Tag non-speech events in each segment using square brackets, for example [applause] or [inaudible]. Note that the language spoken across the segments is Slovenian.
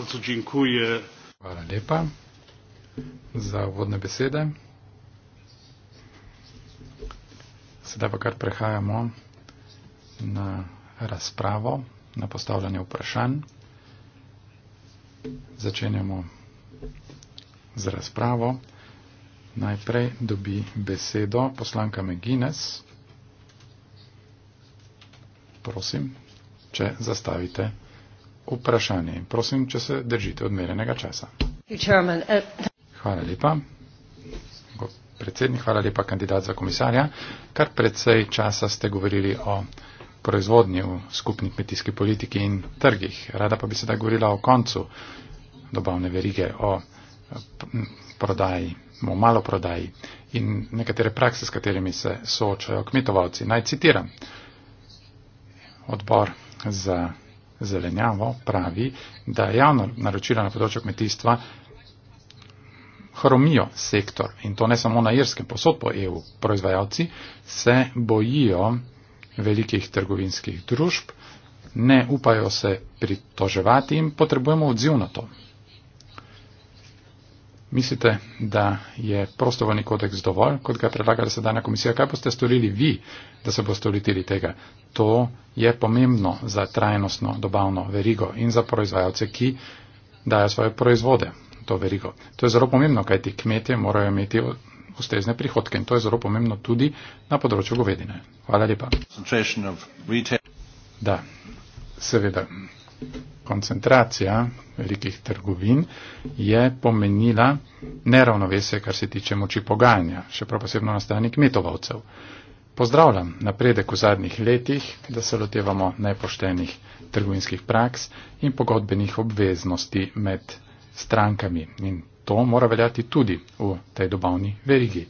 Bardzo dziękuję. Hvala lepa za uvodne besede. Sedaj pa kar prehajamo na razpravo, na postavljanje vprašanj. Začenjamo z razpravo. Najprej dobi besedo poslanka Megines. Prosim, če zastavite vprašanje. Prosim, če se držite odmerenega časa. Uh, hvala lepa. Predsednik, hvala lepa kandidat za komisarja. Kar predvsej časa ste govorili o proizvodnji v skupni kmetijski politiki in trgih. Rada pa bi sedaj govorila o koncu dobavne verige, o prodaji, o maloprodaji in nekatere prakse, s katerimi se soočajo kmetovalci. Naj citiram. Odbor za zelenjavo, pravi, da javno naročila na področju kmetijstva hromijo sektor in to ne samo na irskem posod po EU. Proizvajalci se bojijo velikih trgovinskih družb, ne upajo se pritoževati in potrebujemo odziv na to. Mislite, da je prostovoljni kodeks dovolj, kot ga je predlagala sedajna komisija? Kaj boste storili vi, da se boste ulitili tega? To je pomembno za trajnostno dobavno verigo in za proizvajalce, ki dajo svoje proizvode to verigo. To je zelo pomembno, kajti kmetje morajo imeti ustrezne prihodke in to je zelo pomembno tudi na področju govedine. Hvala lepa. Da, seveda koncentracija velikih trgovin je pomenila neravnovesje, kar se tiče moči pogajanja, še prav posebno na strani kmetovalcev. Pozdravljam napredek v zadnjih letih, da se lotevamo nepoštenih trgovinskih praks in pogodbenih obveznosti med strankami. In to mora veljati tudi v tej dobavni verigi.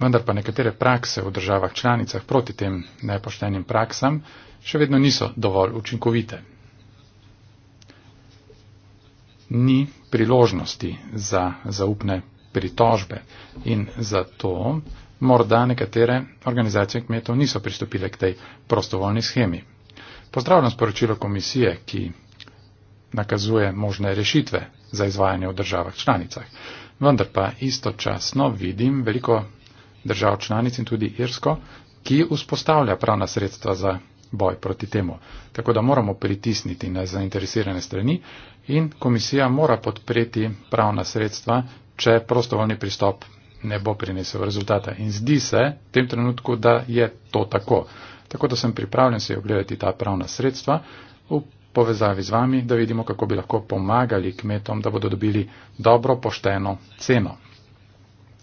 Vendar pa nekatere prakse v državah članicah proti tem nepoštenim praksam še vedno niso dovolj učinkovite ni priložnosti za zaupne pritožbe in zato morda nekatere organizacije kmetov niso pristopile k tej prostovoljni schemi. Pozdravljam sporočilo komisije, ki nakazuje možne rešitve za izvajanje v državah članicah. Vendar pa istočasno vidim veliko držav članic in tudi Irsko, ki vzpostavlja pravna sredstva za boj proti temu. Tako da moramo pritisniti na zainteresirane strani in komisija mora podpreti pravna sredstva, če prostovoljni pristop ne bo prinesel rezultata. In zdi se v tem trenutku, da je to tako. Tako da sem pripravljen se ogledati ta pravna sredstva v povezavi z vami, da vidimo, kako bi lahko pomagali kmetom, da bodo dobili dobro, pošteno ceno.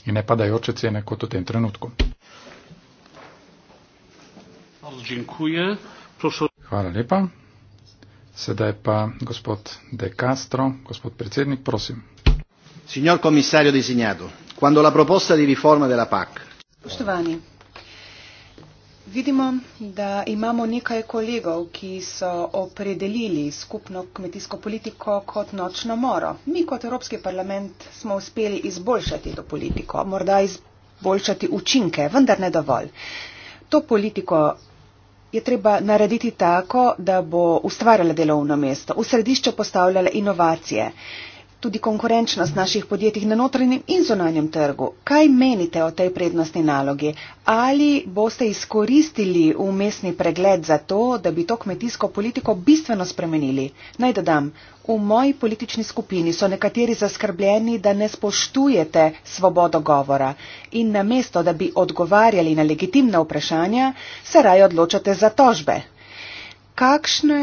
In ne padajoče cene kot v tem trenutku. Hvala, dziękuję. Proszę... Hvala lepa. Sedaj pa gospod De Castro, gospod predsednik, prosim. Signor commissario designato, quando la proposta di riforma della PAC. Poštovani, vidimo, da imamo nekaj kolegov, ki so opredelili skupno kmetijsko politiko kot nočno moro. Mi kot Evropski parlament smo uspeli izboljšati to politiko, morda izboljšati učinke, vendar ne dovolj. To politiko je treba narediti tako, da bo ustvarjala delovno mesto, v središče postavljala inovacije tudi konkurenčnost naših podjetij na notranjem in zunanjem trgu. Kaj menite o tej prednostni nalogi? Ali boste izkoristili umestni pregled za to, da bi to kmetijsko politiko bistveno spremenili? Naj dodam, v moji politični skupini so nekateri zaskrbljeni, da ne spoštujete svobodo govora in namesto, da bi odgovarjali na legitimna vprašanja, se raje odločate za tožbe. Kakšne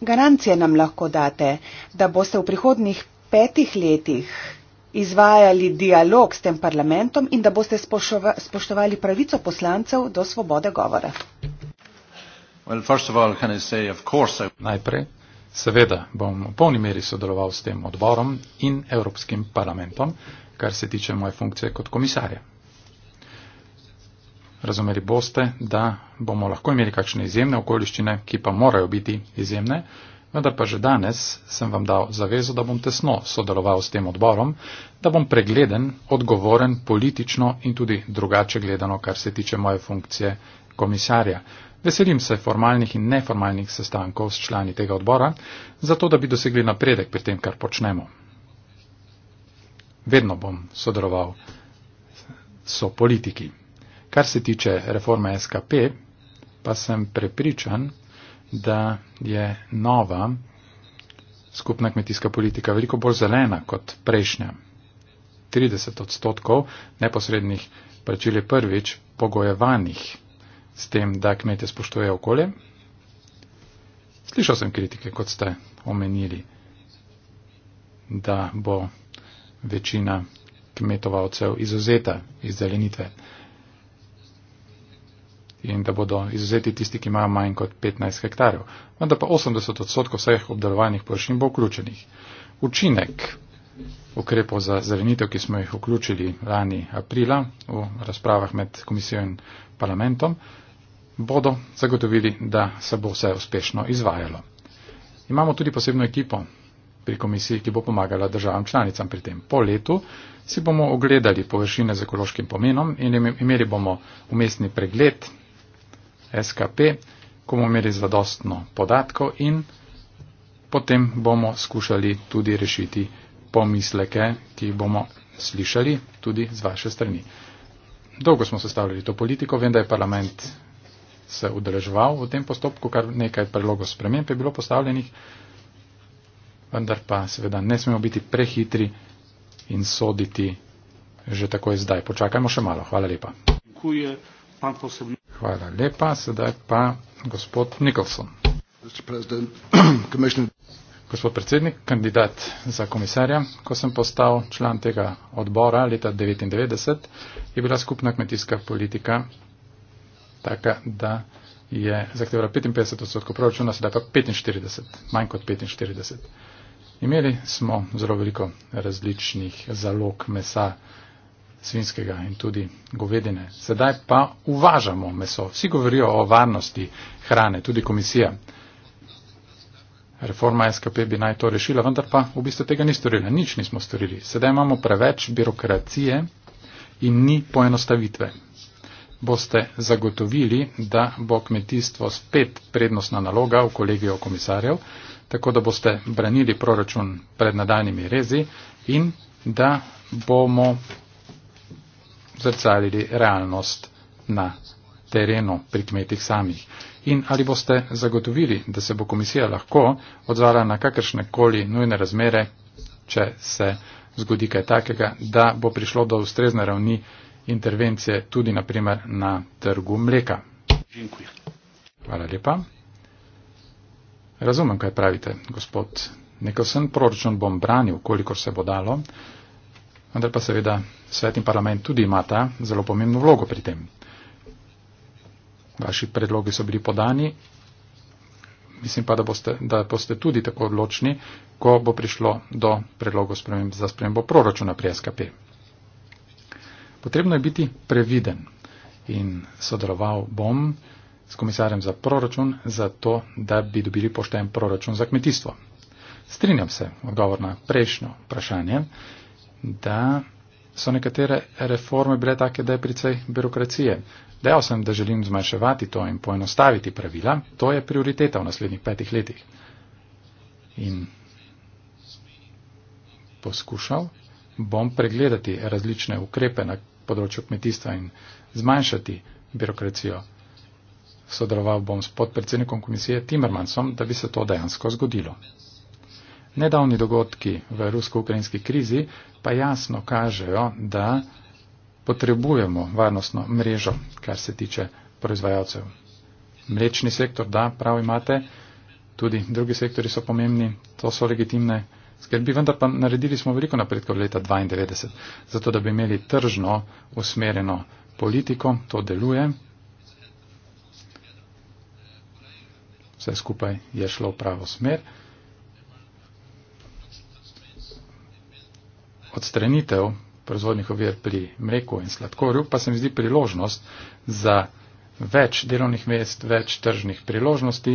garancije nam lahko date, da boste v prihodnih petih letih izvajali dialog s tem parlamentom in da boste spošova, spoštovali pravico poslancev do svobode govora. Well, all, say, course, I... Najprej, seveda, bom v polni meri sodeloval s tem odborom in Evropskim parlamentom, kar se tiče moje funkcije kot komisarja. Razumeli boste, da bomo lahko imeli kakšne izjemne okoliščine, ki pa morajo biti izjemne, vendar pa že danes sem vam dal zavezo, da bom tesno sodeloval s tem odborom, da bom pregleden, odgovoren politično in tudi drugače gledano, kar se tiče moje funkcije komisarja. Veselim se formalnih in neformalnih sestankov s člani tega odbora, zato da bi dosegli napredek pri tem, kar počnemo. Vedno bom sodeloval s politiki. Kar se tiče reforme SKP, pa sem prepričan, da je nova skupna kmetijska politika veliko bolj zelena kot prejšnja. 30 odstotkov neposrednih plačil je prvič pogojevanih s tem, da kmete spoštuje okolje. Slišal sem kritike, kot ste omenili, da bo večina kmetova odsev izuzeta iz zelenitve in da bodo izuzeti tisti, ki imajo manj kot 15 hektarjev. Vendar pa 80 odstotkov vseh obdelovanih površin bo vključenih. Učinek ukrepov za zelenitev, ki smo jih vključili lani aprila v razpravah med komisijo in parlamentom, bodo zagotovili, da se bo vse uspešno izvajalo. Imamo tudi posebno ekipo pri komisiji, ki bo pomagala državam članicam pri tem. Po letu si bomo ogledali površine z ekološkim pomenom in imeli bomo umestni pregled SKP, ko bomo imeli zadostno podatkov in potem bomo skušali tudi rešiti pomisleke, ki bomo slišali tudi z vaše strani. Dolgo smo sestavljali to politiko, vem, da je parlament se udeleževal v tem postopku, kar nekaj predlogov sprememb je bilo postavljenih, vendar pa seveda ne smemo biti prehitri in soditi že tako je zdaj. Počakajmo še malo. Hvala lepa. Kuje pa posebn... Hvala lepa, sedaj pa gospod Nicholson. [clears throat] Gospod predsednik, kandidat za komisarja, ko sem postal član tega odbora leta 1999, je bila skupna kmetijska politika taka, da je zahtevala 55 odstotkov proračuna, sedaj pa 45, manj kot 45. Imeli smo zelo veliko različnih zalog mesa svinskega in tudi govedine. Sedaj pa uvažamo meso. Vsi govorijo o varnosti hrane, tudi komisija. Reforma SKP bi naj to rešila, vendar pa v bistvu tega ni storila. Nič nismo storili. Sedaj imamo preveč birokracije in ni poenostavitve. Boste zagotovili, da bo kmetijstvo spet prednostna naloga v kolegijo komisarjev, tako da boste branili proračun pred nadaljnimi rezi in da bomo zrcalili realnost na terenu pri kmetih samih. In ali boste zagotovili, da se bo komisija lahko odzvala na kakršne koli nujne razmere, če se zgodi kaj takega, da bo prišlo do ustrezne ravni intervencije tudi naprimer na trgu mleka. Hvala lepa. Razumem, kaj pravite, gospod Nikolsen. Proračun bom branil, koliko se bo dalo vendar pa seveda svet in parlament tudi imata zelo pomembno vlogo pri tem. Vaši predlogi so bili podani, mislim pa, da boste, da boste tudi tako odločni, ko bo prišlo do predlogo sprem, za spremembo proračuna pri SKP. Potrebno je biti previden in sodeloval bom s komisarjem za proračun za to, da bi dobili pošten proračun za kmetijstvo. Strinjam se, odgovor na prejšnjo vprašanje, da so nekatere reforme bile take, da je precej birokracije. Dejal sem, da želim zmanjševati to in poenostaviti pravila. To je prioriteta v naslednjih petih letih. In poskušal bom pregledati različne ukrepe na področju kmetijstva in zmanjšati birokracijo. Sodeloval bom s podpredsednikom komisije Timmermansom, da bi se to dejansko zgodilo. Nedavni dogodki v rusko-ukrajinski krizi pa jasno kažejo, da potrebujemo varnostno mrežo, kar se tiče proizvajalcev. Mlečni sektor, da, prav imate, tudi drugi sektori so pomembni, to so legitimne skrbi, vendar pa naredili smo veliko napredkov v leta 1992, zato da bi imeli tržno usmerjeno politiko, to deluje. Vse skupaj je šlo v pravo smer. odstranitev proizvodnih ovir pri mleku in sladkorju, pa se mi zdi priložnost za več delovnih mest, več tržnih priložnosti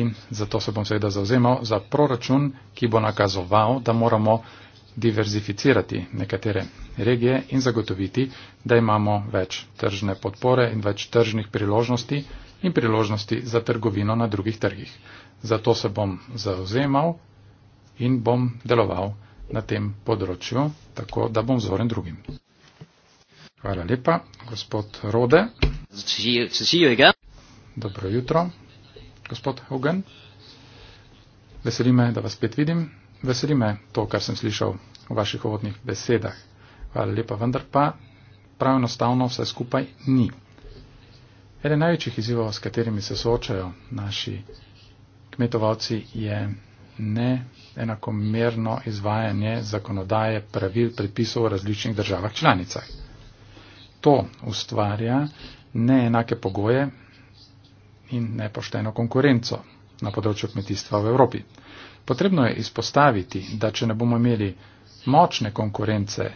in zato se bom seveda zauzemal za proračun, ki bo nakazoval, da moramo diverzificirati nekatere regije in zagotoviti, da imamo več tržne podpore in več tržnih priložnosti in priložnosti za trgovino na drugih trgih. Zato se bom zauzemal in bom deloval na tem področju, tako da bom vzoren drugim. Hvala lepa, gospod Rode. Dobro jutro, gospod Hogan. Veseli me, da vas spet vidim. Veseli me to, kar sem slišal v vaših uvodnih besedah. Hvala lepa, vendar pa prav enostavno vse skupaj ni. Eden največjih izzivov, s katerimi se soočajo naši kmetovalci, je ne enakomerno izvajanje zakonodaje pravil predpisov v različnih državah članicah. To ustvarja neenake pogoje in nepošteno konkurenco na področju kmetijstva v Evropi. Potrebno je izpostaviti, da če ne bomo imeli močne konkurence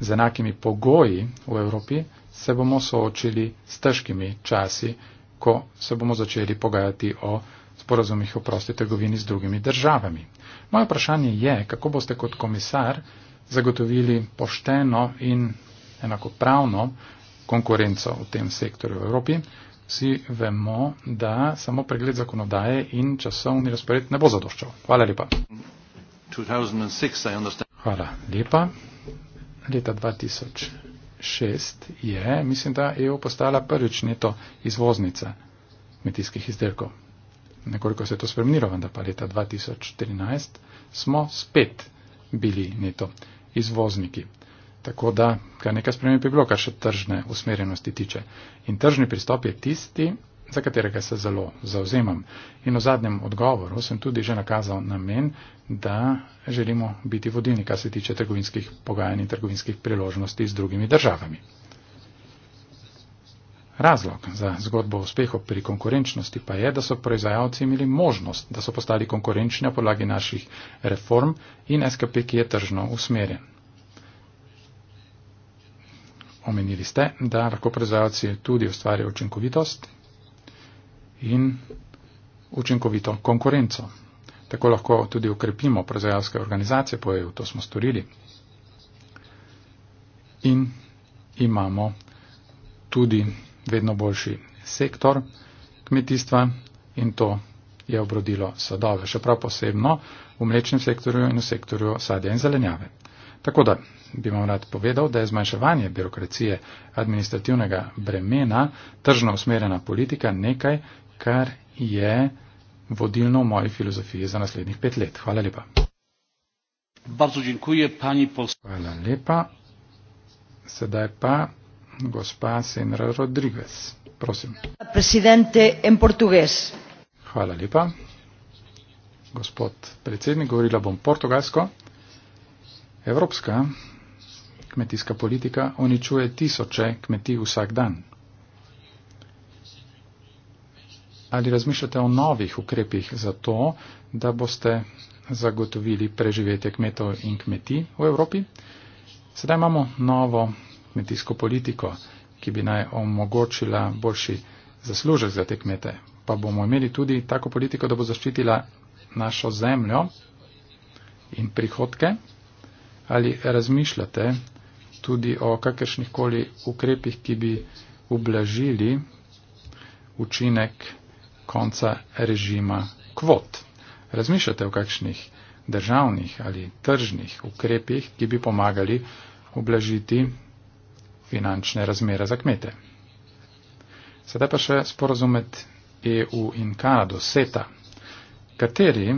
z enakimi pogoji v Evropi, se bomo soočili s težkimi časi, ko se bomo začeli pogajati o sporazumih o prosti trgovini z drugimi državami. Moje vprašanje je, kako boste kot komisar zagotovili pošteno in enakopravno konkurenco v tem sektorju v Evropi. Vsi vemo, da samo pregled zakonodaje in časovni razpored ne bo zadoščal. Hvala lepa. Hvala lepa. Leta 2006 je, mislim, da EU postala prvič neto izvoznica kmetijskih izdelkov nekoliko se je to spremenilo, vendar pa leta 2013 smo spet bili neto izvozniki. Tako da, kar nekaj spremenilo je bilo, kar še tržne usmerjenosti tiče. In tržni pristop je tisti, za katerega se zelo zauzemam. In v zadnjem odgovoru sem tudi že nakazal namen, da želimo biti vodilni, kar se tiče trgovinskih pogajanj in trgovinskih priložnosti z drugimi državami. Razlog za zgodbo o uspehu pri konkurenčnosti pa je, da so proizvajalci imeli možnost, da so postali konkurenčni na podlagi naših reform in SKP, ki je tržno usmerjen. Omenili ste, da lahko proizvajalci tudi ustvarjajo učinkovitost in učinkovito konkurenco. Tako lahko tudi ukrepimo proizvajalske organizacije po EU, to smo storili. In imamo tudi vedno boljši sektor kmetijstva in to je obrodilo sadove, še prav posebno v mlečnem sektorju in v sektorju sadja in zelenjave. Tako da bi vam rad povedal, da je zmanjševanje birokracije administrativnega bremena, tržno usmerjena politika nekaj, kar je vodilno v moji filozofiji za naslednjih pet let. Hvala lepa. Hvala lepa. Sedaj pa gospa Senra Rodriguez. Prosim. Hvala lepa. Gospod predsednik, govorila bom portugalsko. Evropska kmetijska politika uničuje tisoče kmetij vsak dan. Ali razmišljate o novih ukrepih za to, da boste zagotovili preživetje kmetov in kmetij v Evropi? Sedaj imamo novo kmetijsko politiko, ki bi naj omogočila boljši zaslužek za te kmete. Pa bomo imeli tudi tako politiko, da bo zaščitila našo zemljo in prihodke. Ali razmišljate tudi o kakršnih koli ukrepih, ki bi ublažili učinek konca režima kvot? Razmišljate o kakšnih državnih ali tržnih ukrepih, ki bi pomagali ublažiti finančne razmere za kmete. Sedaj pa še sporazum med EU in Kanado, SETA. Kateri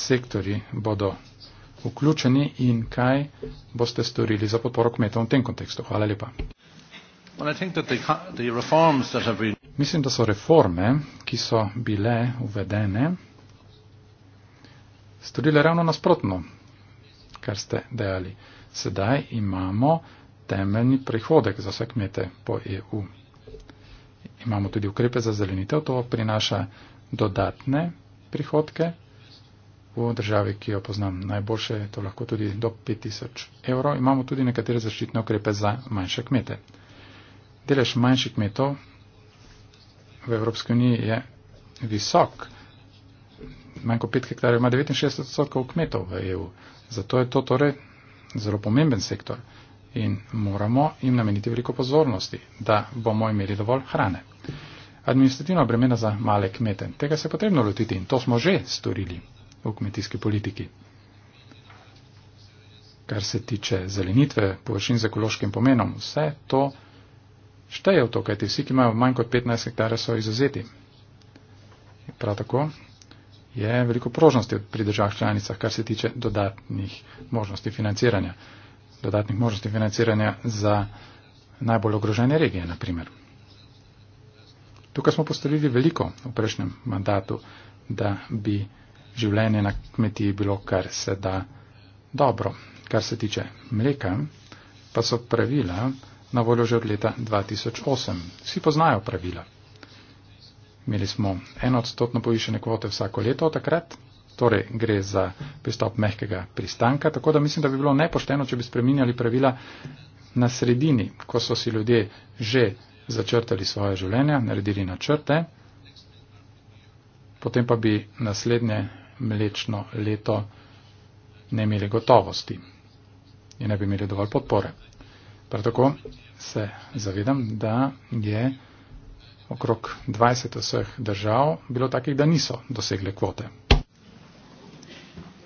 sektori bodo vključeni in kaj boste storili za podporo kmetov v tem kontekstu? Hvala lepa. Mislim, da so reforme, ki so bile uvedene, storile ravno nasprotno, kar ste dejali. Sedaj imamo temeljni prihodek za vse kmete po EU. Imamo tudi ukrepe za zelenitev, to prinaša dodatne prihodke. V državi, ki jo poznam najboljše, je to lahko tudi do 5000 evrov. Imamo tudi nekatere zaščitne ukrepe za manjše kmete. Delež manjših kmetov v Evropski uniji je visok. Manj kot 5 hektarjev ima 69 odstotkov kmetov v EU. Zato je to torej zelo pomemben sektor in moramo jim nameniti veliko pozornosti, da bomo imeli dovolj hrane. Administrativna bremena za male kmete. Tega se je potrebno lotiti in to smo že storili v kmetijski politiki. Kar se tiče zelenitve, površin z ekološkim pomenom, vse to šteje v to, kajti vsi, ki imajo manj kot 15 hektare, so izuzeti. Prav tako je veliko prožnosti pri državah članicah, kar se tiče dodatnih možnosti financiranja dodatnih možnosti financiranja za najbolj ogrožene regije, na primer. Tukaj smo postavili veliko v prejšnjem mandatu, da bi življenje na kmetiji bilo kar se da dobro. Kar se tiče mleka, pa so pravila na voljo že od leta 2008. Vsi poznajo pravila. Imeli smo eno odstotno povišene kvote vsako leto, takrat Torej gre za pristop mehkega pristanka, tako da mislim, da bi bilo nepošteno, če bi spreminjali pravila na sredini, ko so si ljudje že začrtali svoje življenja, naredili načrte, potem pa bi naslednje mlečno leto ne imeli gotovosti in ne bi imeli dovolj podpore. Prav tako se zavedam, da je okrog 20 vseh držav bilo takih, da niso dosegle kvote.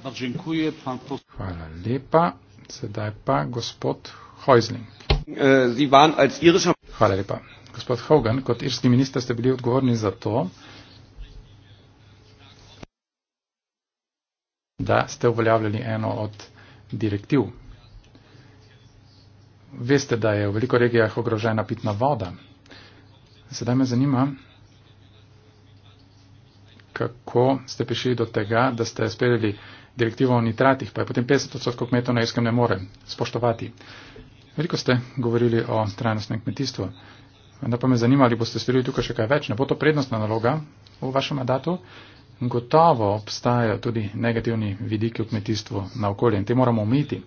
Hvala lepa. Sedaj pa gospod Hojzling. E, Hvala lepa. Gospod Hogan, kot irski minister ste bili odgovorni za to, da ste uveljavljali eno od direktiv. Veste, da je v veliko regijah ogrožena pitna voda. Sedaj me zanima, kako ste prišli do tega, da ste sprejeli direktivo o nitratih, pa je potem 50% kmetov na Irskem ne more spoštovati. Veliko ste govorili o trajnostnem kmetijstvu, vendar pa me zanima, ali boste storili tukaj še kaj več. Ne bo to prednostna naloga v vašem mandatu. Gotovo obstajajo tudi negativni vidiki v kmetijstvu na okolje in te moramo umiti.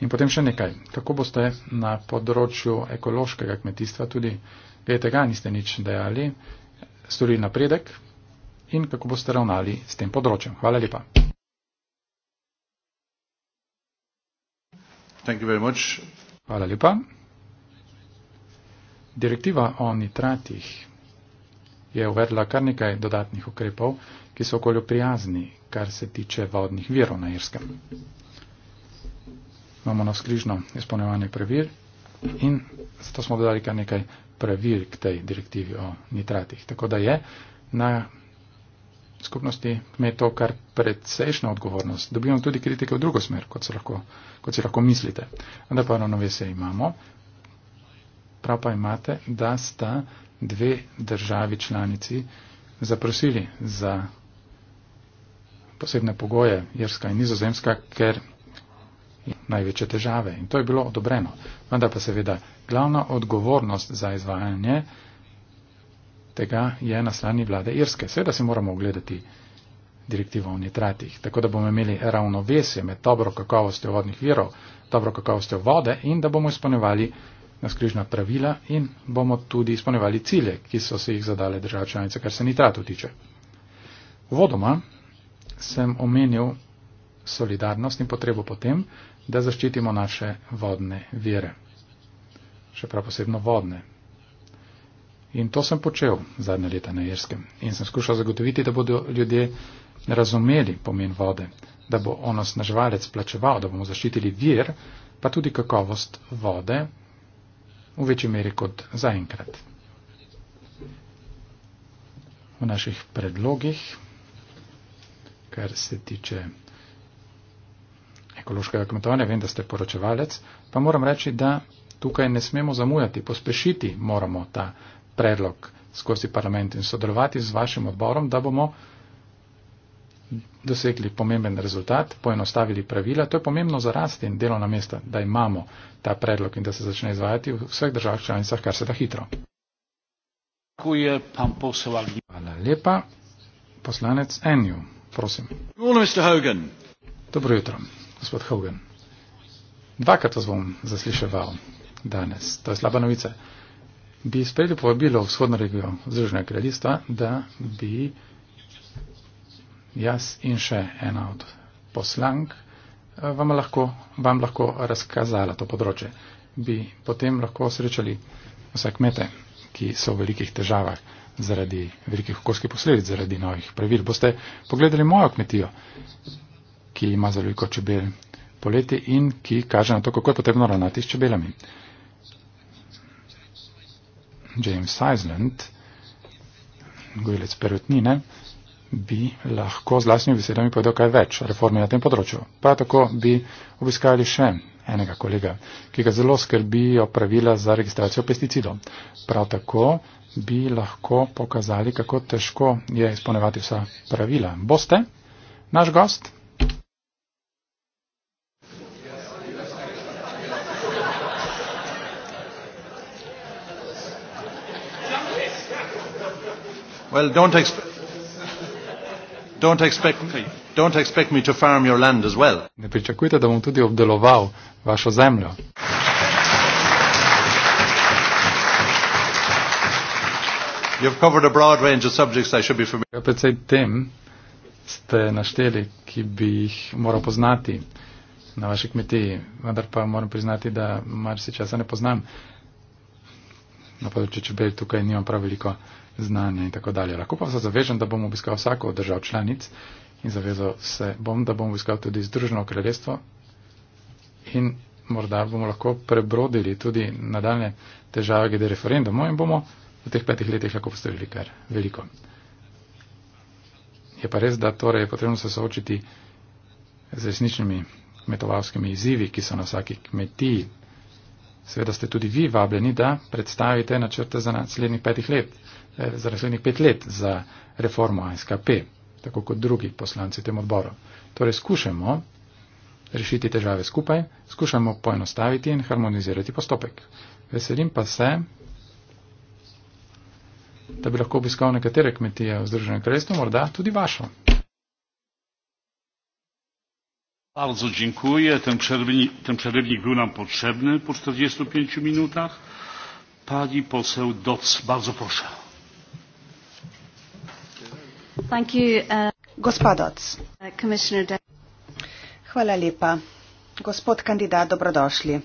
In potem še nekaj. Kako boste na področju ekološkega kmetijstva tudi tega niste nič dejali, storili napredek in kako boste ravnali s tem področjem. Hvala lepa. Hvala lepa. Direktiva o nitratih je uvedla kar nekaj dodatnih ukrepov, ki so okolju prijazni, kar se tiče vodnih virov na Irskem. Imamo na skrižno izpolnjevanje pravil in zato smo dodali kar nekaj pravil k tej direktivi o nitratih. Tako da je na skupnosti me to kar precejšna odgovornost. Dobivam tudi kritike v drugo smer, kot, lahko, kot si lahko mislite. Vendar pa ravnovesje imamo. Prav pa imate, da sta dve državi članici zaprosili za posebne pogoje, Irska in Nizozemska, ker največje težave. In to je bilo odobreno. Vendar pa seveda glavna odgovornost za izvajanje tega je na strani vlade Irske. Seveda se moramo ogledati direktivo o nitratih, tako da bomo imeli ravnovesje med dobro kakovostjo vodnih virov, dobro kakovostjo vode in da bomo izpolnjevali naskrižna pravila in bomo tudi izpolnjevali cilje, ki so se jih zadale države članice, kar se nitratu tiče. Vodoma sem omenil solidarnost in potrebo potem, da zaščitimo naše vodne vire. Še prav posebno vodne. In to sem počel zadnje leta na Irskem. In sem skušal zagotoviti, da bodo ljudje razumeli pomen vode, da bo onosnaževalec plačeval, da bomo zaščitili vir, pa tudi kakovost vode v večji meri kot zaenkrat. V naših predlogih, kar se tiče ekološkega kmetovanja, vem, da ste poročevalec, pa moram reči, da tukaj ne smemo zamujati, pospešiti moramo ta predlog skozi parlament in sodelovati z vašim odborom, da bomo dosegli pomemben rezultat, poenostavili pravila. To je pomembno za rast in delovna mesta, da imamo ta predlog in da se začne izvajati v vseh državah članicah, kar se da hitro. Hvala lepa. Poslanec Enju, prosim. Dobro jutro, gospod Hogan. Dvakrat vas bom zasliševal danes. To je slaba novica bi sprejeli povabilo vzhodno regijo Združenega kraljestva, da bi jaz in še ena od poslank eh, vam lahko, vam lahko razkazala to področje. Bi potem lahko srečali vse kmete, ki so v velikih težavah zaradi velikih okoljskih posledic, zaradi novih pravil. Boste pogledali mojo kmetijo, ki ima zelo veliko čebel poleti in ki kaže na to, kako je potrebno ravnati s čebelami. James Island, gojilec perutnine, bi lahko z lastnimi besedami povedal kaj več reforme na tem področju. Prav tako bi obiskali še enega kolega, ki ga zelo skrbijo pravila za registracijo pesticidov. Prav tako bi lahko pokazali, kako težko je izpolnevati vsa pravila. Boste? Naš gost Well, don't expect, don't expect me. Don't expect me to farm your land as well. Ne pričakujte, da bom tudi obdeloval vašo zemljo. Ja, precej tem ste našteli, ki bi jih moral poznati na vaši kmetiji, vendar pa moram priznati, da mar si časa ne poznam na področju čebel tukaj nimam prav veliko znanja in tako dalje. Lahko pa se zavežem, da bom obiskal vsako od držav članic in zavezal se bom, da bom obiskal tudi Združeno kraljestvo in morda bomo lahko prebrodili tudi nadaljne težave glede referendumov in bomo v teh petih letih lahko postavili kar veliko. Je pa res, da torej je potrebno se soočiti z resničnimi kmetovalskimi izzivi, ki so na vsaki kmetiji Seveda ste tudi vi vabljeni, da predstavite načrte za naslednjih petih let, eh, za naslednjih pet let za reformo ASKP, tako kot drugi poslanci tem odboru. Torej skušamo rešiti težave skupaj, skušamo poenostaviti in harmonizirati postopek. Veselim pa se, da bi lahko obiskal nekatere kmetije v Združenem kraljestvu, morda tudi vašo. Bardzo dziękuję. Ten przerywnik, ten przerywnik był nam potrzebny po 45 minutach. Pani poseł Doc, bardzo proszę. Thank you, uh, Gospodoc. Uh, Commissioner De- Hvala lepa. Gospod kandidat, dobrodošli.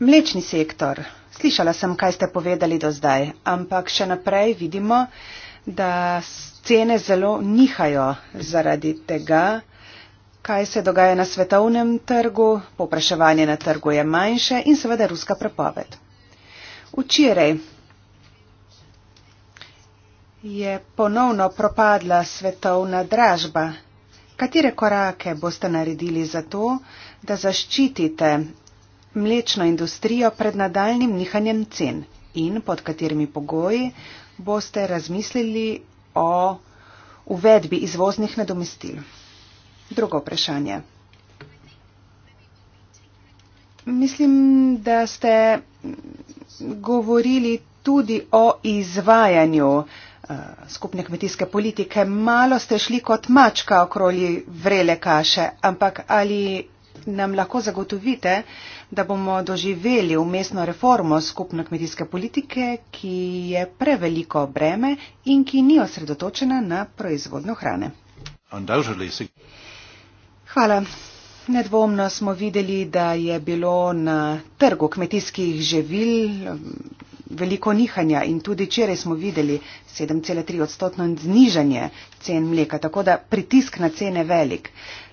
Mlečni sektor. Slišala sem, kaj ste povedali do zdaj, ampak še naprej vidimo, da cene zelo nihajo zaradi tega, kaj se dogaja na svetovnem trgu, popraševanje na trgu je manjše in seveda ruska prepoved. Včeraj je ponovno propadla svetovna dražba. Katere korake boste naredili za to, da zaščitite mlečno industrijo pred nadaljnim nihanjem cen in pod katerimi pogoji boste razmislili o uvedbi izvoznih nadomestil. Drugo vprašanje. Mislim, da ste govorili tudi o izvajanju eh, skupne kmetijske politike. Malo ste šli kot mačka okroli vrele kaše, ampak ali nam lahko zagotovite, da bomo doživeli umestno reformo skupne kmetijske politike, ki je preveliko breme in ki ni osredotočena na proizvodno hrane? Hvala. Nedvomno smo videli, da je bilo na trgu kmetijskih živil um, veliko nihanja in tudi včeraj smo videli 7,3 odstotno znižanje cen mleka, tako da pritisk na cene velik.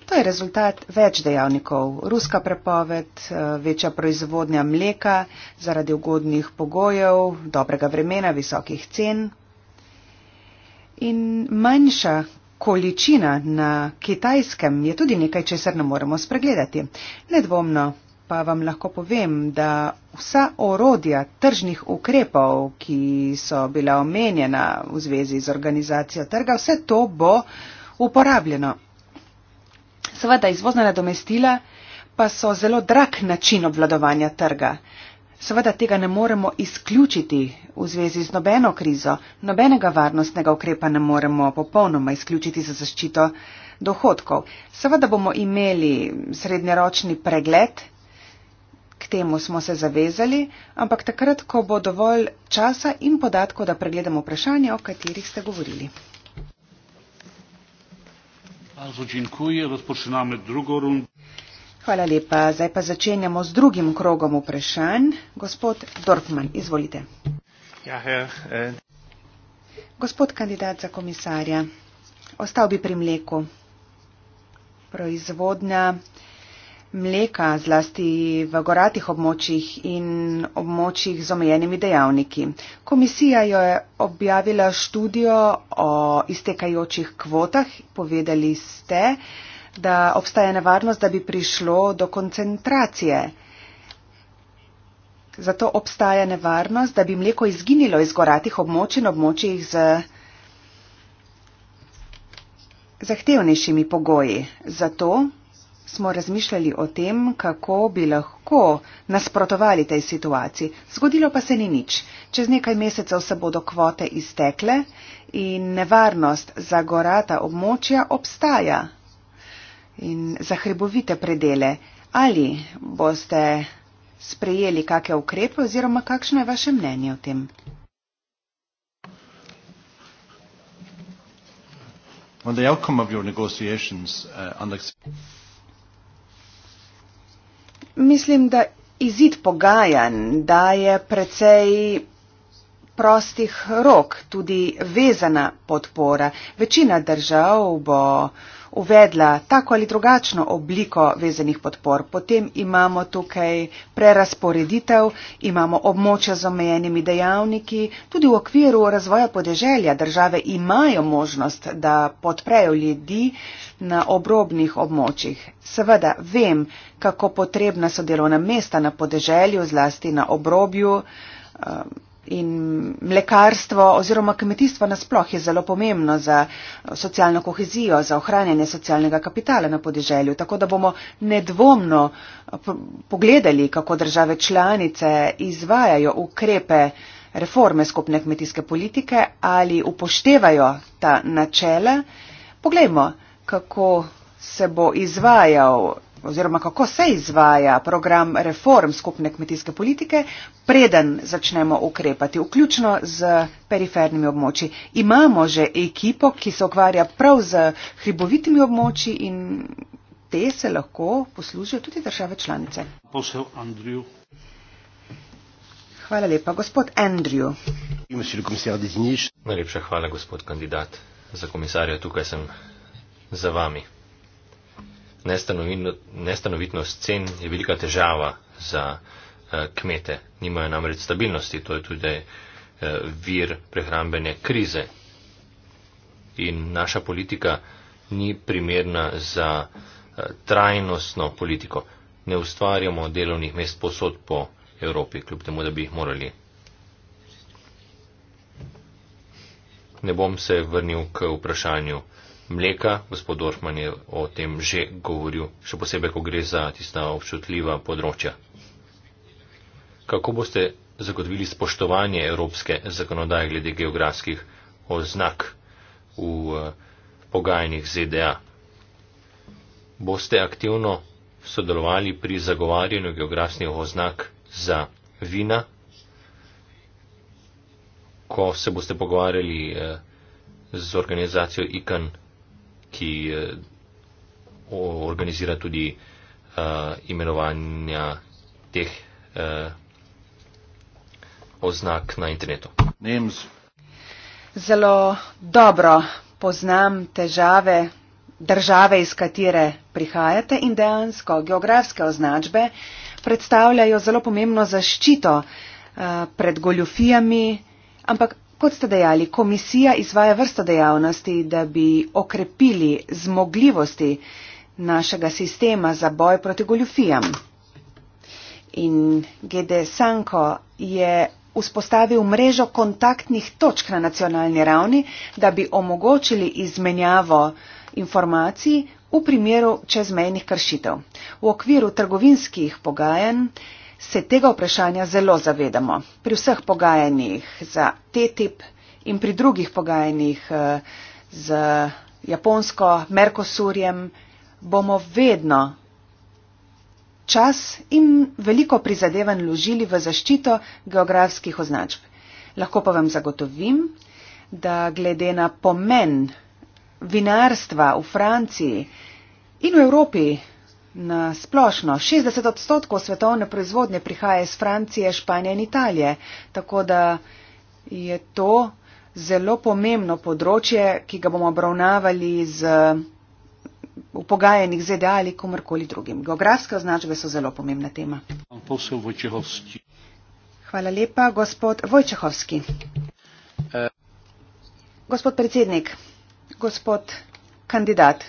To je rezultat več dejavnikov. Ruska prepoved, eh, večja proizvodnja mleka zaradi ugodnih pogojev, dobrega vremena, visokih cen in manjša količina na kitajskem je tudi nekaj, česar ne moremo spregledati. Nedvomno pa vam lahko povem, da vsa orodja tržnih ukrepov, ki so bila omenjena v zvezi z organizacijo trga, vse to bo uporabljeno seveda izvozna nadomestila, pa so zelo drag način obvladovanja trga. Seveda tega ne moremo izključiti v zvezi z nobeno krizo, nobenega varnostnega ukrepa ne moremo popolnoma izključiti za zaščito dohodkov. Seveda bomo imeli srednjeročni pregled, k temu smo se zavezali, ampak takrat, ko bo dovolj časa in podatkov, da pregledamo vprašanje, o katerih ste govorili. Hvala lepa. Zdaj pa začenjamo z drugim krogom vprašanj. Gospod Dorfman, izvolite. Ja, ja, eh. Gospod kandidat za komisarja, ostal bi pri mleku. Proizvodnja mleka, zlasti v goratih območjih in območjih z omejenimi dejavniki. Komisija jo je objavila študijo o iztekajočih kvotah. Povedali ste, da obstaja nevarnost, da bi prišlo do koncentracije. Zato obstaja nevarnost, da bi mleko izginilo iz goratih območij in območjih z zahtevnejšimi pogoji. Zato smo razmišljali o tem, kako bi lahko nasprotovali tej situaciji. Zgodilo pa se ni nič. Čez nekaj mesecev se bodo kvote iztekle in nevarnost za gorata območja obstaja. In za hribovite predele, ali boste sprejeli kakšne ukrepe oziroma kakšno je vaše mnenje o tem? On the outcome of your negotiations uh, on the mislim, da izid pogajanj daje precej prostih rok, tudi vezana podpora. Večina držav bo uvedla tako ali drugačno obliko vezenih podpor. Potem imamo tukaj prerasporeditev, imamo območja z omejenimi dejavniki, tudi v okviru razvoja podeželja države imajo možnost, da podprejo ljudi na obrobnih območjih. Seveda vem, kako potrebna so delovna mesta na podeželju, zlasti na obrobju. Um, In mlekarstvo oziroma kmetijstvo nasploh je zelo pomembno za socialno kohezijo, za ohranjanje socialnega kapitala na podeželju. Tako da bomo nedvomno pogledali, kako države članice izvajajo ukrepe reforme skupne kmetijske politike ali upoštevajo ta načela. Poglejmo, kako se bo izvajal oziroma kako se izvaja program reform skupne kmetijske politike, preden začnemo ukrepati, vključno z perifernimi območji. Imamo že ekipo, ki se ukvarja prav z hribovitimi območji in te se lahko poslužijo tudi države članice. Posel Andriju. Hvala lepa, gospod Andriju. Najlepša hvala, gospod kandidat. Za komisarja tukaj sem za vami nestanovitnost cen je velika težava za eh, kmete. Nimajo namreč stabilnosti, to je tudi eh, vir prehrambene krize. In naša politika ni primerna za eh, trajnostno politiko. Ne ustvarjamo delovnih mest posod po Evropi, kljub temu, da bi jih morali. Ne bom se vrnil k vprašanju mleka, gospod Dorfman je o tem že govoril, še posebej, ko gre za tista občutljiva področja. Kako boste zagotovili spoštovanje evropske zakonodaje glede geografskih oznak v eh, pogajanjih ZDA? Boste aktivno sodelovali pri zagovarjanju geografskih oznak za vina, ko se boste pogovarjali eh, z organizacijo IKN ki eh, organizira tudi uh, imenovanja teh uh, oznak na internetu. Names. Zelo dobro poznam težave države, iz katere prihajate in dejansko geografske označbe predstavljajo zelo pomembno zaščito uh, pred goljofijami, ampak Kot ste dejali, komisija izvaja vrsto dejavnosti, da bi okrepili zmogljivosti našega sistema za boj proti goljufijam. In GD Sanko je vzpostavil mrežo kontaktnih točk na nacionalni ravni, da bi omogočili izmenjavo informacij v primeru čezmejnih kršitev. V okviru trgovinskih pogajanj se tega vprašanja zelo zavedamo. Pri vseh pogajanjih za TTIP in pri drugih pogajanjih eh, z Japonsko, Merkosurjem bomo vedno čas in veliko prizadevanj ložili v zaščito geografskih označb. Lahko pa vam zagotovim, da glede na pomen vinarstva v Franciji in v Evropi Na splošno 60 odstotkov svetovne proizvodnje prihaja iz Francije, Španije in Italije, tako da je to zelo pomembno področje, ki ga bomo obravnavali z, v pogajanjih z EDA ali komorkoli drugim. Geografske označbe so zelo pomembna tema. Hvala lepa, gospod Vojčehovski. E. Gospod predsednik, gospod kandidat,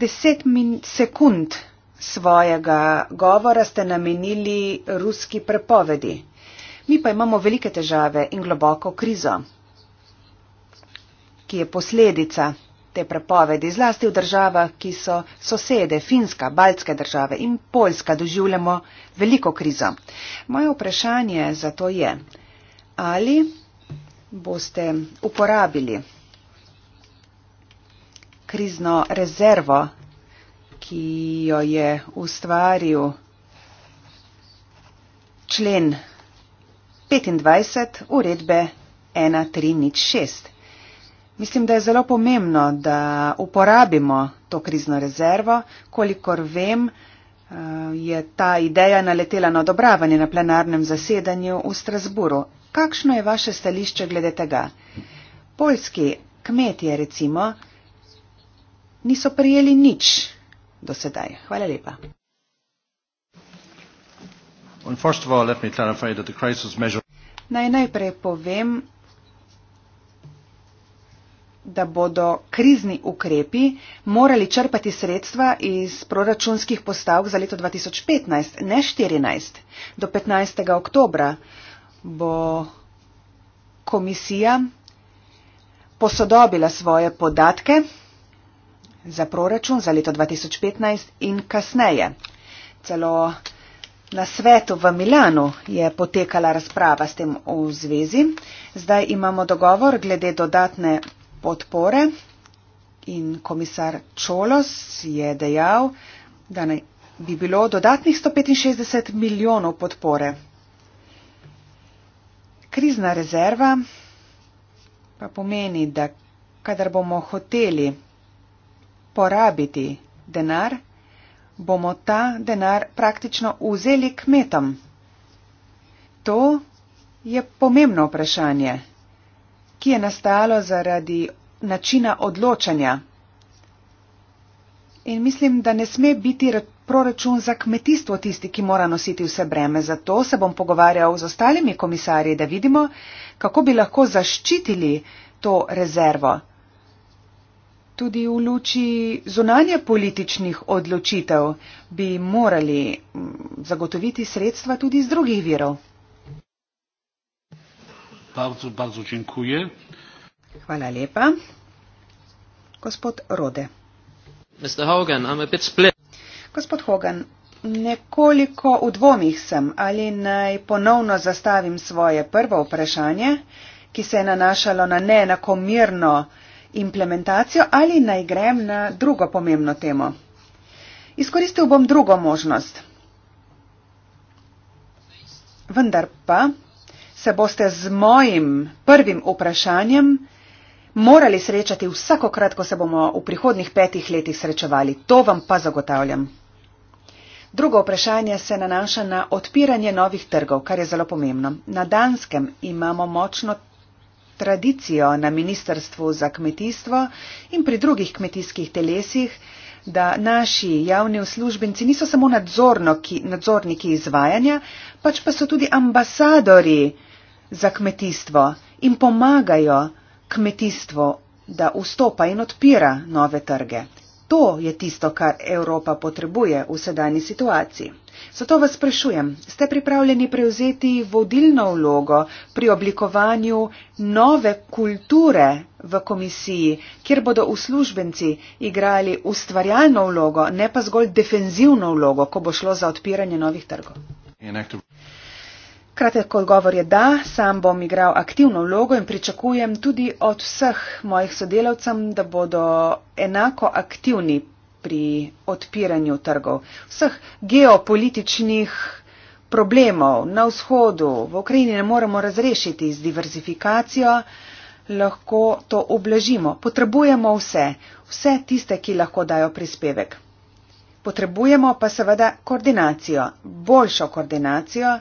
deset sekund svojega govora ste namenili ruski prepovedi. Mi pa imamo velike težave in globoko krizo, ki je posledica te prepovedi, zlasti v državah, ki so sosede, finska, baltske države in poljska, doživljamo veliko krizo. Moje vprašanje zato je, ali boste uporabili krizno rezervo, ki jo je ustvaril člen 25 uredbe 1306. Mislim, da je zelo pomembno, da uporabimo to krizno rezervo. Kolikor vem, eh, je ta ideja naletela na odobravanje na plenarnem zasedanju v Strasburu. Kakšno je vaše stališče glede tega? Poljski kmetje, recimo, niso prijeli nič do sedaj. Hvala lepa. Naj najprej povem, da bodo krizni ukrepi morali črpati sredstva iz proračunskih postavk za leto 2015, ne 2014. Do 15. oktobra bo komisija posodobila svoje podatke za proračun za leto 2015 in kasneje. Celo na svetu v Milanu je potekala razprava s tem v zvezi. Zdaj imamo dogovor glede dodatne podpore in komisar Čolos je dejal, da naj bi bilo dodatnih 165 milijonov podpore. Krizna rezerva pa pomeni, da kadar bomo hoteli porabiti denar, bomo ta denar praktično vzeli kmetom. To je pomembno vprašanje, ki je nastalo zaradi načina odločanja. In mislim, da ne sme biti proračun za kmetijstvo tisti, ki mora nositi vse breme. Zato se bom pogovarjal z ostalimi komisarji, da vidimo, kako bi lahko zaščitili to rezervo tudi v luči zunanje političnih odločitev bi morali zagotoviti sredstva tudi iz drugih virov. Bardzo, bardzo dziękuję. Hvala lepa. Gospod Rode. Mr. Hogan, I'm a bit split. Gospod Hogan, nekoliko v dvomih sem, ali naj ponovno zastavim svoje prvo vprašanje, ki se je nanašalo na neenakomirno implementacijo ali naj grem na drugo pomembno temo. Izkoristil bom drugo možnost. Vendar pa se boste z mojim prvim vprašanjem morali srečati vsakokrat, ko se bomo v prihodnih petih letih srečevali. To vam pa zagotavljam. Drugo vprašanje se nanaša na odpiranje novih trgov, kar je zelo pomembno. Na Danskem imamo močno tradicijo na Ministrstvu za kmetijstvo in pri drugih kmetijskih telesih, da naši javni uslužbenci niso samo ki, nadzorniki izvajanja, pač pa so tudi ambasadori za kmetijstvo in pomagajo kmetijstvo, da vstopa in odpira nove trge. To je tisto, kar Evropa potrebuje v sedajni situaciji. Zato vas sprašujem, ste pripravljeni prevzeti vodilno vlogo pri oblikovanju nove kulture v komisiji, kjer bodo uslužbenci igrali ustvarjalno vlogo, ne pa zgolj defenzivno vlogo, ko bo šlo za odpiranje novih trgov? Kratek odgovor je da, sam bom igral aktivno vlogo in pričakujem tudi od vseh mojih sodelavcem, da bodo enako aktivni pri odpiranju trgov. Vseh geopolitičnih problemov na vzhodu v Ukrajini ne moremo razrešiti z diverzifikacijo, lahko to oblažimo. Potrebujemo vse, vse tiste, ki lahko dajo prispevek. Potrebujemo pa seveda koordinacijo, boljšo koordinacijo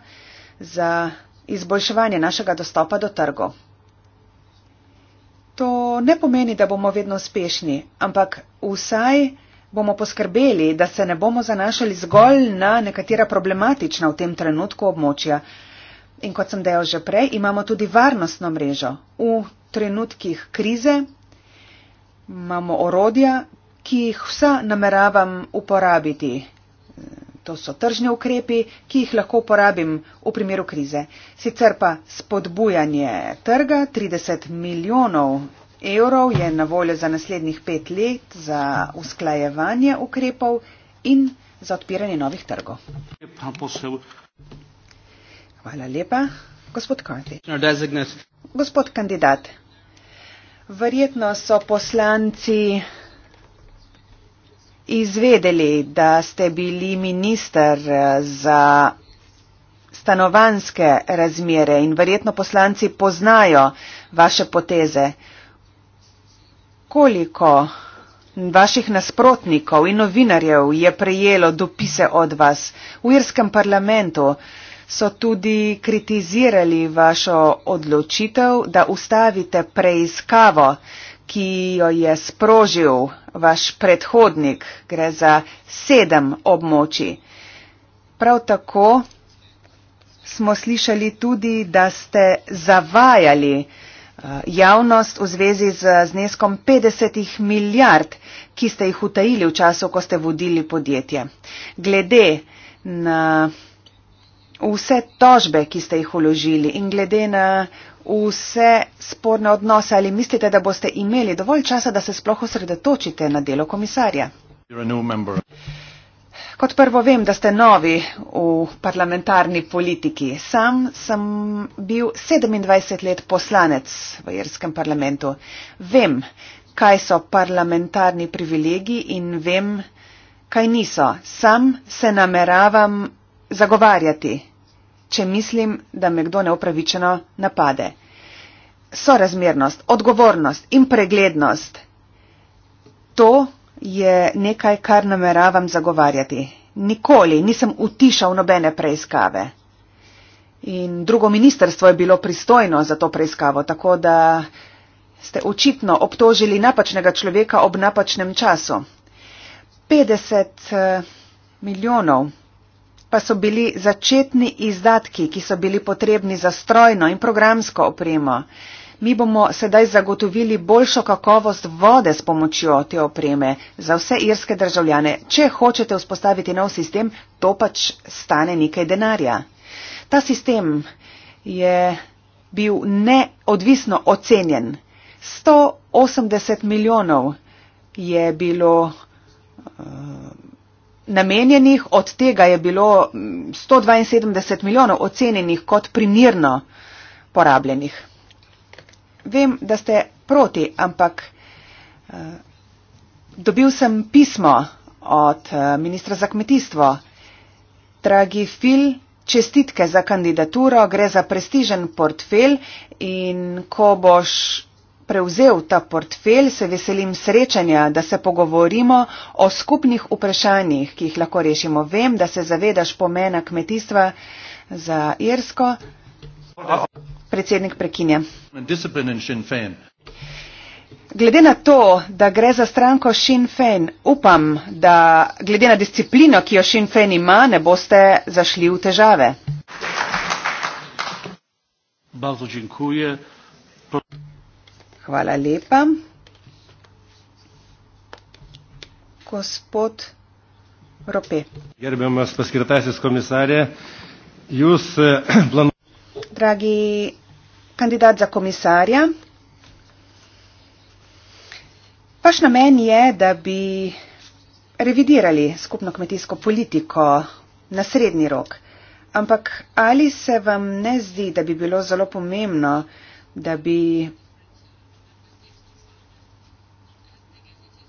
za izboljševanje našega dostopa do trgov. To ne pomeni, da bomo vedno uspešni, ampak vsaj bomo poskrbeli, da se ne bomo zanašali zgolj na nekatera problematična v tem trenutku območja. In kot sem dejal že prej, imamo tudi varnostno mrežo. V trenutkih krize imamo orodja, ki jih vsa nameravam uporabiti To so tržni ukrepi, ki jih lahko uporabim v primeru krize. Sicer pa spodbujanje trga 30 milijonov evrov je na voljo za naslednjih pet let za usklajevanje ukrepov in za odpiranje novih trgov. Hvala lepa, gospod Kati. Gospod kandidat, verjetno so poslanci izvedeli, da ste bili minister eh, za stanovanske razmere in verjetno poslanci poznajo vaše poteze. Koliko vaših nasprotnikov in novinarjev je prejelo dopise od vas v Irskem parlamentu? So tudi kritizirali vašo odločitev, da ustavite preiskavo ki jo je sprožil vaš predhodnik, gre za sedem območij. Prav tako smo slišali tudi, da ste zavajali eh, javnost v zvezi z zneskom 50 milijard, ki ste jih utajili v času, ko ste vodili podjetje. Glede na vse tožbe, ki ste jih uložili in glede na vse sporne odnose ali mislite, da boste imeli dovolj časa, da se sploh osredotočite na delo komisarja? Kot prvo vem, da ste novi v parlamentarni politiki. Sam sem bil 27 let poslanec v Irskem parlamentu. Vem, kaj so parlamentarni privilegiji in vem, kaj niso. Sam se nameravam zagovarjati če mislim, da me kdo neupravičeno napade. Sorazmernost, odgovornost in preglednost. To je nekaj, kar nameravam zagovarjati. Nikoli nisem utišal nobene preiskave. In drugo ministerstvo je bilo pristojno za to preiskavo, tako da ste očitno obtožili napačnega človeka ob napačnem času. 50 eh, milijonov pa so bili začetni izdatki, ki so bili potrebni za strojno in programsko opremo. Mi bomo sedaj zagotovili boljšo kakovost vode s pomočjo te opreme za vse irske državljane. Če hočete vzpostaviti nov sistem, to pač stane nekaj denarja. Ta sistem je bil neodvisno ocenjen. 180 milijonov je bilo. Uh, namenjenih, od tega je bilo 172 mm, milijonov ocenjenih kot primirno porabljenih. Vem, da ste proti, ampak eh, dobil sem pismo od eh, ministra za kmetijstvo. Dragi Fil, čestitke za kandidaturo, gre za prestižen portfelj in ko boš prevzel ta portfelj, se veselim srečanja, da se pogovorimo o skupnih vprašanjih, ki jih lahko rešimo. Vem, da se zavedaš pomena kmetijstva za Irsko. Predsednik prekinja. Glede na to, da gre za stranko Sinn Fein, upam, da glede na disciplino, ki jo Sinn Fein ima, ne boste zašli v težave. Bardzo dziękuję. Hvala lepa. Gospod Rope. Gerbiamas paskirtasis komisarė, jūs eh, [clears throat] planuojate. Dragi kandidat za komisarja, vaš namen je, da bi revidirali skupno kmetijsko politiko na srednji rok. Ampak ali se vam ne zdi, da bi bilo zelo pomembno, da bi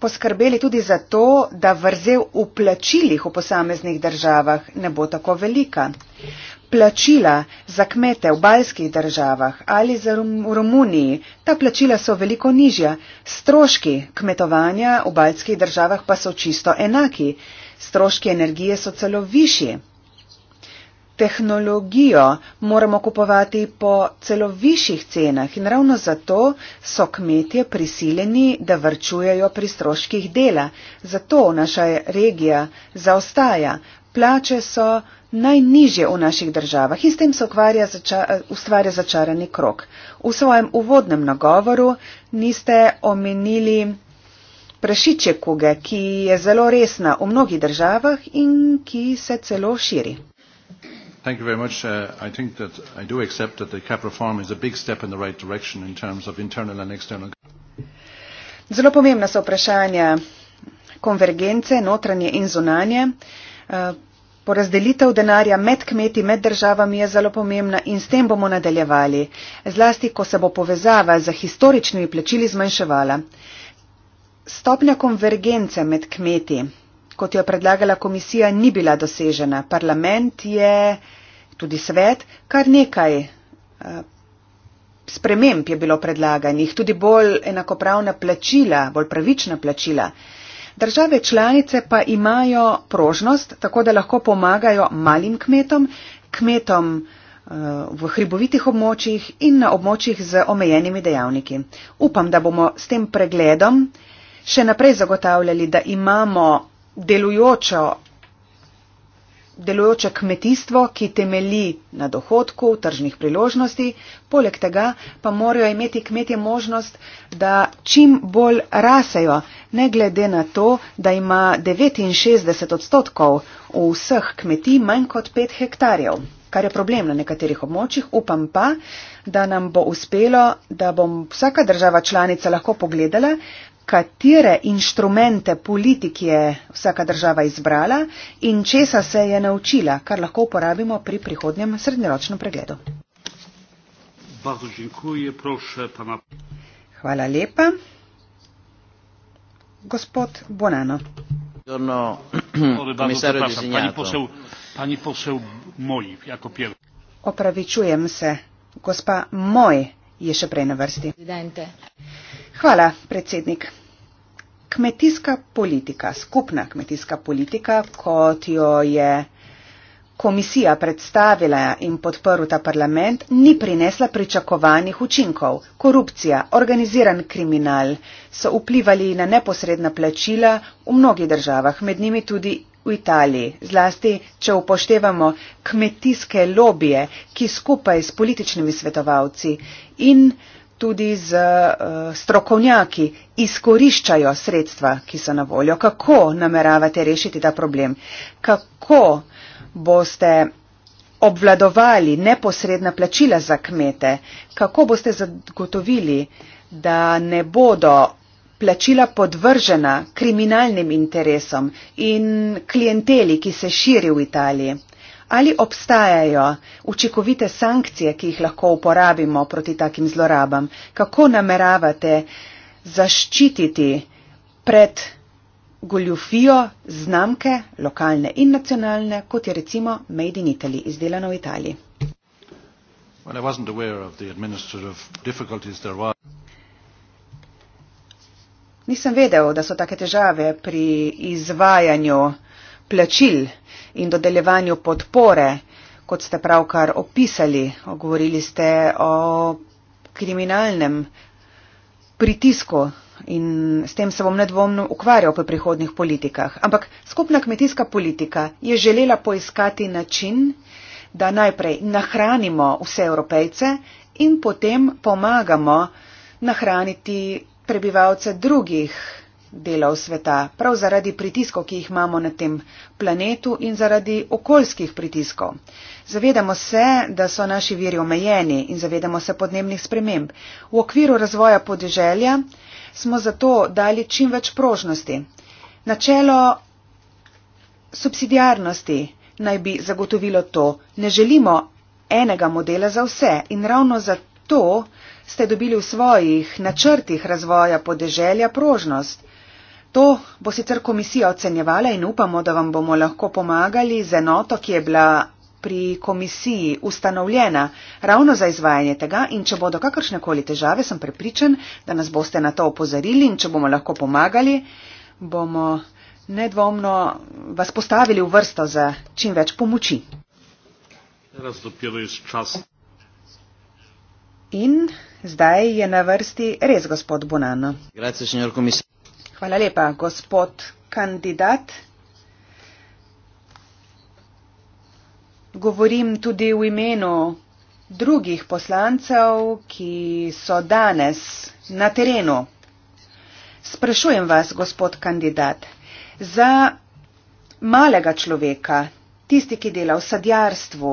poskrbeli tudi za to, da vrzel v plačilih v posameznih državah ne bo tako velika. Plačila za kmete v baljskih državah ali za Romuniji, ta plačila so veliko nižja, stroški kmetovanja v baljskih državah pa so čisto enaki, stroški energije so celo višji tehnologijo moramo kupovati po celo višjih cenah in ravno zato so kmetje prisiljeni, da vrčujejo pri stroških dela. Zato naša regija zaostaja. Plače so najnižje v naših državah in s tem se ukvarja zača, ustvarja začarani krok. V svojem uvodnem nagovoru niste omenili prašiče kuge, ki je zelo resna v mnogih državah in ki se celo širi. Thank you very much. Uh, I think that I do accept that the cap reform is a big step in the right direction in terms of internal and external. Zelo pomembna so vprašanja konvergence, notranje in zunanje. Uh, porazdelitev denarja med kmeti, med državami je zelo pomembna in s tem bomo nadaljevali, zlasti ko se bo povezava za historičnimi plačili zmanjševala. Stopnja konvergence med kmeti kot jo je predlagala komisija, ni bila dosežena. Parlament je, tudi svet, kar nekaj eh, sprememb je bilo predlaganih, tudi bolj enakopravna plačila, bolj pravična plačila. Države članice pa imajo prožnost, tako da lahko pomagajo malim kmetom, kmetom eh, v hribovitih območjih in na območjih z omejenimi dejavniki. Upam, da bomo s tem pregledom še naprej zagotavljali, da imamo delujočo, delujoče kmetijstvo, ki temeli na dohodku, tržnih priložnosti, poleg tega pa morajo imeti kmetje možnost, da čim bolj rasejo, ne glede na to, da ima 69 odstotkov vseh kmetij manj kot 5 hektarjev kar je problem na nekaterih območjih. Upam pa, da nam bo uspelo, da bom vsaka država članica lahko pogledala, katere inštrumente politiki je vsaka država izbrala in česa se je naučila, kar lahko uporabimo pri prihodnjem srednjeročnem pregledu. Hvala lepa. Gospod Bonano. Opravičujem se. Gospa Moj je še prej na vrsti. Hvala, predsednik kmetijska politika, skupna kmetijska politika, kot jo je komisija predstavila in podprl ta parlament, ni prinesla pričakovanih učinkov. Korupcija, organiziran kriminal so vplivali na neposredna plačila v mnogih državah, med njimi tudi v Italiji, zlasti če upoštevamo kmetijske lobije, ki skupaj s političnimi svetovalci in tudi z uh, strokovnjaki izkoriščajo sredstva, ki so na voljo. Kako nameravate rešiti ta problem? Kako boste obvladovali neposredna plačila za kmete? Kako boste zagotovili, da ne bodo plačila podvržena kriminalnim interesom in klienteli, ki se širi v Italiji? Ali obstajajo učinkovite sankcije, ki jih lahko uporabimo proti takim zlorabam? Kako nameravate zaščititi pred goljufijo znamke, lokalne in nacionalne, kot je recimo Made in Italy, izdelano v Italiji? Well, Nisem vedel, da so take težave pri izvajanju plačil in dodeljevanju podpore, kot ste pravkar opisali. Govorili ste o kriminalnem pritisku in s tem se bom nedvomno ukvarjal pri prihodnih politikah. Ampak skupna kmetijska politika je želela poiskati način, da najprej nahranimo vse evropejce in potem pomagamo nahraniti prebivalce drugih delov sveta, prav zaradi pritiskov, ki jih imamo na tem planetu in zaradi okoljskih pritiskov. Zavedamo se, da so naši viri omejeni in zavedamo se podnebnih sprememb. V okviru razvoja podeželja smo zato dali čim več prožnosti. Načelo subsidijarnosti naj bi zagotovilo to. Ne želimo enega modela za vse in ravno zato ste dobili v svojih načrtih razvoja podeželja prožnost. To bo sicer komisija ocenjevala in upamo, da vam bomo lahko pomagali z enoto, ki je bila pri komisiji ustanovljena ravno za izvajanje tega in če bodo kakršnekoli težave, sem prepričan, da nas boste na to opozorili in če bomo lahko pomagali, bomo nedvomno vas postavili v vrsto za čim več pomoči. In zdaj je na vrsti res gospod Bonano. Grazie, Hvala lepa, gospod kandidat. Govorim tudi v imenu drugih poslancev, ki so danes na terenu. Sprašujem vas, gospod kandidat, za malega človeka, tisti, ki dela v sadjarstvu,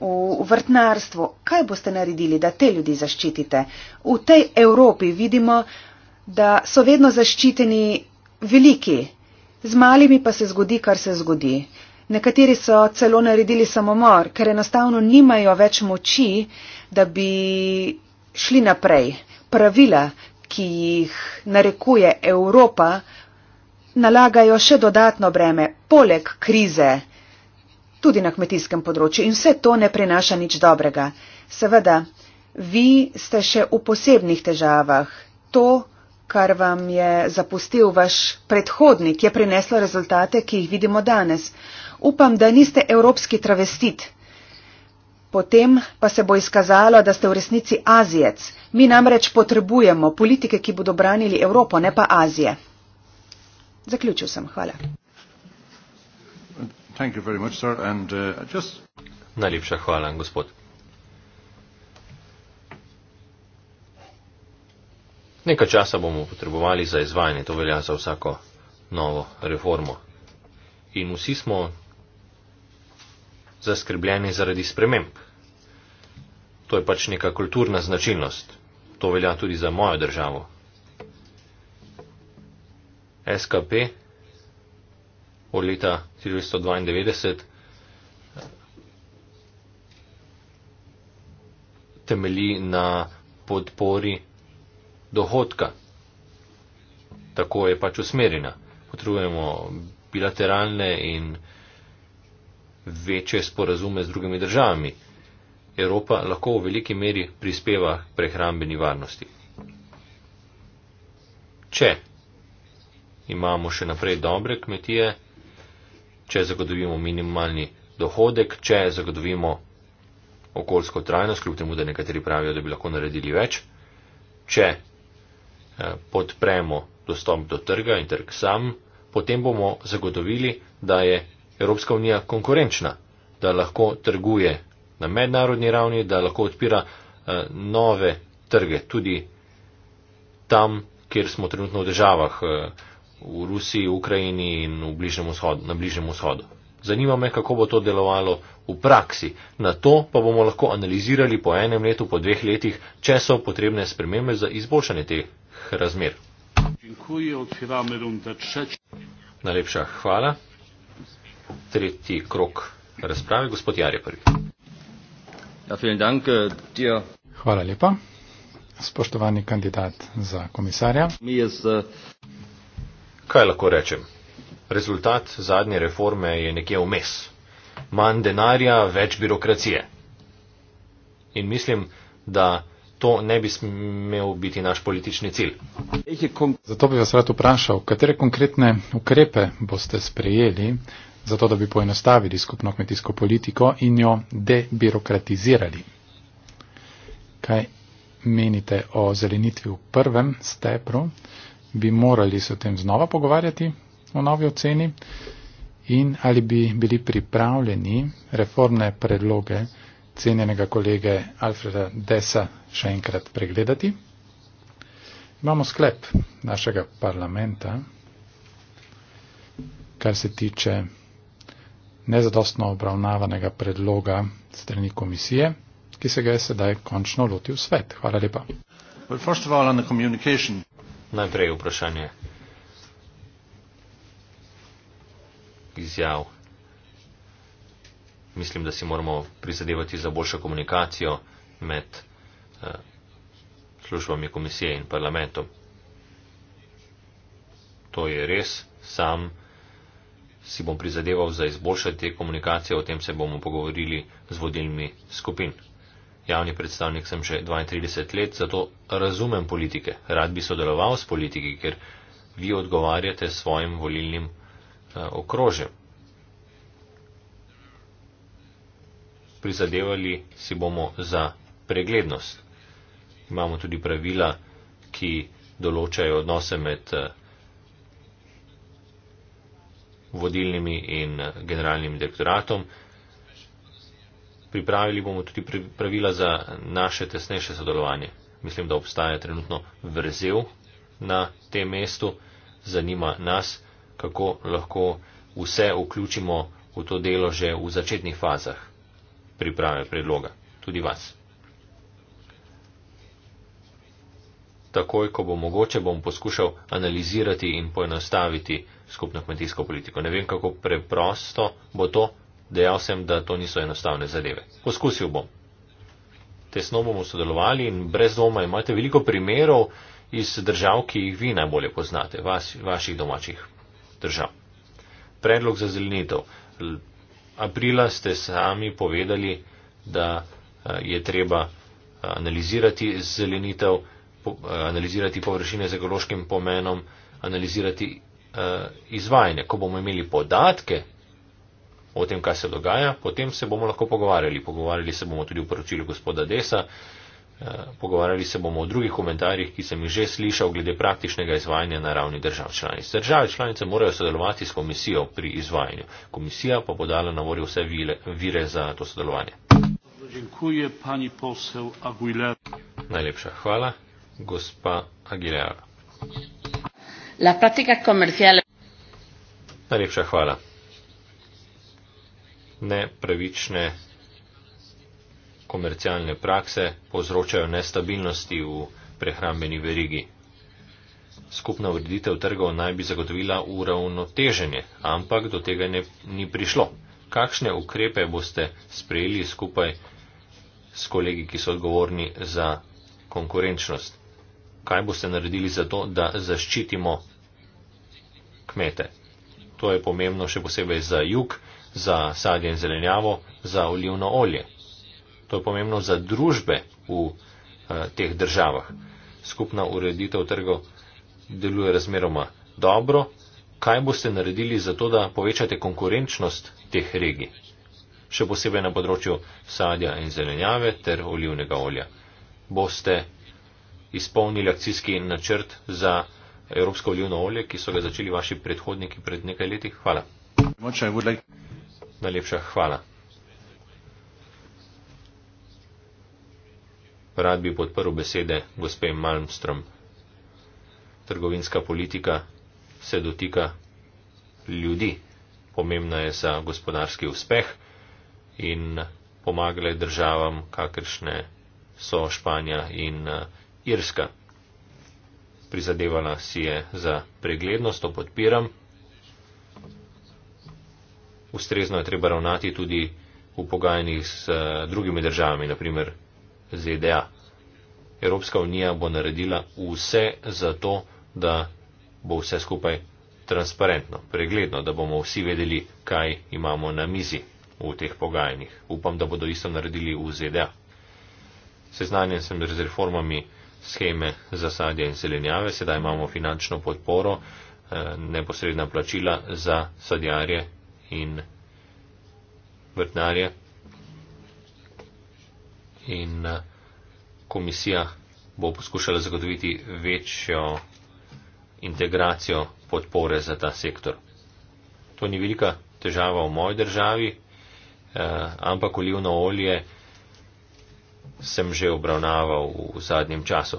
v vrtnarstvu, kaj boste naredili, da te ljudi zaščitite? V tej Evropi vidimo, da so vedno zaščiteni veliki, z malimi pa se zgodi, kar se zgodi. Nekateri so celo naredili samomor, ker enostavno nimajo več moči, da bi šli naprej. Pravila, ki jih narekuje Evropa, nalagajo še dodatno breme, poleg krize, tudi na kmetijskem področju. In vse to ne prinaša nič dobrega. Seveda, vi ste še v posebnih težavah. To kar vam je zapustil vaš predhodnik, je prineslo rezultate, ki jih vidimo danes. Upam, da niste evropski travestit. Potem pa se bo izkazalo, da ste v resnici Azijec. Mi namreč potrebujemo politike, ki bodo branili Evropo, ne pa Azije. Zaključil sem. Hvala. Much, sir, and, uh, just... Najlepša hvala, gospod. Nekaj časa bomo potrebovali za izvajanje, to velja za vsako novo reformo. In vsi smo zaskrbljeni zaradi sprememb. To je pač neka kulturna značilnost. To velja tudi za mojo državo. SKP od leta 1992 temelji na podpori dohodka. Tako je pač usmerjena. Potrebujemo bilateralne in večje sporazume z drugimi državami. Evropa lahko v veliki meri prispeva k prehrambeni varnosti. Če imamo še naprej dobre kmetije, če zagotovimo minimalni dohodek, če zagotovimo okoljsko trajnost, kljub temu, da nekateri pravijo, da bi lahko naredili več, če Eh, podpremo dostop do trga in trg sam, potem bomo zagotovili, da je Evropska unija konkurenčna, da lahko trguje na mednarodni ravni, da lahko odpira eh, nove trge tudi tam, kjer smo trenutno v državah, eh, v Rusiji, v Ukrajini in v bližnjem vzhodu, na bližnjem vzhodu. Zanima me, kako bo to delovalo v praksi. Na to pa bomo lahko analizirali po enem letu, po dveh letih, če so potrebne spremembe za izboljšanje te razmer. Najlepša hvala. Tretji krok razprave, gospod Jarje prvi. Ja, äh, hvala lepa. Spoštovani kandidat za komisarja. Äh, Kaj lahko rečem? Rezultat zadnje reforme je nekje vmes. Manj denarja, več birokracije. In mislim, da to ne bi smel biti naš politični cilj. Zato bi vas rad vprašal, katere konkretne ukrepe boste sprejeli, zato da bi poenostavili skupno kmetijsko politiko in jo debirokratizirali. Kaj menite o zelenitvi v prvem stepru? Bi morali se o tem znova pogovarjati v novi oceni? In ali bi bili pripravljeni reformne predloge cenjenega kolege Alfreda Desa še enkrat pregledati. Imamo sklep našega parlamenta, kar se tiče nezadostno obravnavanega predloga strani komisije, ki se ga je sedaj končno lotil svet. Hvala lepa. Najprej vprašanje izjav mislim, da si moramo prizadevati za boljšo komunikacijo med eh, službami komisije in parlamentom. To je res, sam si bom prizadeval za izboljšanje te komunikacije, o tem se bomo pogovorili z vodilnimi skupin. Javni predstavnik sem že 32 let, zato razumem politike. Rad bi sodeloval s politiki, ker vi odgovarjate svojim volilnim eh, okrožjem. prizadevali si bomo za preglednost. Imamo tudi pravila, ki določajo odnose med eh, vodilnimi in eh, generalnim direktoratom. Pripravili bomo tudi pravila za naše tesnejše sodelovanje. Mislim, da obstaja trenutno vrzel na tem mestu. Zanima nas, kako lahko vse vključimo v to delo že v začetnih fazah priprave predloga, tudi vas. Takoj, ko bo mogoče, bom poskušal analizirati in poenostaviti skupno kmetijsko politiko. Ne vem, kako preprosto bo to, dejal sem, da to niso enostavne zadeve. Poskusil bom. Tesno bomo sodelovali in brez doma imate veliko primerov iz držav, ki jih vi najbolje poznate, vas, vaših domačih držav. Predlog za zelenitev aprila ste sami povedali, da eh, je treba eh, analizirati zelenitev, eh, analizirati površine z ekološkim pomenom, analizirati izvajanje. Ko bomo imeli podatke o tem, kaj se dogaja, potem se bomo lahko pogovarjali. Pogovarjali se bomo tudi v poročilu gospoda Desa. Eh, pogovarjali se bomo o drugih komentarjih, ki sem jih že slišal glede praktičnega izvajanja na ravni držav članic. Države članice morajo sodelovati s komisijo pri izvajanju. Komisija pa bo dala na voljo vse vire za to sodelovanje. Najlepša hvala, gospa Aguilera. Najlepša hvala. Nepravične komercialne prakse povzročajo nestabilnosti v prehrambeni verigi. Skupna ureditev trgov naj bi zagotovila uravnoteženje, ampak do tega ne, ni prišlo. Kakšne ukrepe boste sprejeli skupaj s kolegi, ki so odgovorni za konkurenčnost? Kaj boste naredili za to, da zaščitimo kmete? To je pomembno še posebej za jug, za sadje in zelenjavo, za olivno olje. To je pomembno za družbe v eh, teh državah. Skupna ureditev trgov deluje razmeroma dobro. Kaj boste naredili za to, da povečate konkurenčnost teh regij? Še posebej na področju sadja in zelenjave ter olivnega olja. Boste izpolnili akcijski načrt za evropsko olivno olje, ki so ga začeli vaši predhodniki pred nekaj leti? Hvala. Najlepša hvala. rad bi podprl besede gospe Malmström. Trgovinska politika se dotika ljudi, pomembna je za gospodarski uspeh in pomagale državam, kakršne so Španija in eh, Irska. Prizadevala si je za preglednost, to podpiram. Ustrezno je treba ravnati tudi v pogajanjih s eh, drugimi državami, naprimer ZDA. Evropska unija bo naredila vse za to, da bo vse skupaj transparentno, pregledno, da bomo vsi vedeli, kaj imamo na mizi v teh pogajanjih. Upam, da bodo isto naredili v ZDA. Seznanjen sem z reformami scheme za sadje in zelenjave, sedaj imamo finančno podporo, eh, neposredna plačila za sadjarje in vrtnarje in eh, komisija bo poskušala zagotoviti večjo integracijo podpore za ta sektor. To ni velika težava v moji državi, eh, ampak olivno olje sem že obravnaval v zadnjem času.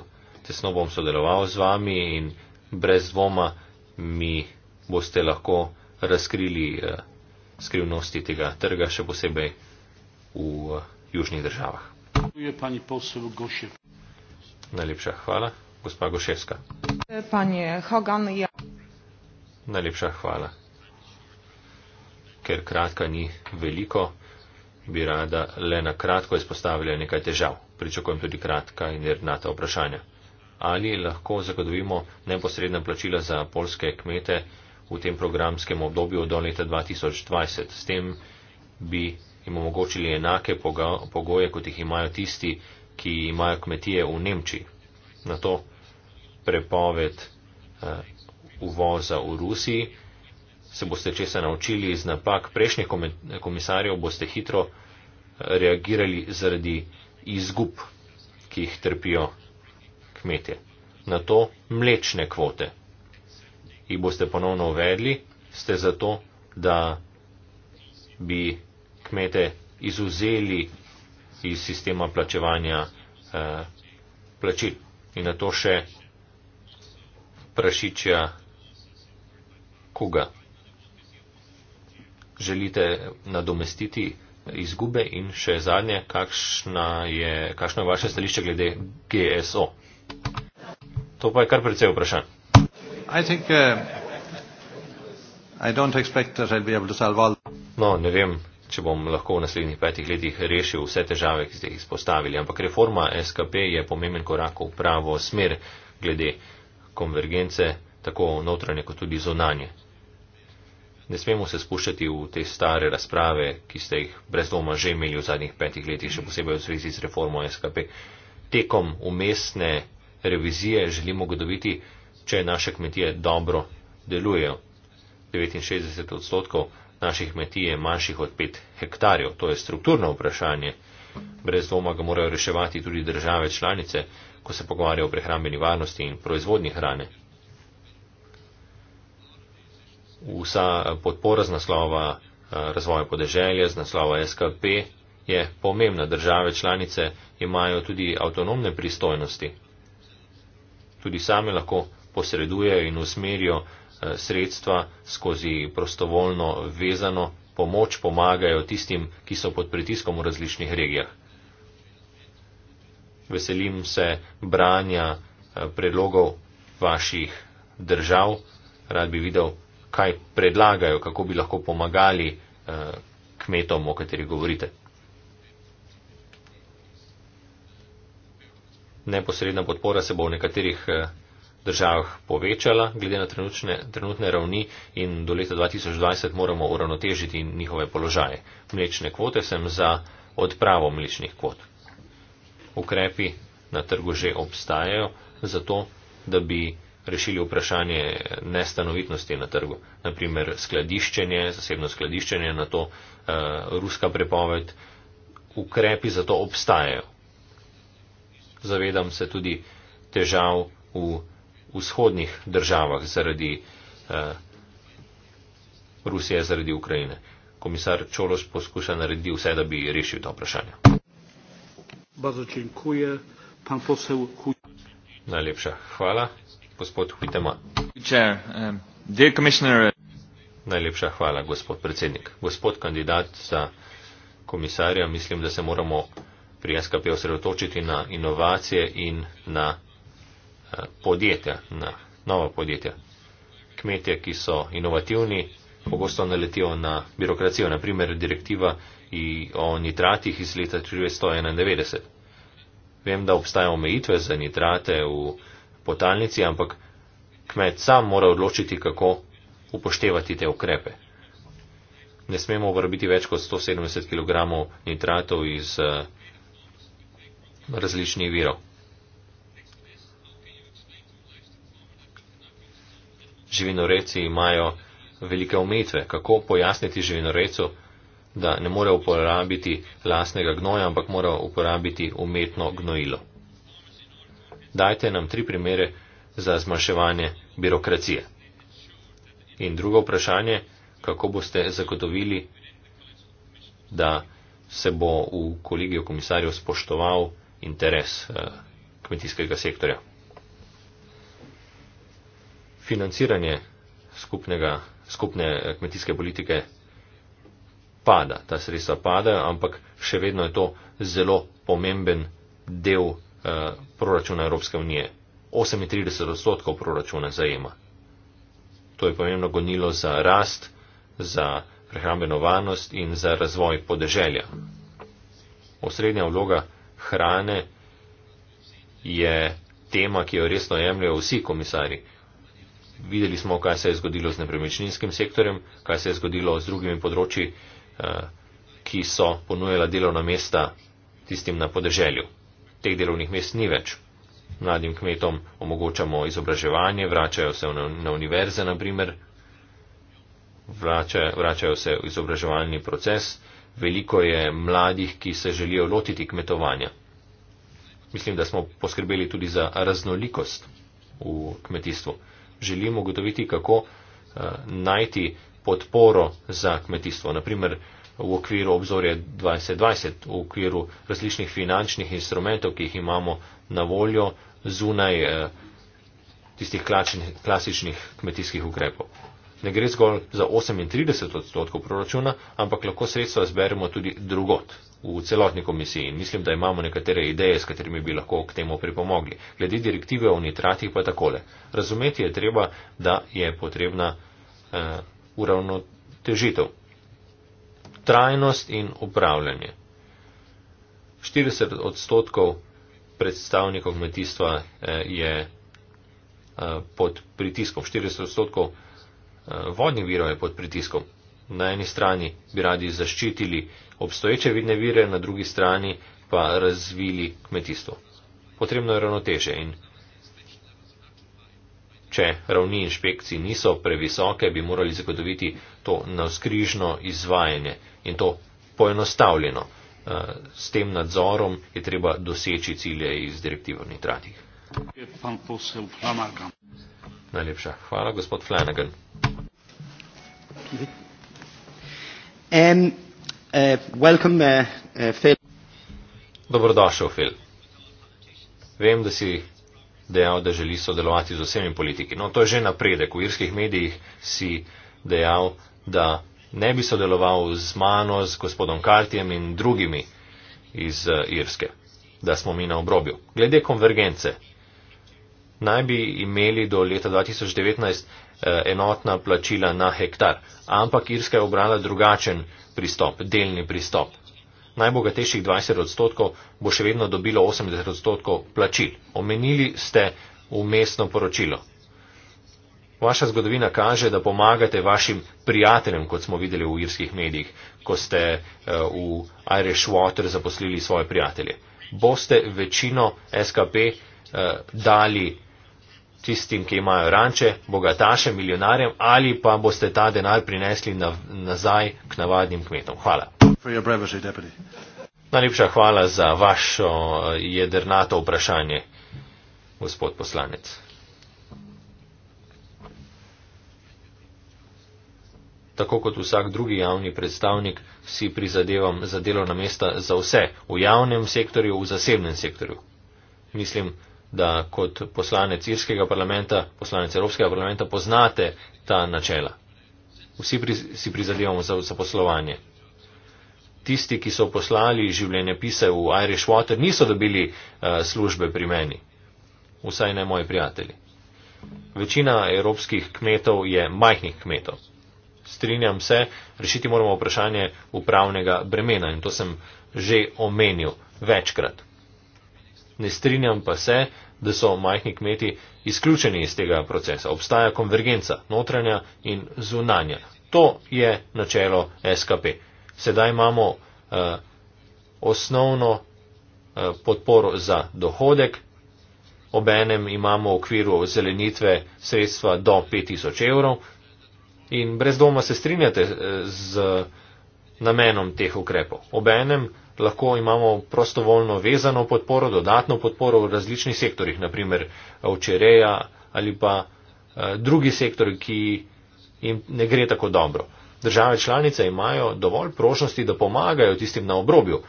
Tesno bom sodeloval z vami in brez dvoma mi boste lahko razkrili eh, skrivnosti tega trga, še posebej v južnih državah. Dziękuję pani poseł Gosie. Najlepsza chwala. Gospa Gosiewska. Panie Hogan, ja... Najlepsza chwala. Ker kratka ni veliko, bi rada le na kratko izpostavila nekaj težav. Pričakujem tudi kratka in jednata vprašanja. Ali lahko zagotovimo neposredna plačila za polske kmete v tem programskem obdobju do leta 2020? S tem bi jim omogočili enake pogoje, kot jih imajo tisti, ki imajo kmetije v Nemčiji. Na to prepoved eh, uvoza v Rusiji se boste česa naučili iz napak prejšnjih komisarjev, boste hitro eh, reagirali zaradi izgub, ki jih trpijo kmetje. Na to mlečne kvote. I boste ponovno uvedli, ste zato, da bi kmete izuzeli iz sistema plačevanja eh, plačil in na to še prašičja kuga. Želite nadomestiti izgube in še zadnje, je, kakšno je vaše stališče glede GSO? To pa je kar precej vprašanj. Uh, no, ne vem, če bom lahko v naslednjih petih letih rešil vse težave, ki ste jih izpostavili. Ampak reforma SKP je pomemben korak v pravo smer glede konvergence, tako notranje kot tudi zonanje. Ne smemo se spuščati v te stare razprave, ki ste jih brez doma že imeli v zadnjih petih letih, še posebej v zvezi z reformo SKP. Tekom umestne revizije želimo godoviti, če naše kmetije dobro delujejo. 69 odstotkov naših kmetij je manjših od 5 hektarjev. To je strukturno vprašanje. Brez dvoma ga morajo reševati tudi države članice, ko se pogovarjajo o prehrambeni varnosti in proizvodni hrane. Vsa podpora z naslova eh, razvoja podeželja, z naslova SKP je pomembna. Države članice imajo tudi avtonomne pristojnosti. Tudi same lahko posredujejo in usmerijo Eh, sredstva skozi prostovoljno vezano pomoč pomagajo tistim, ki so pod pritiskom v različnih regijah. Veselim se branja eh, predlogov vaših držav. Rad bi videl, kaj predlagajo, kako bi lahko pomagali eh, kmetom, o katerih govorite. Neposredna podpora se bo v nekaterih državah povečala glede na trenutne, trenutne ravni in do leta 2020 moramo uravnotežiti njihove položaje. Mlečne kvote sem za odpravo mlečnih kvot. Ukrepi na trgu že obstajajo za to, da bi rešili vprašanje nestanovitnosti na trgu. Naprimer skladiščenje, zasebno skladiščenje na to, uh, ruska prepoved. Ukrepi za to obstajajo. Zavedam se tudi težav v vzhodnih državah zaradi eh, Rusije, zaradi Ukrajine. Komisar Čološ poskuša narediti vse, da bi rešil to vprašanje. Najlepša hvala, gospod Huitema. Um, uh, Najlepša hvala, gospod predsednik. Gospod kandidat za komisarja, mislim, da se moramo pri SKP osredotočiti na inovacije in na podjetja, na nova podjetja. Kmetje, ki so inovativni, pogosto naletijo na birokracijo, naprimer direktiva o nitratih iz leta 1991. Vem, da obstajajo omejitve za nitrate v potalnici, ampak kmet sam mora odločiti, kako upoštevati te ukrepe. Ne smemo uporabiti več kot 170 kg nitratov iz uh, različnih virov. živinoreci imajo velike omejitve. Kako pojasniti živinorecu, da ne more uporabiti lasnega gnoja, ampak mora uporabiti umetno gnojilo? Dajte nam tri primere za zmanjševanje birokracije. In drugo vprašanje, kako boste zagotovili, da se bo v kolegijo komisarjev spoštoval interes eh, kmetijskega sektorja financiranje skupnega, skupne eh, kmetijske politike pada, ta sredstva padajo, ampak še vedno je to zelo pomemben del eh, proračuna Evropske unije. 38 odstotkov proračuna zajema. To je pomembno gonilo za rast, za prehrambeno varnost in za razvoj podeželja. Osrednja vloga hrane je tema, ki jo resno jemljajo vsi komisari videli smo, kaj se je zgodilo z nepremičninskim sektorjem, kaj se je zgodilo z drugimi področji, eh, ki so ponujala delovna mesta tistim na podeželju. Teh delovnih mest ni več. Mladim kmetom omogočamo izobraževanje, vračajo se na univerze, naprimer, vračajo, vračajo se v izobraževalni proces. Veliko je mladih, ki se želijo lotiti kmetovanja. Mislim, da smo poskrbeli tudi za raznolikost v kmetijstvu želimo ugotoviti, kako eh, najti podporo za kmetijstvo. Naprimer, v okviru obzorja 2020, v okviru različnih finančnih instrumentov, ki jih imamo na voljo zunaj eh, tistih klasičnih kmetijskih ukrepov. Ne gre zgolj za 38 odstotkov proračuna, ampak lahko sredstva zberemo tudi drugot v celotni komisiji in mislim, da imamo nekatere ideje, s katerimi bi lahko k temu pripomogli. Glede direktive o nitratih pa takole. Razumeti je treba, da je potrebna uh, uravnotežitev. Trajnost in upravljanje. 40 odstotkov predstavnikov kmetijstva uh, je uh, pod pritiskom. 40 odstotkov uh, vodnih virov je pod pritiskom. Na eni strani bi radi zaščitili obstoječe vidne vire, na drugi strani pa razvili kmetijstvo. Potrebno je ravnoteže in če ravni inšpekcij niso previsoke, bi morali zagotoviti to navskrižno izvajanje in to poenostavljeno. Eh, s tem nadzorom je treba doseči cilje iz direktiva o nitratih. Najlepša hvala, gospod Flanagan. Um, uh, uh, uh, Dobrodošel, Fil. Vem, da si dejal, da želi sodelovati z vsemi politiki. No, to je že napredek. V irskih medijih si dejal, da ne bi sodeloval z mano, z gospodom Kartijem in drugimi iz Irske, da smo mi na obrobju. Glede konvergence. Naj bi imeli do leta 2019 Eh, enotna plačila na hektar. Ampak Irska je obrala drugačen pristop, delni pristop. Najbogatejših 20 odstotkov bo še vedno dobilo 80 odstotkov plačil. Omenili ste umestno poročilo. Vaša zgodovina kaže, da pomagate vašim prijateljem, kot smo videli v irskih medijih, ko ste eh, v Irish Water zaposlili svoje prijatelje. Boste večino SKP eh, dali tistim, ki imajo ranče, bogatašem, milijonarjem ali pa boste ta denar prinesli na, nazaj k navadnim kmetom. Hvala. Brevity, Najlepša hvala za vašo eh, jedrnato vprašanje, gospod poslanec. Tako kot vsak drugi javni predstavnik si prizadevam za delovna mesta za vse, v javnem sektorju, v zasebnem sektorju. Mislim, da kot poslanec irskega parlamenta, poslanec Evropskega parlamenta poznate ta načela. Vsi pri, si prizadevamo za, za poslovanje. Tisti, ki so poslali življenje pise v Irish Water, niso dobili uh, službe pri meni. Vsaj ne moji prijatelji. Večina evropskih kmetov je majhnih kmetov. Strinjam se, rešiti moramo vprašanje upravnega bremena in to sem že omenil večkrat ne strinjam pa se, da so majhni kmeti izključeni iz tega procesa. Obstaja konvergenca notranja in zunanja. To je načelo SKP. Sedaj imamo eh, osnovno eh, podporo za dohodek, obenem imamo v okviru zelenitve sredstva do 5000 evrov in brez doma se strinjate eh, z namenom teh ukrepov. Obenem lahko imamo prostovoljno vezano podporo, dodatno podporo v različnih sektorjih, naprimer včereja ali pa eh, drugi sektor, ki jim ne gre tako dobro. Države članice imajo dovolj prožnosti, da pomagajo tistim na obrobju,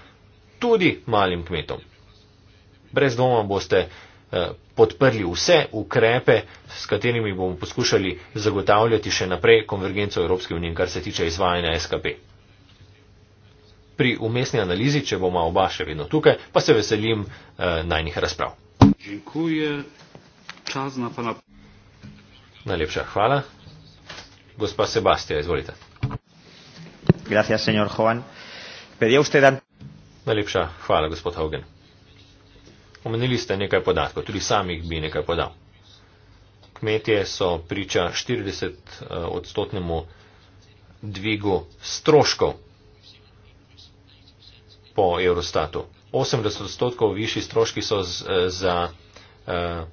tudi malim kmetom. Brez dvoma boste eh, podprli vse ukrepe, s katerimi bomo poskušali zagotavljati še naprej konvergenco Evropske unije, kar se tiče izvajanja SKP pri umestni analizi, če bomo oba še vedno tukaj, pa se veselim eh, najnih razprav. Dziękuję. Čas na pana. Najlepša hvala. Gospa Sebastija, izvolite. Gracias, señor Juan. Pedía usted an... Najlepša hvala, gospod Hogan. Omenili ste nekaj podatkov, tudi samih bi nekaj podal. Kmetje so priča 40-odstotnemu eh, dvigu stroškov po Eurostatu. 80 odstotkov višji stroški so z, eh, za eh,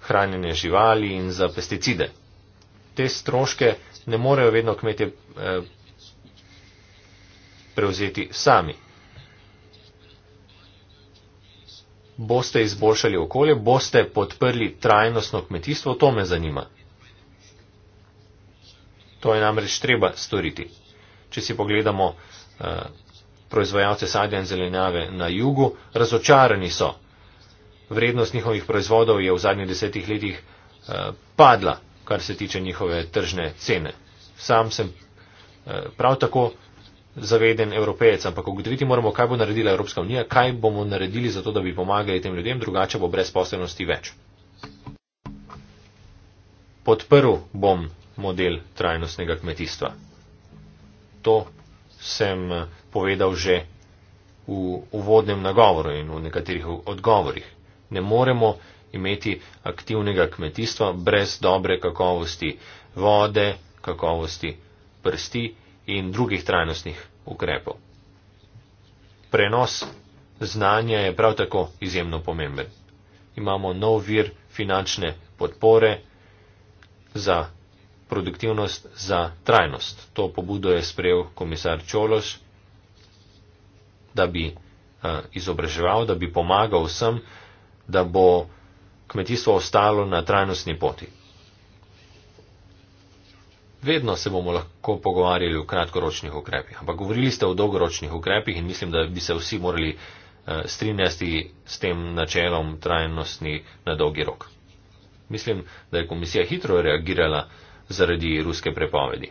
hranjene živali in za pesticide. Te stroške ne morejo vedno kmetje eh, prevzeti sami. Boste izboljšali okolje, boste podprli trajnostno kmetijstvo, to me zanima. To je namreč treba storiti če si pogledamo eh, proizvajalce sadja in zelenjave na jugu, razočarani so. Vrednost njihovih proizvodov je v zadnjih desetih letih eh, padla, kar se tiče njihove tržne cene. Sam sem eh, prav tako zaveden evropejec, ampak ugotoviti moramo, kaj bo naredila Evropska unija, kaj bomo naredili za to, da bi pomagali tem ljudem, drugače bo brezposobnosti več. Podprl bom model trajnostnega kmetijstva to sem povedal že v uvodnem nagovoru in v nekaterih odgovorih. Ne moremo imeti aktivnega kmetijstva brez dobre kakovosti vode, kakovosti prsti in drugih trajnostnih ukrepov. Prenos znanja je prav tako izjemno pomemben. Imamo nov vir finančne podpore za produktivnost za trajnost. To pobudo je sprejel komisar Čološ, da bi eh, izobraževal, da bi pomagal vsem, da bo kmetijstvo ostalo na trajnostni poti. Vedno se bomo lahko pogovarjali o kratkoročnih ukrepih, ampak govorili ste o dolgoročnih ukrepih in mislim, da bi se vsi morali eh, strinjati s tem načelom trajnostni na dolgi rok. Mislim, da je komisija hitro reagirala zaradi ruske prepovedi.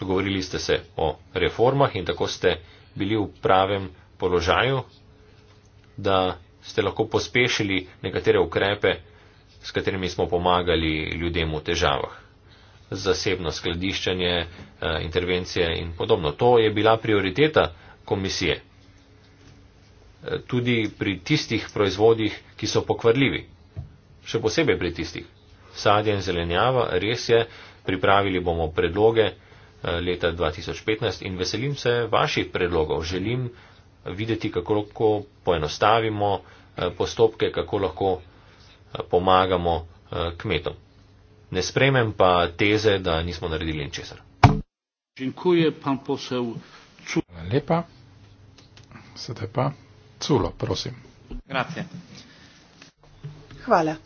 Govorili ste se o reformah in tako ste bili v pravem položaju, da ste lahko pospešili nekatere ukrepe, s katerimi smo pomagali ljudem v težavah. Zasebno skladiščanje, eh, intervencije in podobno. To je bila prioriteta komisije. Eh, tudi pri tistih proizvodih, ki so pokvarljivi. Še posebej pri tistih, sadje in zelenjava. Res je, pripravili bomo predloge eh, leta 2015 in veselim se vaših predlogov. Želim videti, kako lahko poenostavimo eh, postopke, kako lahko eh, pomagamo kmetom. Ne spremem pa teze, da nismo naredili ničesar. Hvala lepa. Sedaj pa culo, prosim. Grazie. Hvala.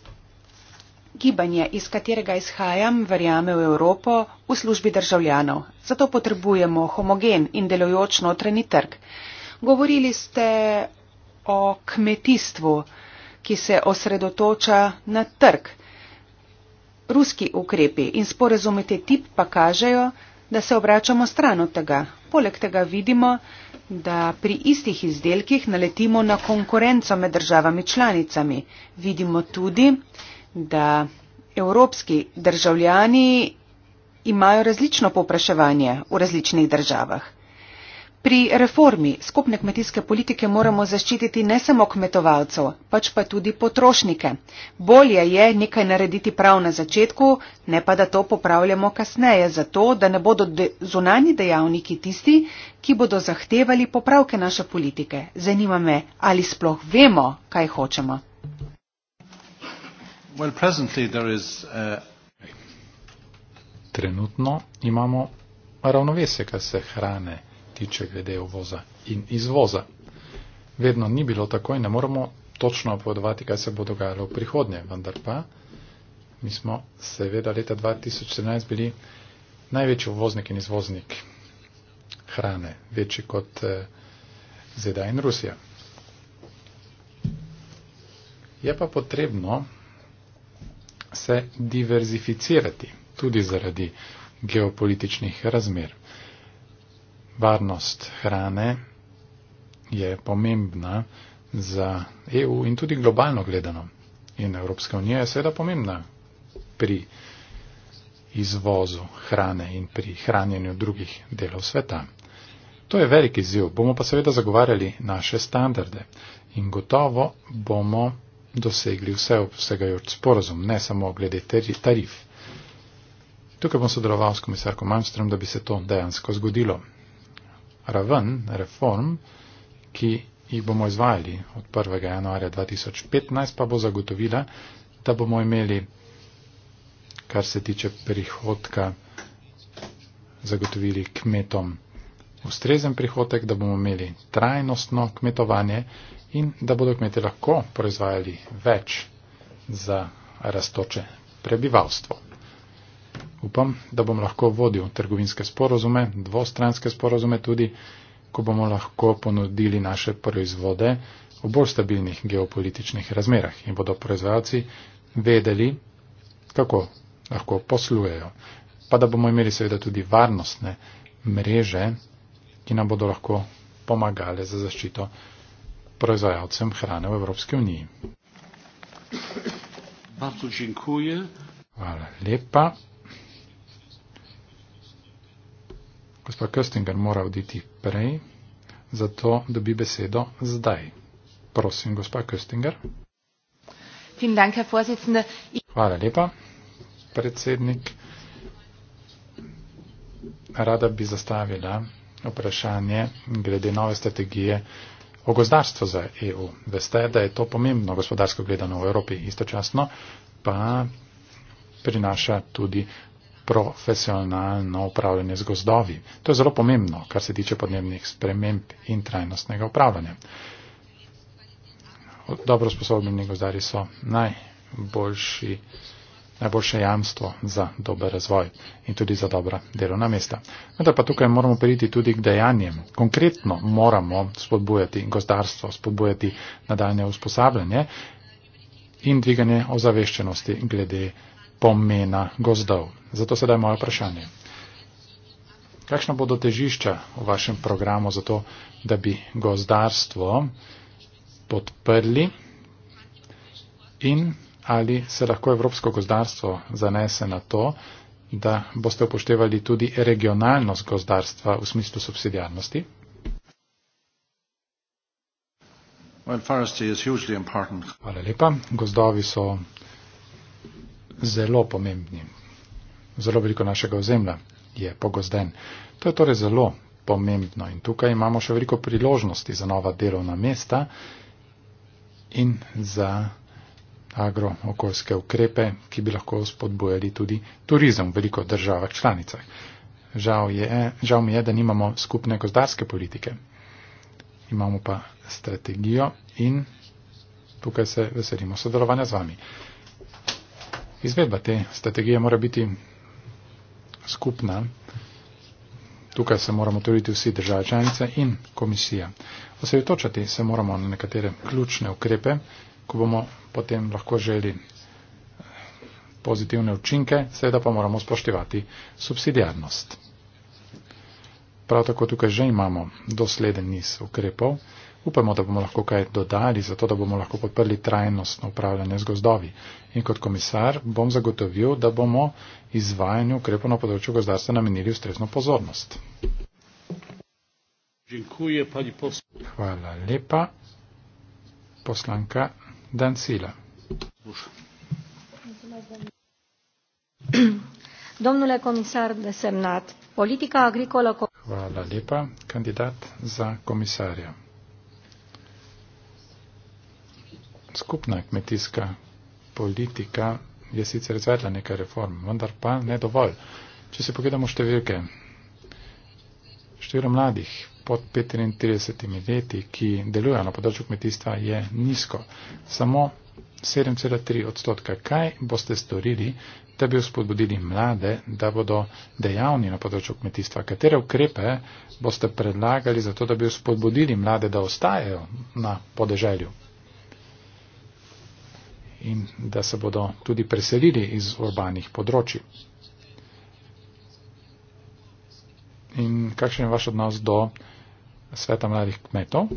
Gibanje, iz katerega izhajam, verjame v Evropo v službi državljanov. Zato potrebujemo homogen in delojoč notreni trg. Govorili ste o kmetijstvu, ki se osredotoča na trg. Ruski ukrepi in sporezumi te tip pa kažejo, da se obračamo stran od tega. Poleg tega vidimo, da pri istih izdelkih naletimo na konkurenco med državami članicami. Vidimo tudi, da evropski državljani imajo različno popraševanje v različnih državah. Pri reformi skupne kmetijske politike moramo zaščititi ne samo kmetovalcev, pač pa tudi potrošnike. Bolje je nekaj narediti prav na začetku, ne pa da to popravljamo kasneje, zato da ne bodo zunani dejavniki tisti, ki bodo zahtevali popravke naše politike. Zanima me, ali sploh vemo, kaj hočemo. Well, presently there is uh, trenutno imamo ravnovesje, kar se hrane tiče glede uvoza in izvoza. Vedno ni bilo tako in ne moramo točno povedovati, kaj se bo dogajalo v prihodnje, vendar pa mi smo seveda leta 2017 bili največji uvoznik in izvoznik hrane, večji kot eh, ZDA in Rusija. Je pa potrebno se diverzificirati tudi zaradi geopolitičnih razmer. Varnost hrane je pomembna za EU in tudi globalno gledano. In Evropska unija je seveda pomembna pri izvozu hrane in pri hranjenju drugih delov sveta. To je veliki ziv. Bomo pa seveda zagovarjali naše standarde in gotovo bomo dosegli vse obsegajoč sporozum, ne samo glede tarif. Tukaj bom sodeloval s komisarko Malmström, da bi se to dejansko zgodilo. Raven reform, ki jih bomo izvajali od 1. januarja 2015, pa bo zagotovila, da bomo imeli, kar se tiče prihodka, zagotovili kmetom ustrezen prihodek, da bomo imeli trajnostno kmetovanje in da bodo kmetje lahko proizvajali več za rastoče prebivalstvo. Upam, da bom lahko vodil trgovinske sporozume, dvostranske sporozume tudi, ko bomo lahko ponudili naše proizvode v bolj stabilnih geopolitičnih razmerah in bodo proizvajalci vedeli, kako lahko poslujejo. Pa da bomo imeli seveda tudi varnostne mreže, ki nam bodo lahko pomagale za zaščito proizvajalcem hrane v Evropske uniji. Bardzo dziękuję. Hvala lepa. Gospod Köstinger mora oditi prej, zato dobi besedo zdaj. Prosim, gospod Köstinger. Dank, Herr Hvala lepa, predsednik. Rada bi zastavila vprašanje glede nove strategije o gozdarstvu za EU. Veste, da je to pomembno gospodarsko gledano v Evropi, istočasno pa prinaša tudi profesionalno upravljanje z gozdovi. To je zelo pomembno, kar se tiče podnebnih sprememb in trajnostnega upravljanja. Dobro sposobljeni gozdari so najboljši najboljše jamstvo za dober razvoj in tudi za dobra delovna mesta. Vendar pa tukaj moramo priti tudi k dejanjem. Konkretno moramo spodbujati gozdarstvo, spodbujati nadaljne usposabljanje in dviganje ozaveščenosti glede pomena gozdov. Zato sedaj moje vprašanje. Kakšna bodo težišča v vašem programu za to, da bi gozdarstvo podprli in ali se lahko evropsko gozdarstvo zanese na to, da boste upoštevali tudi regionalnost gozdarstva v smislu subsidijarnosti? Well, Hvala lepa. Gozdovi so zelo pomembni. Zelo veliko našega ozemlja je pogozden. To je torej zelo pomembno in tukaj imamo še veliko priložnosti za nova delovna mesta in za agrookoljske ukrepe, ki bi lahko spodbojali tudi turizem v veliko državah članicah. Žal, je, žal mi je, da nimamo skupne gozdarske politike. Imamo pa strategijo in tukaj se veselimo sodelovanja z vami. Izvedba te strategije mora biti skupna. Tukaj se moramo truditi vsi države članice in komisija. Osredotočati se moramo na nekatere ključne ukrepe, ko bomo potem lahko želi eh, pozitivne učinke, seveda pa moramo spoštevati subsidijarnost. Prav tako tukaj že imamo dosleden niz ukrepov. Upamo, da bomo lahko kaj dodali, zato da bomo lahko podprli trajnostno upravljanje z gozdovi. In kot komisar bom zagotovil, da bomo izvajanju ukrepov na področju gozdarstva namenili ustrezno pozornost. Hvala lepa. Poslanka dan sila. Domnule komisar de semnat, politika agricolă... Hvala lepa, kandidat za komisarja. Skupna kmetijska politika je sicer izvedla nekaj reform, vendar pa ne dovolj. Če se pogledamo številke, število mladih pod 35 leti, ki delujejo na področju kmetijstva, je nizko. Samo 7,3 odstotka. Kaj boste storili, da bi vzpodbudili mlade, da bodo dejavni na področju kmetijstva? Katere ukrepe boste predlagali za to, da bi vzpodbudili mlade, da ostajajo na podeželju? In da se bodo tudi preselili iz urbanih področji. in kakšen je vaš odnos do sveta mladih kmetov?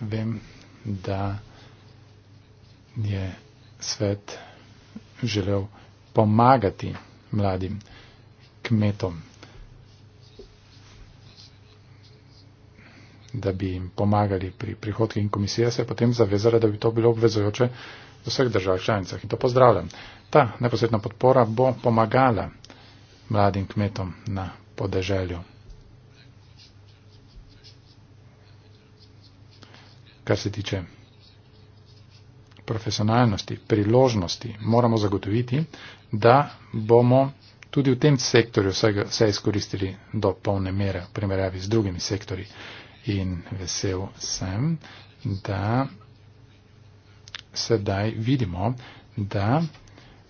Vem, da je svet želel pomagati mladim kmetom, da bi jim pomagali pri prihodki in komisija se je potem zavezala, da bi to bilo obvezojoče v vseh državah članicah in to pozdravljam. Ta neposredna podpora bo pomagala mladim kmetom na podeželju. Kar se tiče profesionalnosti, priložnosti, moramo zagotoviti, da bomo tudi v tem sektorju vse izkoristili do polne mere v primerjavi z drugimi sektori. In vesel sem, da sedaj vidimo, da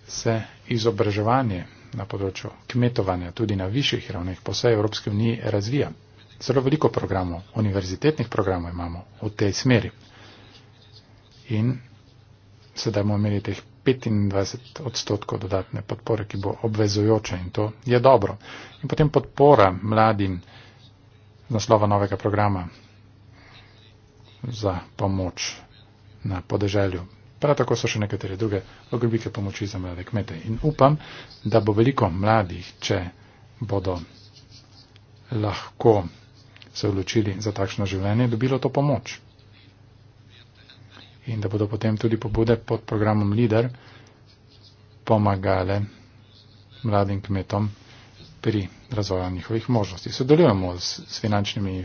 se izobraževanje na področju kmetovanja, tudi na višjih ravneh, po vsej Evropski uniji razvija. Zelo veliko programov, univerzitetnih programov imamo v tej smeri. In sedaj bomo imeli teh 25 odstotkov dodatne podpore, ki bo obvezujoča in to je dobro. In potem podpora mladim z naslova novega programa za pomoč na podeželju Prav tako so še nekatere druge oblike pomoči za mlade kmete. In upam, da bo veliko mladih, če bodo lahko se odločili za takšno življenje, dobilo to pomoč. In da bodo potem tudi pobude pod programom LIDER pomagale mladim kmetom pri razvoju njihovih možnosti. Sodelujemo s, s finančnimi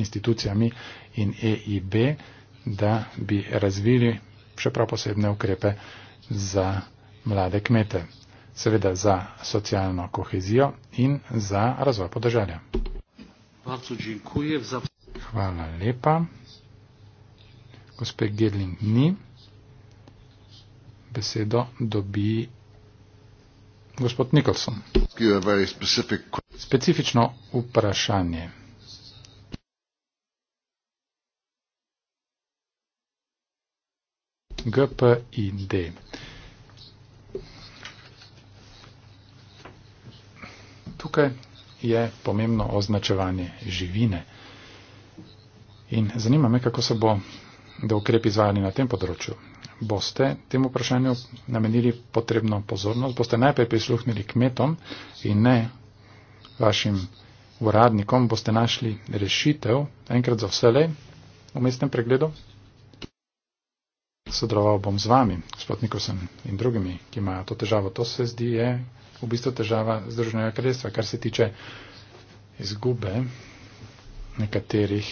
institucijami in EIB, da bi razvili še prav posebne ukrepe za mlade kmete, seveda za socialno kohezijo in za razvoj podržanja. Hvala lepa. Gospe Gedling ni. Besedo dobi gospod Nicholson. Specifično vprašanje. GPID. Tukaj je pomembno označevanje živine. In zanima me, kako se bo, da ukrep izvajali na tem področju. Boste temu vprašanju namenili potrebno pozornost? Boste najprej prisluhnili kmetom in ne vašim uradnikom? Boste našli rešitev enkrat za vselej v mestnem pregledu? sodeloval bom z vami, gospod Nikosen in drugimi, ki imajo to težavo. To se zdi je v bistvu težava Združenega kraljestva, kar se tiče izgube nekaterih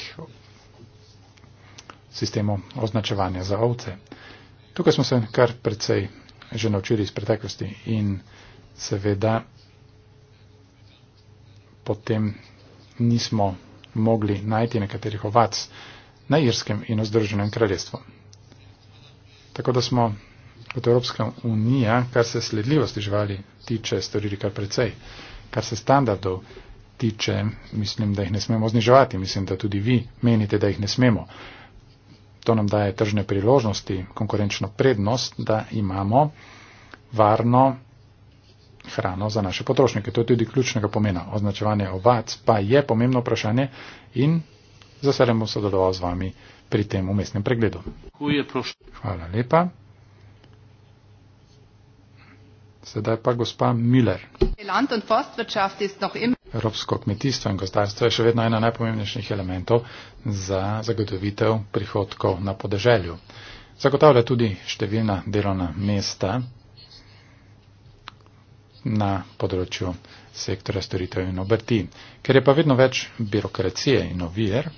sistemov označevanja za ovce. Tukaj smo se kar precej že naučili iz preteklosti in seveda potem nismo mogli najti nekaterih ovac na Irskem in v Združenem kraljestvu. Tako da smo kot Evropska unija, kar se sledljivosti živali tiče, storili kar precej. Kar se standardov tiče, mislim, da jih ne smemo znižovati. Mislim, da tudi vi menite, da jih ne smemo. To nam daje tržne priložnosti, konkurenčno prednost, da imamo varno hrano za naše potrošnike. To je tudi ključnega pomena. Označevanje ovac pa je pomembno vprašanje in zaselem bom sodeloval z vami pri tem umestnem pregledu. Hvala lepa. Sedaj pa gospa Miller. Evropsko kmetijstvo in gozdarstvo je še vedno ena najpomembnejših elementov za zagotovitev prihodkov na podeželju. Zagotavlja tudi številna delovna mesta na področju sektora storitev in obrti. Ker je pa vedno več birokracije in ovir,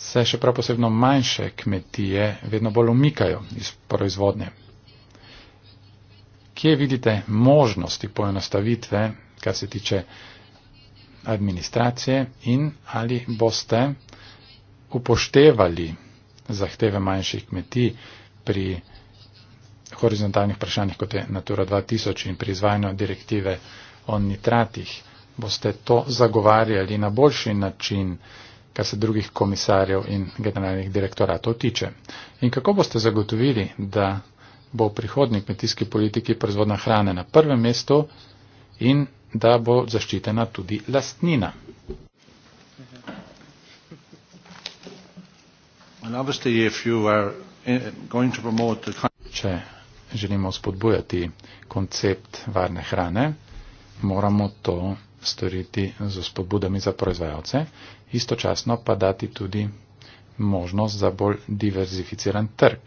se še prav posebno manjše kmetije vedno bolj umikajo iz proizvodnje. Kje vidite možnosti poenostavitve, kar se tiče administracije in ali boste upoštevali zahteve manjših kmetij pri horizontalnih vprašanjih, kot je Natura 2000 in pri izvajanju direktive o nitratih, boste to zagovarjali na boljši način kar se drugih komisarjev in generalnih direktoratov tiče. In kako boste zagotovili, da bo v prihodnji kmetijski politiki proizvodna hrane na prvem mestu in da bo zaščitena tudi lastnina? Eh, Če želimo spodbujati koncept varne hrane, moramo to storiti z spodbudami za proizvajalce istočasno pa dati tudi možnost za bolj diverzificiran trg,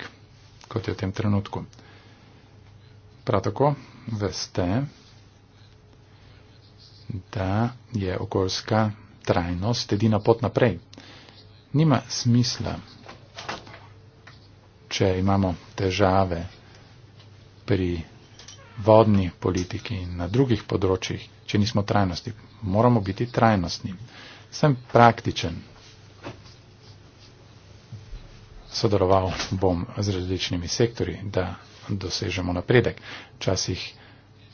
kot je v tem trenutku. Prav tako veste, da je okoljska trajnost edina pot naprej. Nima smisla, če imamo težave pri vodni politiki in na drugih področjih, če nismo trajnosti. Moramo biti trajnostni sem praktičen. Sodeloval bom z različnimi sektori, da dosežemo napredek, včasih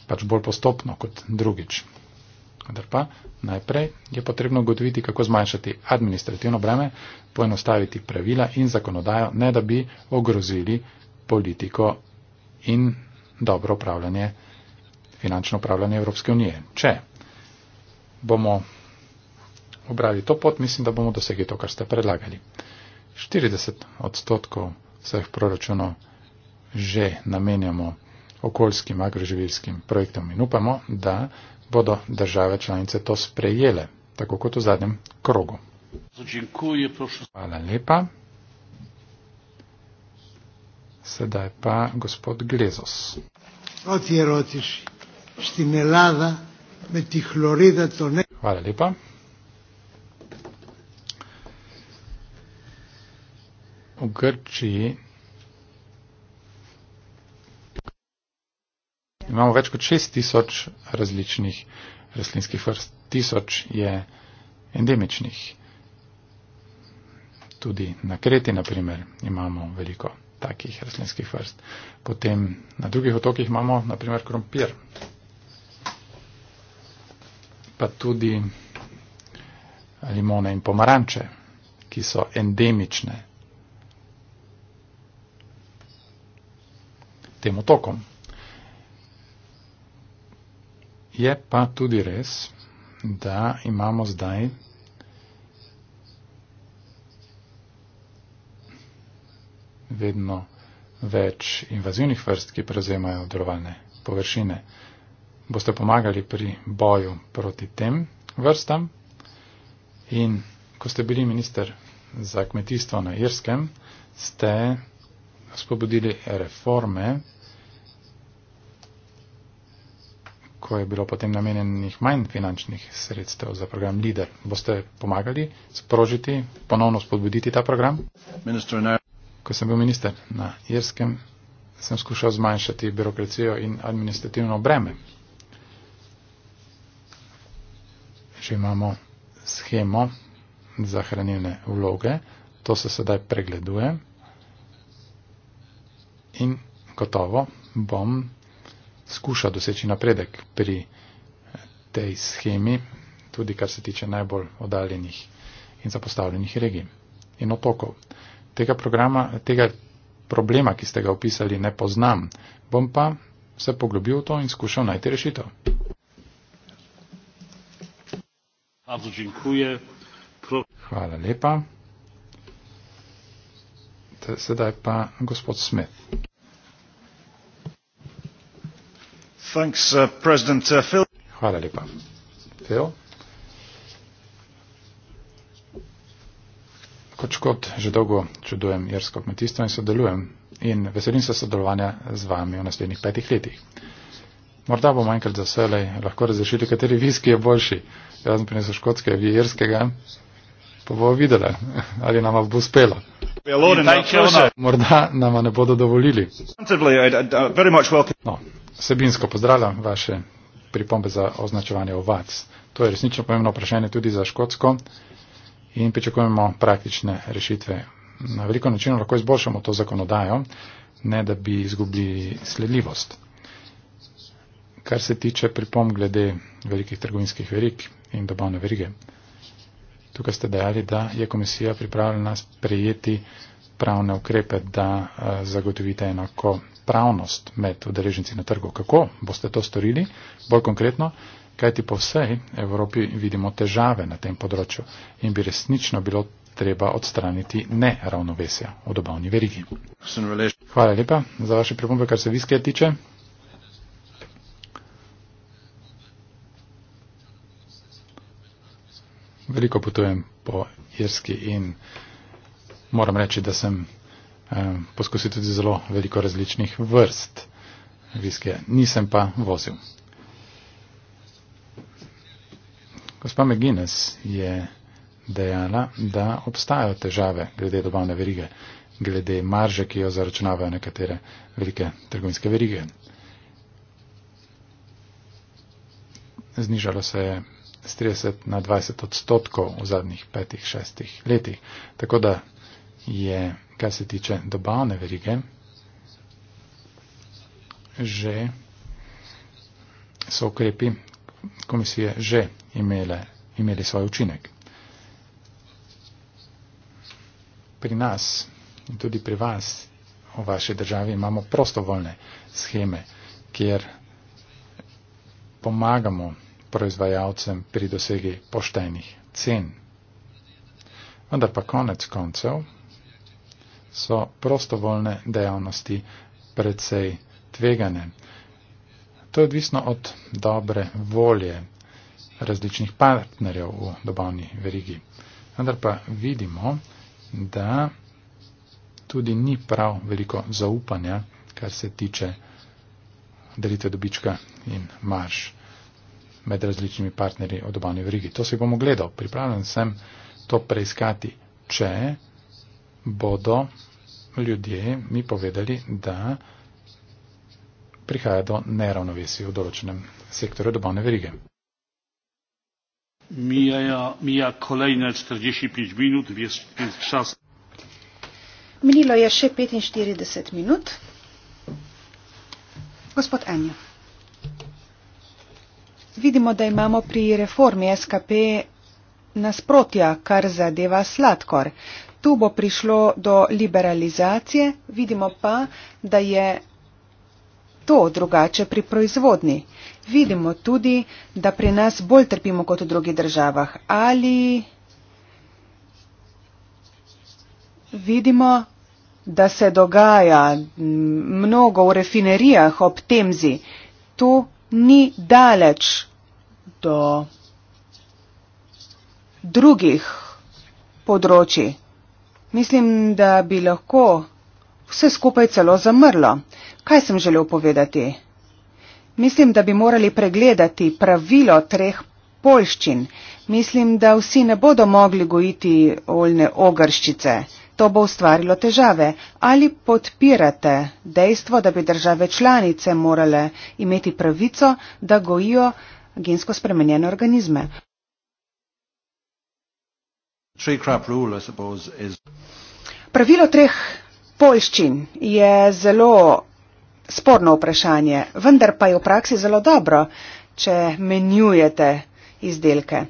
pač bolj postopno kot drugič. Kadar pa najprej je potrebno ugotoviti, kako zmanjšati administrativno breme, poenostaviti pravila in zakonodajo, ne da bi ogrozili politiko in dobro upravljanje, finančno upravljanje Evropske unije. Če bomo obrali to pot, mislim, da bomo dosegli to, kar ste predlagali. 40 odstotkov vseh proračunov že namenjamo okoljskim, agroživilskim projektom in upamo, da bodo države članice to sprejele, tako kot v zadnjem krogu. Hvala lepa. Sedaj pa gospod Glezos. Hvala lepa. v Grčiji imamo več kot 6000 različnih rastlinskih vrst. Tisoč je endemičnih. Tudi na Kreti, na primer, imamo veliko takih rastlinskih vrst. Potem na drugih otokih imamo, na primer, krompir. Pa tudi limone in pomaranče, ki so endemične tem otokom. Je pa tudi res, da imamo zdaj vedno več invazivnih vrst, ki prevzemajo drovalne površine. Boste pomagali pri boju proti tem vrstam in ko ste bili minister za kmetijstvo na Irskem, ste spobodili reforme, ko je bilo potem namenjenih manj finančnih sredstev za program LIDER. Boste pomagali sprožiti, ponovno spodbuditi ta program? Ko sem bil minister na Irskem, sem skušal zmanjšati birokracijo in administrativno breme. Že imamo schemo za hranilne vloge, to se sedaj pregleduje in gotovo bom skušal doseči napredek pri eh, tej schemi, tudi kar se tiče najbolj odaljenih in zapostavljenih regij in otokov. Tega, programa, tega problema, ki ste ga opisali, ne poznam. Bom pa se poglobil v to in skušal najti rešitev. Hvala lepa. Sedaj pa gospod Smith. Uh, uh, Hvala lepa. Teo? Kot škot že dolgo čudujem jersko kmetijstvo in sodelujem in veselim se sodelovanja z vami v naslednjih petih letih. Morda bomo enkrat za vse lahko razrešili, kateri viski je boljši. Jaz sem prinesel škotske, vi jerskega pa bomo videli, ali nam bo uspelo. Morda nam ne bodo dovolili. No, sebinsko pozdravljam vaše pripombe za označevanje ovac. To je resnično pomembno vprašanje tudi za Škotsko in pričakujemo praktične rešitve. Na veliko načino lahko izboljšamo to zakonodajo, ne da bi izgubili sledljivost. Kar se tiče pripomb glede velikih trgovinskih verik in dobavne verige. Tukaj ste dejali, da je komisija pripravljena sprejeti pravne ukrepe, da eh, zagotovite enako pravnost med udeleženci na trgu. Kako boste to storili? Bolj konkretno, kajti po vsej Evropi vidimo težave na tem področju in bi resnično bilo treba odstraniti neravnovesja v dobavni verigi. Hvala lepa za vaše pripombe, kar se viske tiče. veliko potujem po Irski in moram reči, da sem eh, poskusil tudi zelo veliko različnih vrst viskija. Nisem pa vozil. Gospa McGuinness je dejala, da obstajajo težave glede dobavne verige, glede marže, ki jo zaračunavajo nekatere velike trgovinske verige. Znižalo se je z 30 na 20 odstotkov v zadnjih petih, šestih letih. Tako da je, kar se tiče dobavne verige, že so ukrepi komisije že imele, imeli svoj učinek. Pri nas in tudi pri vas v vaši državi imamo prostovoljne scheme, kjer pomagamo proizvajalcem pri dosegi poštenih cen. Vendar pa konec koncev so prostovoljne dejavnosti predvsej tvegane. To je odvisno od dobre volje različnih partnerjev v dobavni verigi. Vendar pa vidimo, da tudi ni prav veliko zaupanja, kar se tiče delitve dobička in marš med različnimi partnerji o dobavni verigi. To se bomo gledal. Pripravljen sem to preiskati, če bodo ljudje mi povedali, da prihaja do neravnovesi v določenem sektorju dobavne verige. Mija, mija kolejne 45 minut, vjes, čas. Minilo je še 45 minut. Gospod Enjo vidimo, da imamo pri reformi SKP nasprotja, kar zadeva sladkor. Tu bo prišlo do liberalizacije, vidimo pa, da je to drugače pri proizvodni. Vidimo tudi, da pri nas bolj trpimo kot v drugih državah. Ali vidimo, da se dogaja mnogo v refinerijah ob temzi. Tu ni daleč do drugih področji. Mislim, da bi lahko vse skupaj celo zamrlo. Kaj sem želel povedati? Mislim, da bi morali pregledati pravilo treh polščin. Mislim, da vsi ne bodo mogli gojiti oljne ogrščice. To bo ustvarilo težave. Ali podpirate dejstvo, da bi države članice morale imeti pravico, da gojijo gensko spremenjene organizme. Pravilo treh polščin je zelo sporno vprašanje, vendar pa je v praksi zelo dobro, če menjujete izdelke.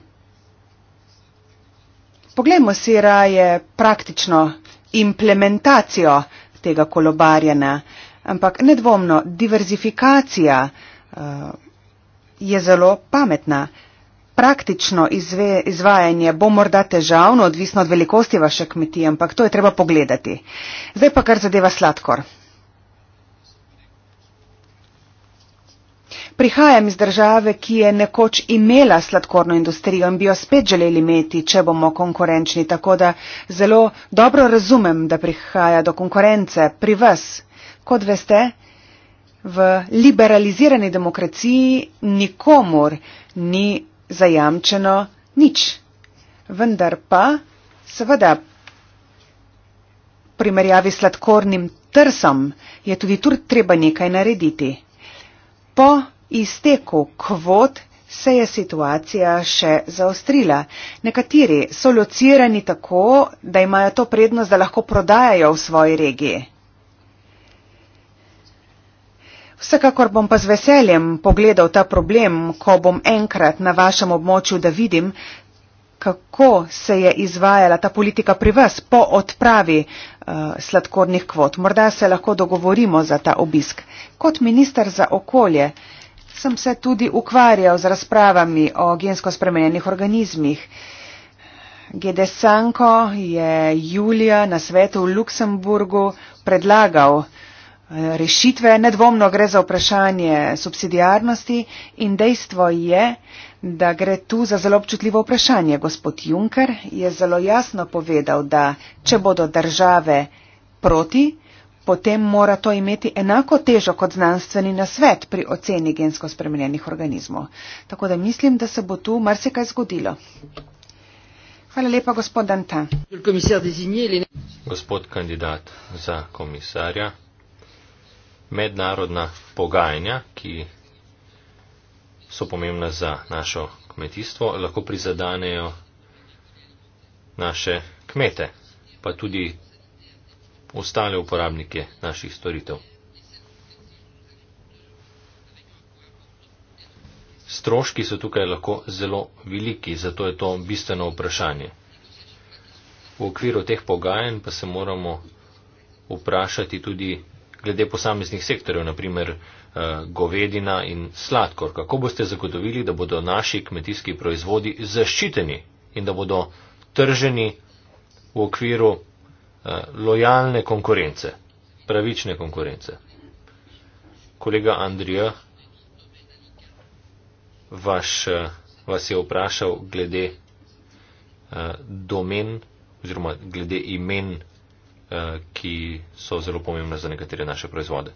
Poglejmo si raje praktično implementacijo tega kolobarjena, ampak nedvomno diverzifikacija. Uh, eh, je zelo pametna. Praktično izve, izvajanje bo morda težavno, odvisno od velikosti vaše kmetije, ampak to je treba pogledati. Zdaj pa kar zadeva sladkor. Prihajam iz države, ki je nekoč imela sladkorno industrijo in bi jo spet želeli imeti, če bomo konkurenčni, tako da zelo dobro razumem, da prihaja do konkurence pri vas. Kot veste, V liberalizirani demokraciji nikomor ni zajamčeno nič. Vendar pa, seveda, primerjavi sladkornim trsom je tudi tu treba nekaj narediti. Po izteku kvot se je situacija še zaostrila. Nekateri so locirani tako, da imajo to prednost, da lahko prodajajo v svoji regiji. Vsekakor bom pa z veseljem pogledal ta problem, ko bom enkrat na vašem območju, da vidim, kako se je izvajala ta politika pri vas po odpravi uh, sladkornih kvot. Morda se lahko dogovorimo za ta obisk. Kot minister za okolje sem se tudi ukvarjal z razpravami o gensko spremenjenih organizmih. Gede Sanko je julija na svetu v Luksemburgu predlagal uh, rešitve. Nedvomno gre za vprašanje subsidijarnosti in dejstvo je, da gre tu za zelo občutljivo vprašanje. Gospod Juncker je zelo jasno povedal, da če bodo države proti, potem mora to imeti enako težo kot znanstveni nasvet pri oceni gensko spremenjenih organizmov. Tako da mislim, da se bo tu marsikaj zgodilo. Hvala lepa, gospod Danta. Gospod kandidat za komisarja mednarodna pogajanja, ki so pomembna za našo kmetijstvo, lahko prizadanejo naše kmete, pa tudi ostale uporabnike naših storitev. Stroški so tukaj lahko zelo veliki, zato je to bistveno vprašanje. V okviru teh pogajanj pa se moramo vprašati tudi, glede posameznih sektorjev, naprimer eh, govedina in sladkor? Kako boste zagotovili, da bodo naši kmetijski proizvodi zaščiteni in da bodo trženi v okviru eh, lojalne konkurence, pravične konkurence? Kolega Andrija, vaš, eh, vas je vprašal glede domen oziroma glede imen Eh, ki so zelo pomembne za nekatere naše proizvode.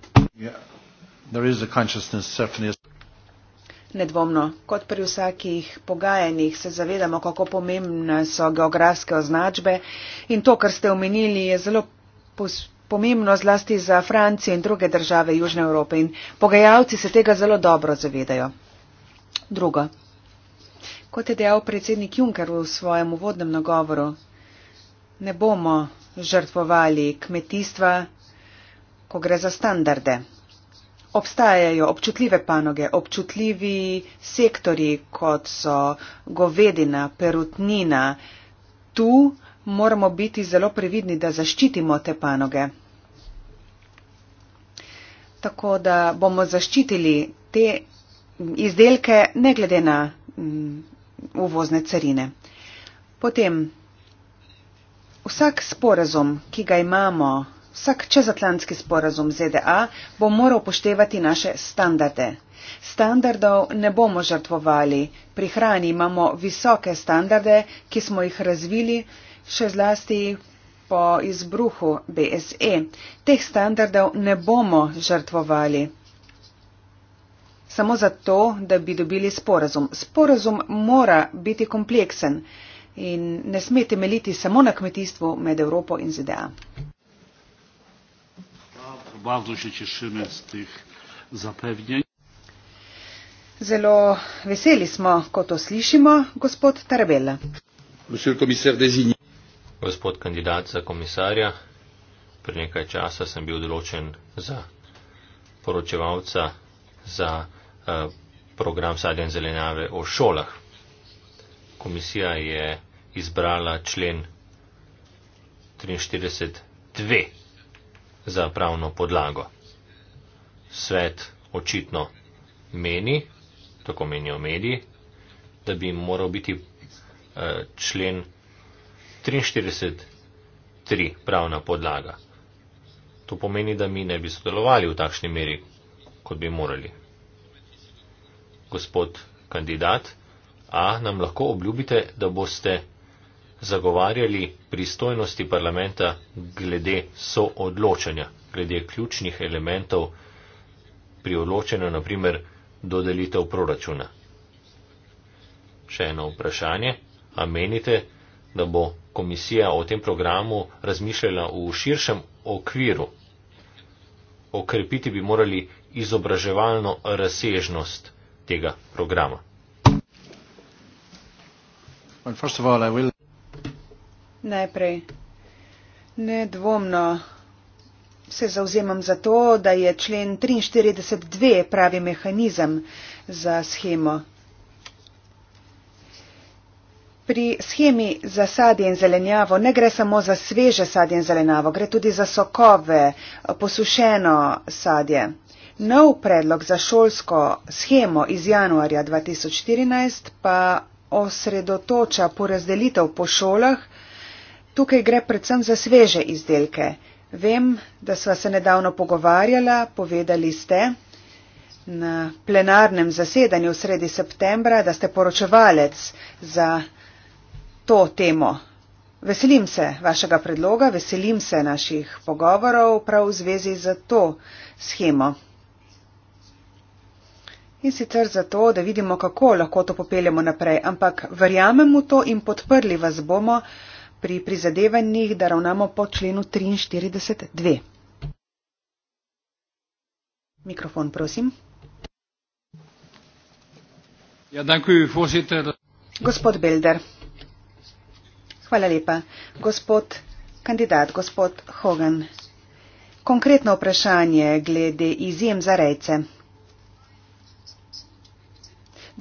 Nedvomno, kot pri vsakih pogajanjih, se zavedamo, kako pomembne so geografske označbe in to, kar ste omenili, je zelo pomembno zlasti za Francijo in druge države Južne Evrope in pogajalci se tega zelo dobro zavedajo. Drugo. Kot je dejal predsednik Juncker v svojem uvodnem nagovoru, ne bomo žrtvovali kmetijstva, ko gre za standarde. Obstajajo občutljive panoge, občutljivi sektori, kot so govedina, perutnina. Tu moramo biti zelo previdni, da zaščitimo te panoge. Tako da bomo zaščitili te izdelke, ne glede na mm, uvozne carine. Potem Vsak sporazum, ki ga imamo, vsak čezatlantski sporazum ZDA bo moral poštevati naše standarde. Standardov ne bomo žrtvovali. Pri hrani imamo visoke standarde, ki smo jih razvili še zlasti po izbruhu BSE. Teh standardov ne bomo žrtvovali. Samo zato, da bi dobili sporazum. Sporazum mora biti kompleksen in ne sme temeljiti samo na kmetijstvu med Evropo in ZDA. Zelo veseli smo, ko to slišimo, gospod Tarabella. Gospod kandidat za komisarja, pred nekaj časa sem bil določen za poročevalca za uh, program sadja in zelenjave o šolah komisija je izbrala člen 43.2 za pravno podlago. Svet očitno meni, tako menijo mediji, da bi moral biti eh, člen 43.3 pravna podlaga. To pomeni, da mi ne bi sodelovali v takšni meri, kot bi morali. Gospod kandidat, A nam lahko obljubite, da boste zagovarjali pristojnosti parlamenta glede soodločanja, glede ključnih elementov pri odločanju, naprimer dodelitev proračuna. Še eno vprašanje. A menite, da bo komisija o tem programu razmišljala v širšem okviru? Okrepiti bi morali izobraževalno razsežnost tega programa. Najprej, nedvomno se zauzemam za to, da je člen 43.2 pravi mehanizem za schemo. Pri schemi za sadje in zelenjavo ne gre samo za sveže sadje in zelenjavo, gre tudi za sokove, posušeno sadje. Nov predlog za šolsko schemo iz januarja 2014 pa osredotoča porazdelitev po šolah, tukaj gre predvsem za sveže izdelke. Vem, da sva se nedavno pogovarjala, povedali ste na plenarnem zasedanju v sredi septembra, da ste poročevalec za to temo. Veselim se vašega predloga, veselim se naših pogovorov prav v zvezi z to schemo in sicer zato, da vidimo, kako lahko to popeljemo naprej, ampak verjamemo to in podprli vas bomo pri prizadevanjih, da ravnamo po členu 43.2. Mikrofon, prosim. Ja, dankuj, gospod Belder. Hvala lepa. Gospod kandidat, gospod Hogan. Konkretno vprašanje glede izjem za rejce.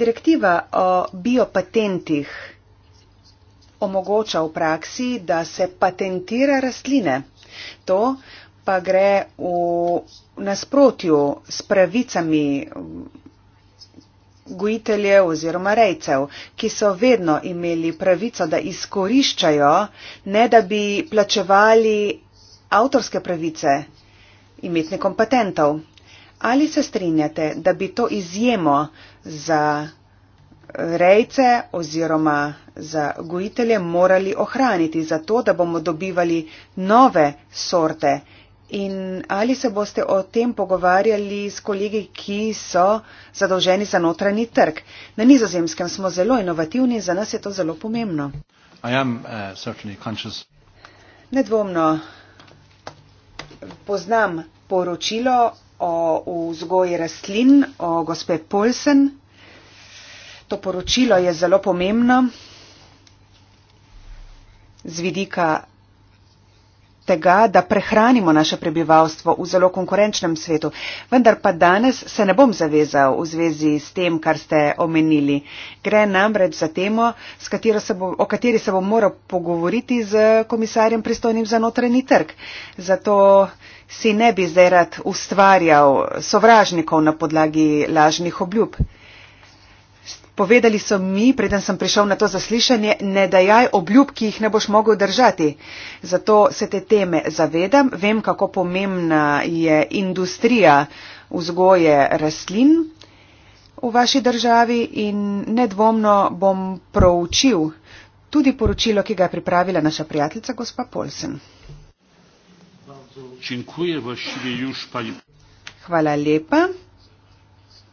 Direktiva o biopatentih omogoča v praksi, da se patentira rastline. To pa gre v nasprotju s pravicami gojiteljev oziroma rejcev, ki so vedno imeli pravico, da izkoriščajo, ne da bi plačevali avtorske pravice imetnikom patentov. Ali se strinjate, da bi to izjemo za rejce oziroma za gojitelje morali ohraniti, zato da bomo dobivali nove sorte? In ali se boste o tem pogovarjali s kolegi, ki so zadolženi za notranji trg? Na nizozemskem smo zelo inovativni in za nas je to zelo pomembno. Am, uh, Nedvomno poznam poročilo o vzgoji rastlin, o gospe Polsen. To poročilo je zelo pomembno z vidika tega, da prehranimo naše prebivalstvo v zelo konkurenčnem svetu. Vendar pa danes se ne bom zavezal v zvezi s tem, kar ste omenili. Gre namreč za temo, se bo, o kateri se bom moral pogovoriti z komisarjem pristojnim za notranji trg. Zato si ne bi zdaj rad ustvarjal sovražnikov na podlagi lažnih obljub. Povedali so mi, preden sem prišel na to zaslišanje, ne dajaj obljub, ki jih ne boš mogel držati. Zato se te teme zavedam, vem, kako pomembna je industrija vzgoje rastlin v vaši državi in nedvomno bom proučil tudi poročilo, ki ga je pripravila naša prijateljica gospa Polsen. Hvala lepa.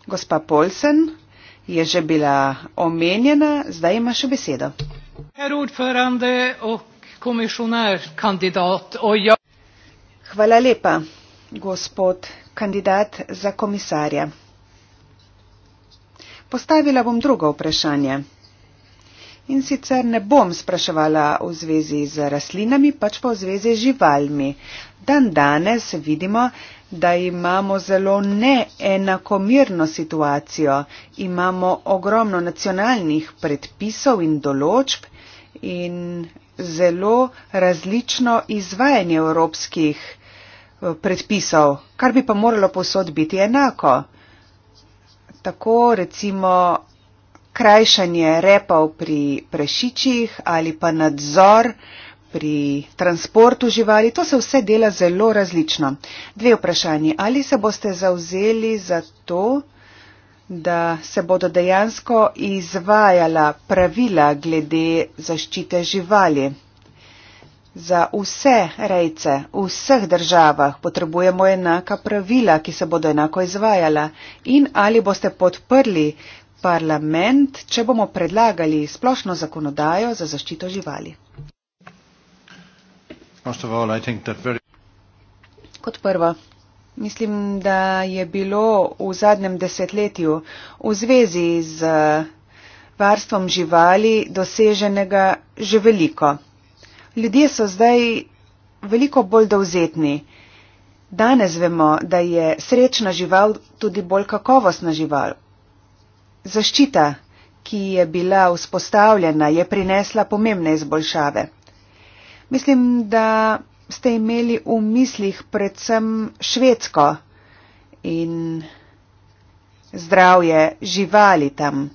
Gospa Polsen je že bila omenjena, zdaj ima še besedo. Hvala lepa, gospod kandidat za komisarja. Postavila bom drugo vprašanje. In sicer ne bom spraševala v zvezi z rastlinami, pač pa v zvezi z živalmi. Dan danes vidimo, da imamo zelo neenakomirno situacijo. Imamo ogromno nacionalnih predpisov in določb in zelo različno izvajanje evropskih eh, predpisov, kar bi pa moralo posod biti enako. Tako recimo krajšanje repov pri prešičih ali pa nadzor pri transportu živali, to se vse dela zelo različno. Dve vprašanji. Ali se boste zauzeli za to, da se bodo dejansko izvajala pravila glede zaščite živali? Za vse rejce v vseh državah potrebujemo enaka pravila, ki se bodo enako izvajala. In ali boste podprli parlament, če bomo predlagali splošno zakonodajo za zaščito živali? All, very... Kot prvo, mislim, da je bilo v zadnjem desetletju v zvezi z varstvom živali doseženega že veliko. Ljudje so zdaj veliko bolj dovzetni. Danes vemo, da je srečna žival tudi bolj kakovostna žival. Zaščita, ki je bila vzpostavljena, je prinesla pomembne izboljšave. Mislim, da ste imeli v mislih predvsem Švedsko in zdravje živali tam.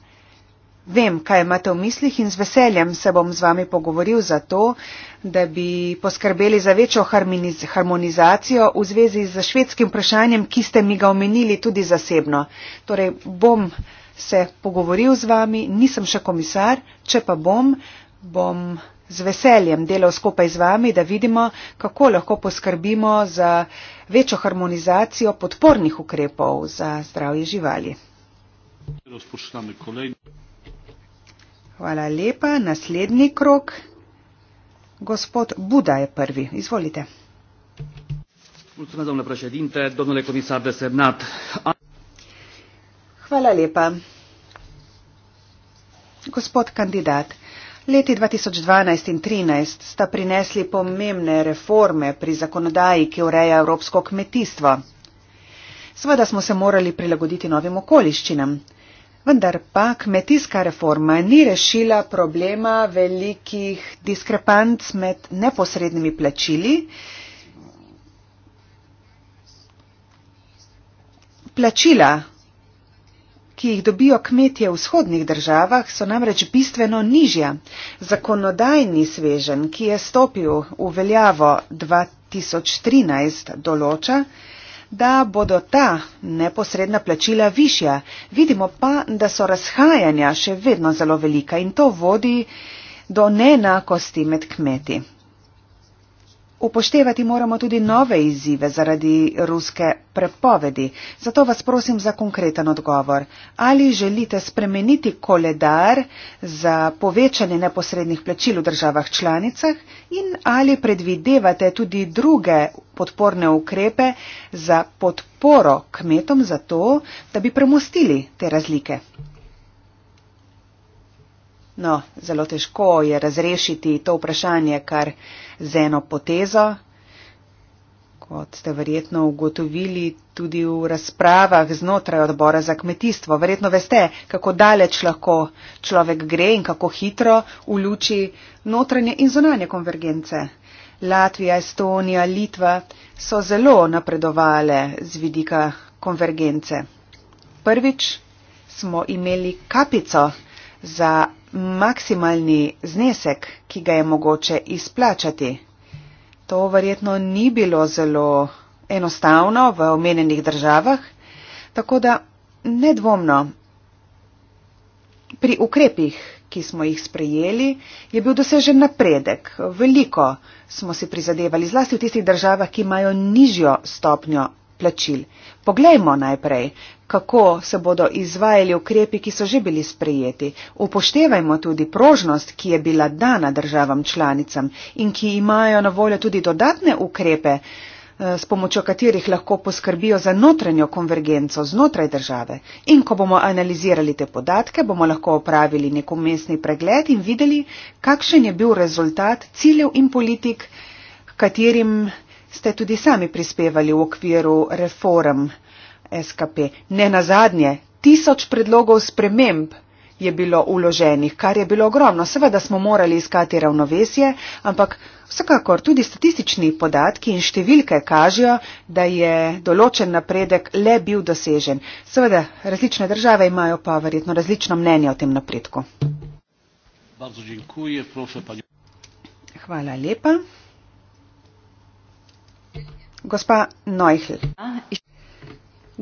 Vem, kaj imate v mislih in z veseljem se bom z vami pogovoril za to, da bi poskrbeli za večjo harmoniz harmonizacijo v zvezi z švedskim vprašanjem, ki ste mi ga omenili tudi zasebno. Torej, bom se pogovoril z vami, nisem še komisar, če pa bom, bom z veseljem delal skupaj z vami, da vidimo, kako lahko poskrbimo za večjo harmonizacijo podpornih ukrepov za zdravje živali. Hvala lepa. Naslednji krok. Gospod Buda je prvi. Izvolite. Mulțumesc, domnule președinte, domnule comisar de semnat. Hvala lepa. Gospod kandidat, leti 2012 in 2013 sta prinesli pomembne reforme pri zakonodaji, ki ureja evropsko kmetijstvo. Sveda smo se morali prilagoditi novim okoliščinam. Vendar pa kmetijska reforma ni rešila problema velikih diskrepanc med neposrednimi plačili, plačila ki jih dobijo kmetje v vzhodnih državah, so namreč bistveno nižja. Zakonodajni svežen, ki je stopil v veljavo 2013, določa, da bodo ta neposredna plačila višja. Vidimo pa, da so razhajanja še vedno zelo velika in to vodi do neenakosti med kmeti. Upoštevati moramo tudi nove izzive zaradi ruske prepovedi. Zato vas prosim za konkreten odgovor. Ali želite spremeniti koledar za povečanje neposrednih plačil v državah članicah in ali predvidevate tudi druge podporne ukrepe za podporo kmetom za to, da bi premostili te razlike? No, zelo težko je razrešiti to vprašanje kar z eno potezo. Kot ste verjetno ugotovili tudi v razpravah znotraj odbora za kmetijstvo, verjetno veste, kako daleč lahko človek gre in kako hitro v luči notranje in zunanje konvergence. Latvija, Estonija, Litva so zelo napredovale z vidika konvergence. Prvič smo imeli kapico za maksimalni znesek, ki ga je mogoče izplačati. To verjetno ni bilo zelo enostavno v omenjenih državah, tako da nedvomno pri ukrepih, ki smo jih sprejeli, je bil dosežen napredek. Veliko smo si prizadevali, zlasti v tistih državah, ki imajo nižjo stopnjo plačil. Poglejmo najprej, kako se bodo izvajali ukrepi, ki so že bili sprejeti. Upoštevajmo tudi prožnost, ki je bila dana državam članicam in ki imajo na voljo tudi dodatne ukrepe, eh, s pomočjo katerih lahko poskrbijo za notranjo konvergenco znotraj države. In ko bomo analizirali te podatke, bomo lahko opravili nek umestni pregled in videli, kakšen je bil rezultat ciljev in politik, katerim ste tudi sami prispevali v okviru reform. SKP. Ne na zadnje, tisoč predlogov sprememb je bilo uloženih, kar je bilo ogromno. Seveda smo morali iskati ravnovesje, ampak vsekakor tudi statistični podatki in številke kažejo, da je določen napredek le bil dosežen. Seveda različne države imajo pa verjetno različno mnenje o tem napredku. Hvala lepa. Gospa Neuchl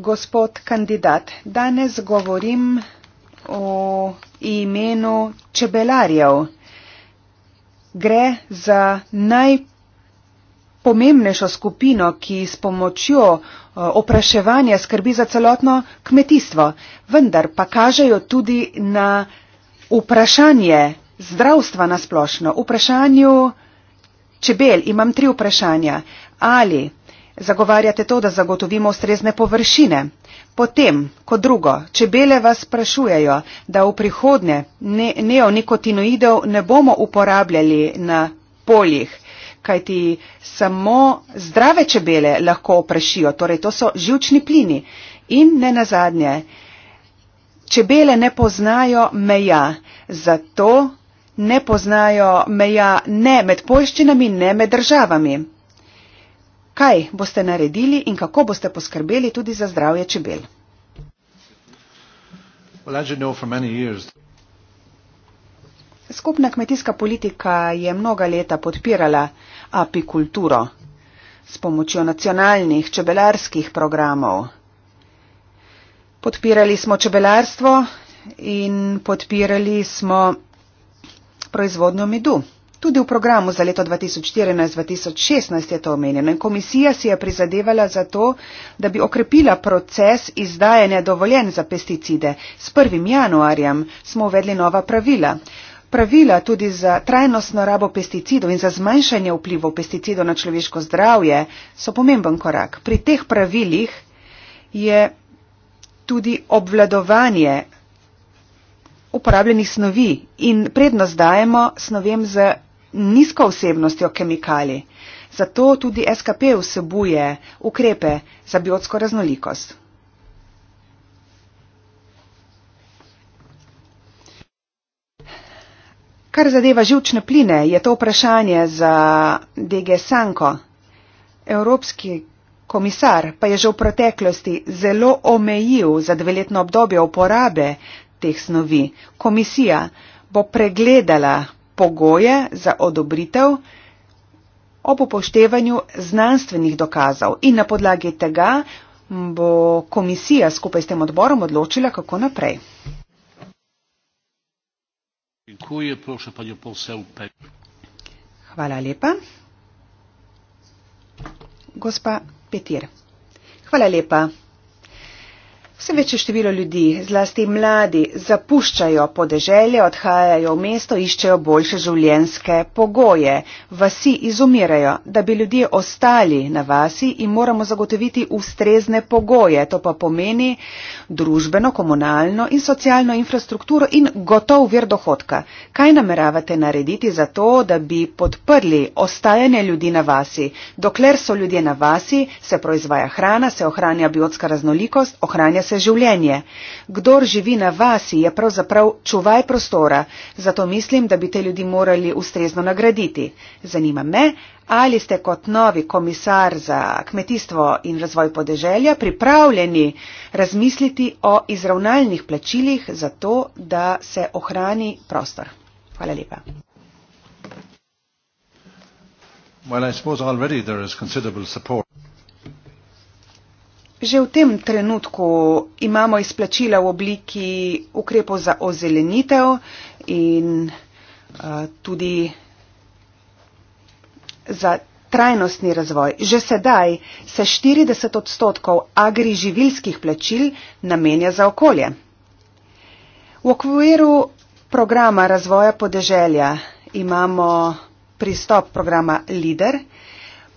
gospod kandidat, danes govorim o imenu čebelarjev. Gre za najpomembnejšo skupino, ki s pomočjo opraševanja skrbi za celotno kmetijstvo, vendar pa kažejo tudi na vprašanje zdravstva na splošno. Vprašanju čebel imam tri vprašanja. Ali zagovarjate to, da zagotovimo ustrezne površine. Potem, kot drugo, čebele vas sprašujejo, da v prihodnje ne, neonikotinoidov ne bomo uporabljali na poljih, kajti samo zdrave čebele lahko oprašijo, torej to so žilčni plini. In ne nazadnje, čebele ne poznajo meja, zato ne poznajo meja ne med poljščinami, ne med državami. Kaj boste naredili in kako boste poskrbeli tudi za zdravje čebel? Well, as you know, for many years... Skupna kmetijska politika je mnoga leta podpirala apikulturo s pomočjo nacionalnih čebelarskih programov. Podpirali smo čebelarstvo in podpirali smo proizvodnjo medu. Tudi v programu za leto 2014-2016 je to omenjeno in komisija si je prizadevala za to, da bi okrepila proces izdajanja dovoljen za pesticide. S 1. januarjem smo uvedli nova pravila. Pravila tudi za trajnostno rabo pesticidov in za zmanjšanje vplivov pesticidov na človeško zdravje so pomemben korak. Pri teh pravilih je tudi obvladovanje uporabljenih snovi in prednost dajemo snovem z nizko vsebnostjo kemikalij. Zato tudi SKP vsebuje ukrepe za biotsko raznolikost. Kar zadeva živčne pline, je to vprašanje za DG Sanko. Evropski komisar pa je že v preteklosti zelo omejil za dveletno obdobje uporabe teh snovi. Komisija bo pregledala pogoje za odobritev ob upoštevanju znanstvenih dokazov in na podlagi tega bo komisija skupaj s tem odborom odločila, kako naprej. Hvala lepa. Gospa Petir. Hvala lepa. Vse večje število ljudi, zlasti mladi, zapuščajo podeželje, odhajajo v mesto, iščejo boljše življenjske pogoje. Vasi izumirajo, da bi ljudje ostali na vasi in moramo zagotoviti ustrezne pogoje. To pa pomeni družbeno, komunalno in socialno infrastrukturo in gotov vir dohodka. Kaj nameravate narediti za to, da bi podprli ostajanje ljudi na vasi? Dokler so ljudje na vasi, se proizvaja hrana, se ohranja biotska raznolikost, ohranja se vse življenje. Kdor živi na vasi, je pravzaprav čuvaj prostora, zato mislim, da bi te ljudi morali ustrezno nagraditi. Zanima me, ali ste kot novi komisar za kmetijstvo in razvoj podeželja pripravljeni razmisliti o izravnalnih plačilih za to, da se ohrani prostor. Hvala lepa. Well, I suppose already there is considerable support. Že v tem trenutku imamo izplačila v obliki ukrepov za ozelenitev in uh, tudi za trajnostni razvoj. Že sedaj se 40 odstotkov agriživilskih plačil namenja za okolje. V okviru programa razvoja podeželja imamo pristop programa LIDER.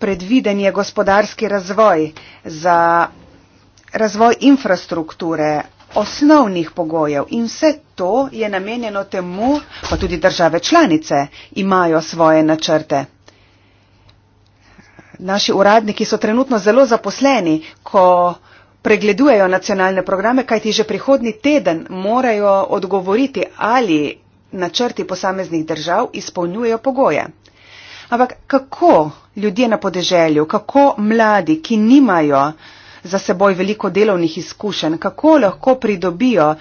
Predviden je gospodarski razvoj za razvoj infrastrukture, osnovnih pogojev in vse to je namenjeno temu, pa tudi države članice imajo svoje načrte. Naši uradniki so trenutno zelo zaposleni, ko pregledujejo nacionalne programe, kajti že prihodni teden morajo odgovoriti, ali načrti posameznih držav izpolnjujejo pogoje. Ampak kako ljudje na podeželju, kako mladi, ki nimajo uh, za seboj veliko delovnih izkušenj, kako lahko pridobijo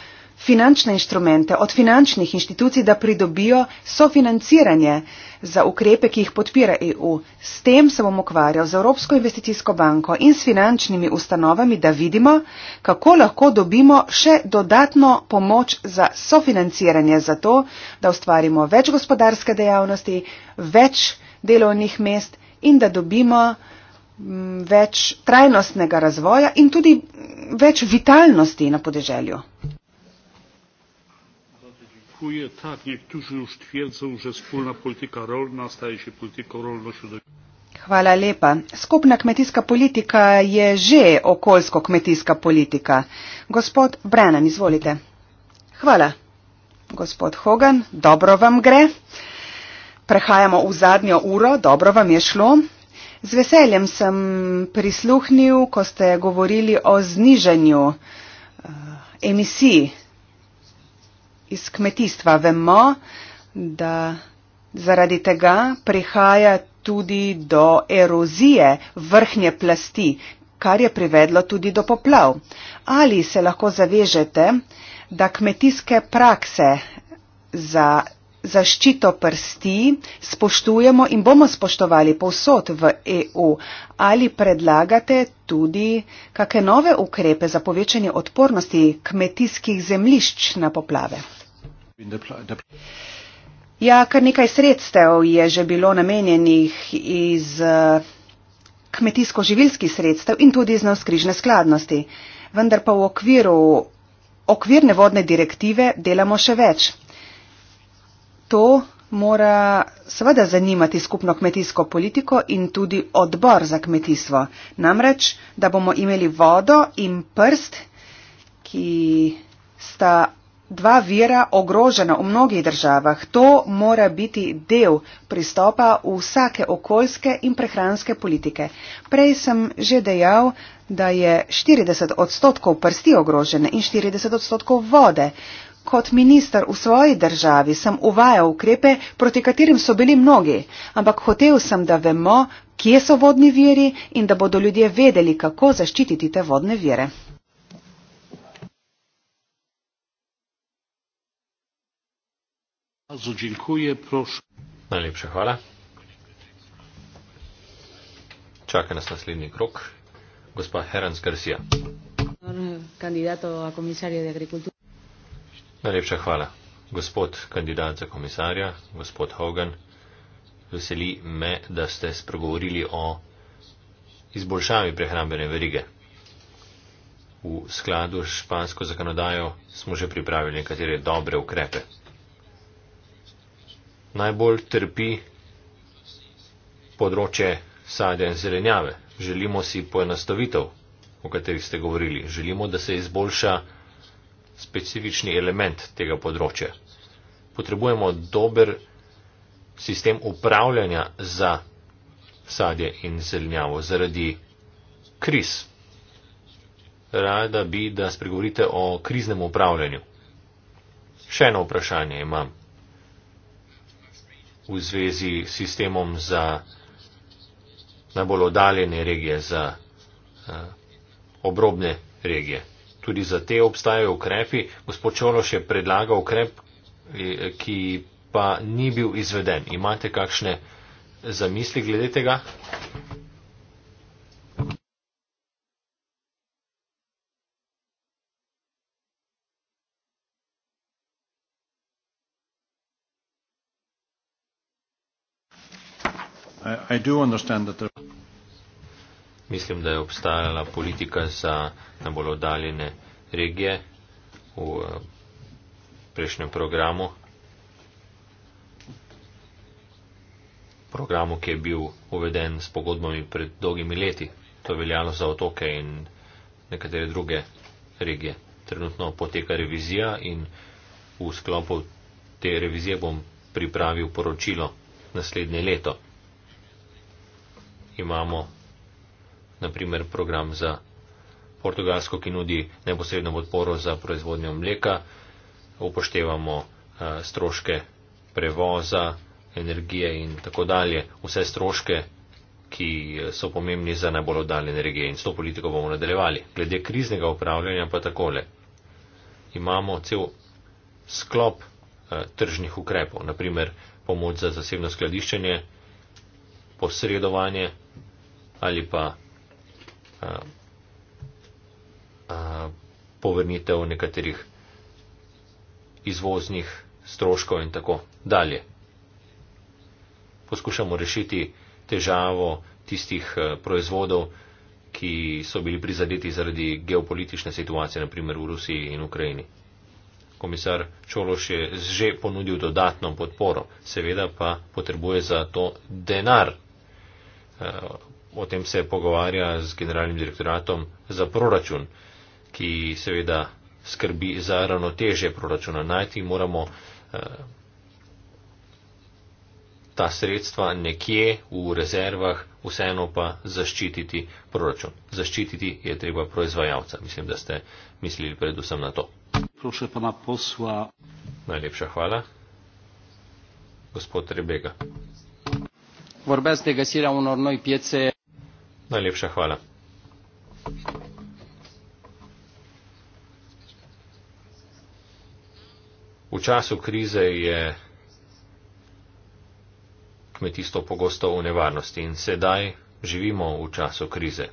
finančne inštrumente od finančnih inštitucij, da pridobijo sofinanciranje za ukrepe, ki jih podpira EU. S tem se bom ukvarjal z Evropsko investicijsko banko in s finančnimi ustanovami, da vidimo, kako lahko dobimo še dodatno pomoč za sofinanciranje, za to, da ustvarimo več gospodarske dejavnosti, več delovnih mest in da dobimo več trajnostnega razvoja in tudi več vitalnosti na podeželju. Hvala lepa. Skupna kmetijska politika je že okoljsko-kmetijska politika. Gospod Brennan, izvolite. Hvala. Gospod Hogan, dobro vam gre. Prehajamo v zadnjo uro, dobro vam je šlo. Z veseljem sem prisluhnil, ko ste govorili o znižanju eh, emisij iz kmetijstva. Vemo, da zaradi tega prihaja tudi do erozije vrhnje plasti, kar je privedlo tudi do poplav. Ali se lahko zavežete, da kmetijske prakse za zaščito prsti spoštujemo in bomo spoštovali povsod v EU. Ali predlagate tudi kakšne nove ukrepe za povečanje odpornosti kmetijskih zemlišč na poplave? Ja, kar nekaj sredstev je že bilo namenjenih iz eh, kmetijsko-živilskih sredstev in tudi iz navskrižne skladnosti. Vendar pa v okviru okvirne vodne direktive delamo še več to mora seveda zanimati skupno kmetijsko politiko in tudi odbor za kmetijstvo. Namreč, da bomo imeli vodo in prst, ki sta dva vira ogrožena v mnogih državah. To mora biti del pristopa vsake okoljske in prehranske politike. Prej sem že dejal, da je 40 odstotkov prsti ogrožene in 40 odstotkov vode. Uh, Kot minister v svoji državi sem uvajal ukrepe, proti katerim so bili mnogi, ampak hotel sem, da vemo, kje so vodni viri in da bodo ljudje vedeli, kako zaščititi te vodne vire. Najlepša hvala. Čaka nas naslednji krok. Gospa Herans Garcia. Kandidato a komisarje de agrikulturo. Najlepša hvala. Gospod kandidat za komisarja, gospod Hogan, veseli me, da ste spregovorili o izboljšavi prehrambene verige. V skladu s špansko zakonodajo smo že pripravili nekatere dobre ukrepe. Najbolj trpi področje sadja in zelenjave. Želimo si poenostavitev, o katerih ste govorili. Želimo, da se izboljša specifični element tega področja. Potrebujemo dober sistem upravljanja za sadje in zelenjavo zaradi kriz. Rada bi, da spregovorite o kriznem upravljanju. Še eno vprašanje imam v zvezi s sistemom za najbolj oddaljene regije, za uh, obrobne regije tudi za te obstajajo ukrepi. Gospod Čološ je predlagal ukrep, eh, ki pa ni bil izveden. Imate kakšne zamisli glede tega? I do understand that there Mislim, da je obstajala politika za najbolj oddaljene regije v eh, prejšnjem programu, programu, ki je bil uveden s pogodbami pred dolgimi leti. To je veljalo za otoke in nekatere druge regije. Trenutno poteka revizija in v sklopu te revizije bom pripravil poročilo naslednje leto. Imamo naprimer program za Portugalsko, ki nudi neposredno podporo za proizvodnjo mleka, upoštevamo eh, stroške prevoza, energije in tako dalje, vse stroške, ki eh, so pomembni za najbolj oddaljene regije in s to politiko bomo nadaljevali. Glede kriznega upravljanja pa takole. Imamo cel sklop eh, tržnih ukrepov, naprimer pomoč za zasebno skladiščenje, posredovanje ali pa povrnitev nekaterih izvoznih stroškov in tako dalje. Poskušamo rešiti težavo tistih proizvodov, ki so bili prizadeti zaradi geopolitične situacije, naprimer v Rusiji in Ukrajini. Komisar Čološ je že ponudil dodatno podporo, seveda pa potrebuje za to denar o tem se pogovarja z generalnim direktoratom za proračun, ki seveda skrbi za ravnoteže proračuna. Najti moramo eh, ta sredstva nekje v rezervah, vseeno pa zaščititi proračun. Zaščititi je treba proizvajalca. Mislim, da ste mislili predvsem na to. Prošle pa na posla. Najlepša hvala. Gospod Rebega. Vorbesne gasira v normoj pjece. Najlepša hvala. V času krize je kmetijstvo pogosto v nevarnosti in sedaj živimo v času krize.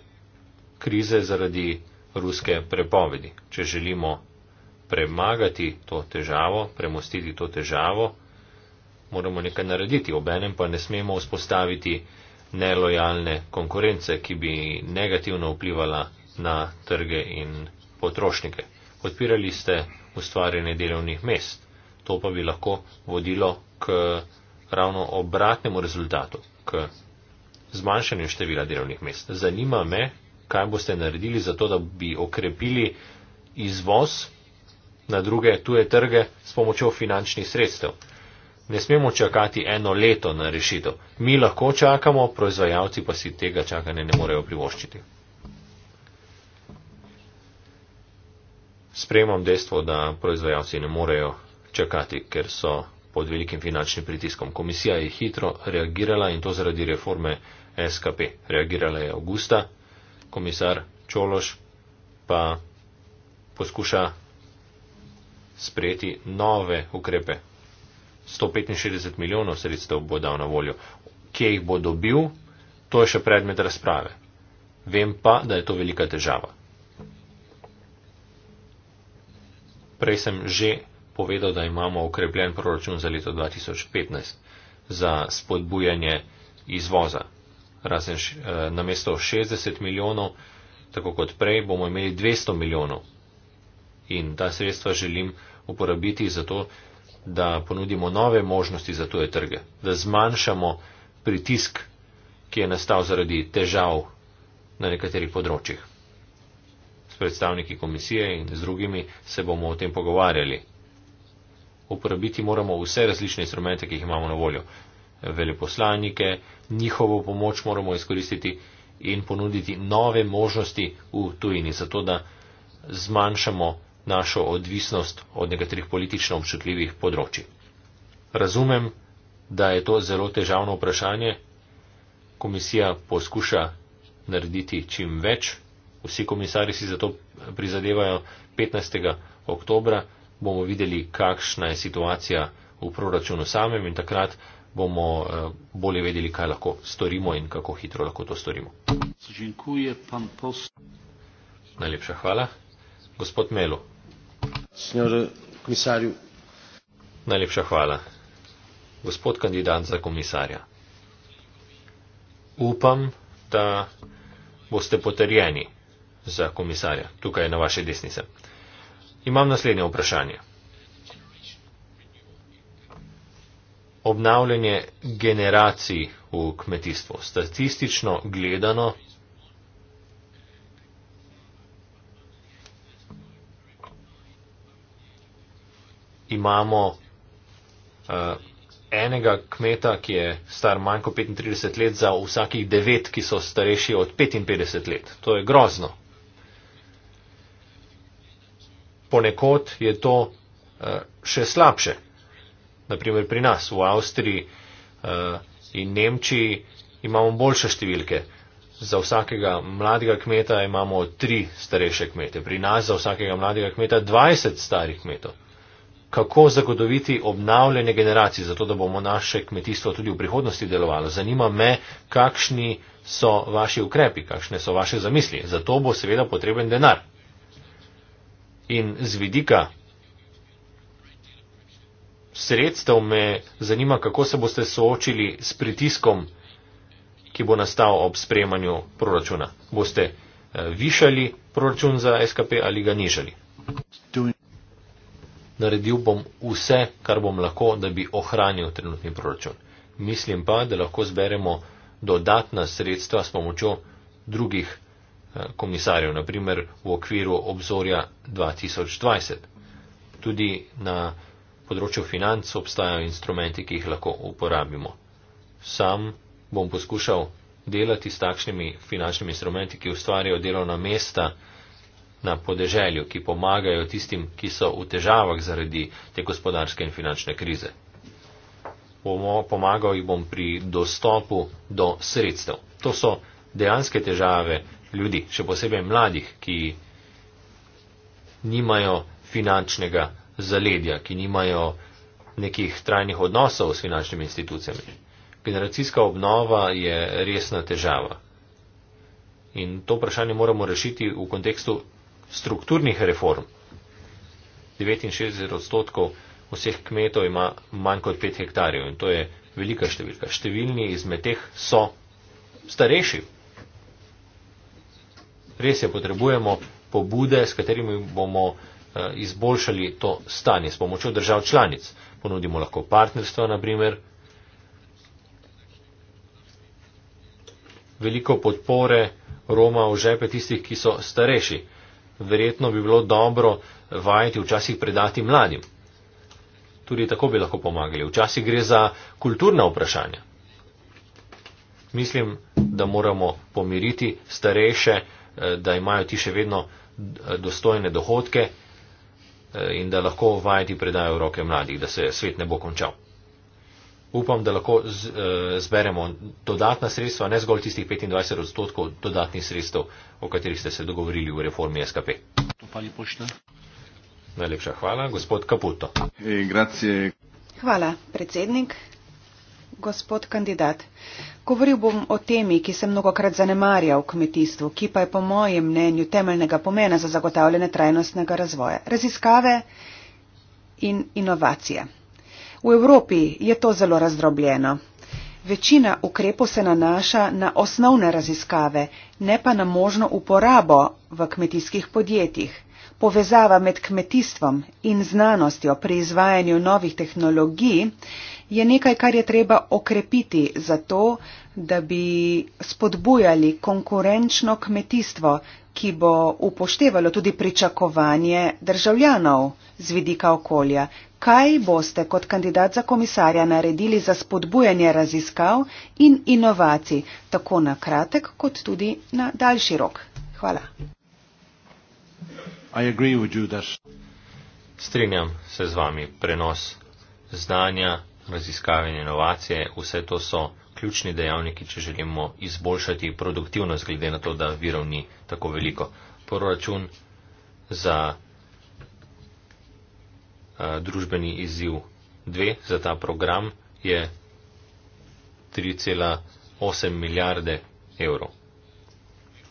Krize zaradi ruske prepovedi. Če želimo premagati to težavo, premostiti to težavo, moramo nekaj narediti. Obenem pa ne smemo vzpostaviti nelojalne konkurence, ki bi negativno vplivala na trge in potrošnike. Odpirali ste ustvarjanje delovnih mest. To pa bi lahko vodilo k ravno obratnemu rezultatu, k zmanjšanju števila delovnih mest. Zanima me, kaj boste naredili za to, da bi okrepili izvoz na druge tuje trge s pomočjo finančnih sredstev ne smemo čakati eno leto na rešitev. Mi lahko čakamo, proizvajalci pa si tega čakanja ne morejo privoščiti. Spremam dejstvo, da proizvajalci ne morejo čakati, ker so pod velikim finančnim pritiskom. Komisija je hitro reagirala in to zaradi reforme SKP. Reagirala je avgusta, komisar Čološ pa poskuša sprejeti nove ukrepe 165 milijonov sredstev bo dal na voljo. Kje jih bo dobil, to je še predmet razprave. Vem pa, da je to velika težava. Prej sem že povedal, da imamo okrepljen proračun za leto 2015 za spodbujanje izvoza. Razen na mesto 60 milijonov, tako kot prej, bomo imeli 200 milijonov. In ta sredstva želim uporabiti za to, da ponudimo nove možnosti za tuje trge, da zmanjšamo pritisk, ki je nastal zaradi težav na nekaterih področjih. S predstavniki komisije in z drugimi se bomo o tem pogovarjali. Uporabiti moramo vse različne instrumente, ki jih imamo na voljo. Veleposlanike, njihovo pomoč moramo izkoristiti in ponuditi nove možnosti v tujini, zato da zmanjšamo pritisk našo odvisnost od nekaterih politično občutljivih področji. Razumem, da je to zelo težavno vprašanje. Komisija poskuša narediti čim več. Vsi komisari si zato prizadevajo 15. oktobra. Bomo videli, kakšna je situacija v proračunu samem in takrat bomo eh, bolje vedeli, kaj lahko storimo in kako hitro lahko to storimo. Najlepša hvala. Gospod Melo signor commissario. Najlepša hvala. Gospod kandidat za komisarja. Upam, da boste potrjeni za komisarja. Tukaj na vaše desnice. Imam naslednje vprašanje. Obnavljanje generacij v kmetijstvu. Statistično gledano imamo uh, enega kmeta, ki je star manj kot 35 let, za vsakih devet, ki so starejši od 55 let. To je grozno. Ponekod je to uh, še slabše. Naprimer pri nas, v Avstriji uh, in Nemčiji imamo boljše številke. Za vsakega mladega kmeta imamo tri starejše kmete, pri nas za vsakega mladega kmeta 20 starih kmetov kako zagotoviti obnavljanje generacij, zato da bomo naše kmetijstvo tudi v prihodnosti delovalo. Zanima me, kakšni so vaši ukrepi, kakšne so vaše zamisli. Zato bo seveda potreben denar. In z vidika sredstev me zanima, kako se boste soočili s pritiskom, ki bo nastal ob sprejemanju proračuna. Boste eh, višali proračun za SKP ali ga nižali? naredil bom vse, kar bom lahko, da bi ohranil trenutni proračun. Mislim pa, da lahko zberemo dodatna sredstva s pomočjo drugih eh, komisarjev, naprimer v okviru obzorja 2020. Tudi na področju financ obstajajo instrumenti, ki jih lahko uporabimo. Sam bom poskušal delati s takšnimi finančnimi instrumenti, ki ustvarjajo delovna mesta, na podeželju, ki pomagajo tistim, ki so v težavah zaradi te gospodarske in finančne krize. Pomagal jih bom pri dostopu do sredstev. To so dejanske težave ljudi, še posebej mladih, ki nimajo finančnega zaledja, ki nimajo nekih trajnih odnosov s finančnimi institucijami. Generacijska obnova je resna težava. In to vprašanje moramo rešiti v kontekstu strukturnih reform. 69 odstotkov vseh kmetov ima manj kot 5 hektarjev in to je velika številka. Številni izmed teh so starejši. Res je, potrebujemo pobude, s katerimi bomo eh, izboljšali to stanje s pomočjo držav članic. Ponudimo lahko partnerstvo, na primer, veliko podpore Roma v žepe tistih, ki so starejši verjetno bi bilo dobro vajeti včasih predati mladim. Tudi tako bi lahko pomagali. Včasih gre za kulturna vprašanja. Mislim, da moramo pomiriti starejše, eh, da imajo ti še vedno eh, dostojne dohodke eh, in da lahko vajeti predajo v roke mladih, da se svet ne bo končal upam, da lahko z, e, zberemo dodatna sredstva, ne zgolj tistih 25 odstotkov dodatnih sredstev, o katerih ste se dogovorili v reformi SKP. Najlepša hvala, gospod Kaputo. E, eh, hvala, predsednik. Gospod kandidat, govoril bom o temi, ki se mnogokrat zanemarja v kmetijstvu, ki pa je po mojem mnenju temeljnega pomena za zagotavljanje trajnostnega razvoja. Raziskave in inovacije. V Evropi je to zelo razdrobljeno. Večina ukrepov se nanaša na osnovne raziskave, ne pa na možno uporabo v kmetijskih podjetjih. Povezava med kmetijstvom in znanostjo pri izvajanju novih tehnologij je nekaj, kar je treba okrepiti zato, da bi spodbujali konkurenčno kmetijstvo, ki bo upoštevalo tudi pričakovanje državljanov z vidika okolja, Kaj boste kot kandidat za komisarja naredili za spodbujanje raziskav in inovacij, tako na kratek, kot tudi na daljši rok? Hvala. Strinjam se z vami. Prenos znanja, raziskave in inovacije, vse to so ključni dejavniki, če želimo izboljšati produktivnost, glede na to, da virov ni tako veliko. Proračun za Eh, družbeni izziv 2 za ta program je 3,8 milijarde evrov.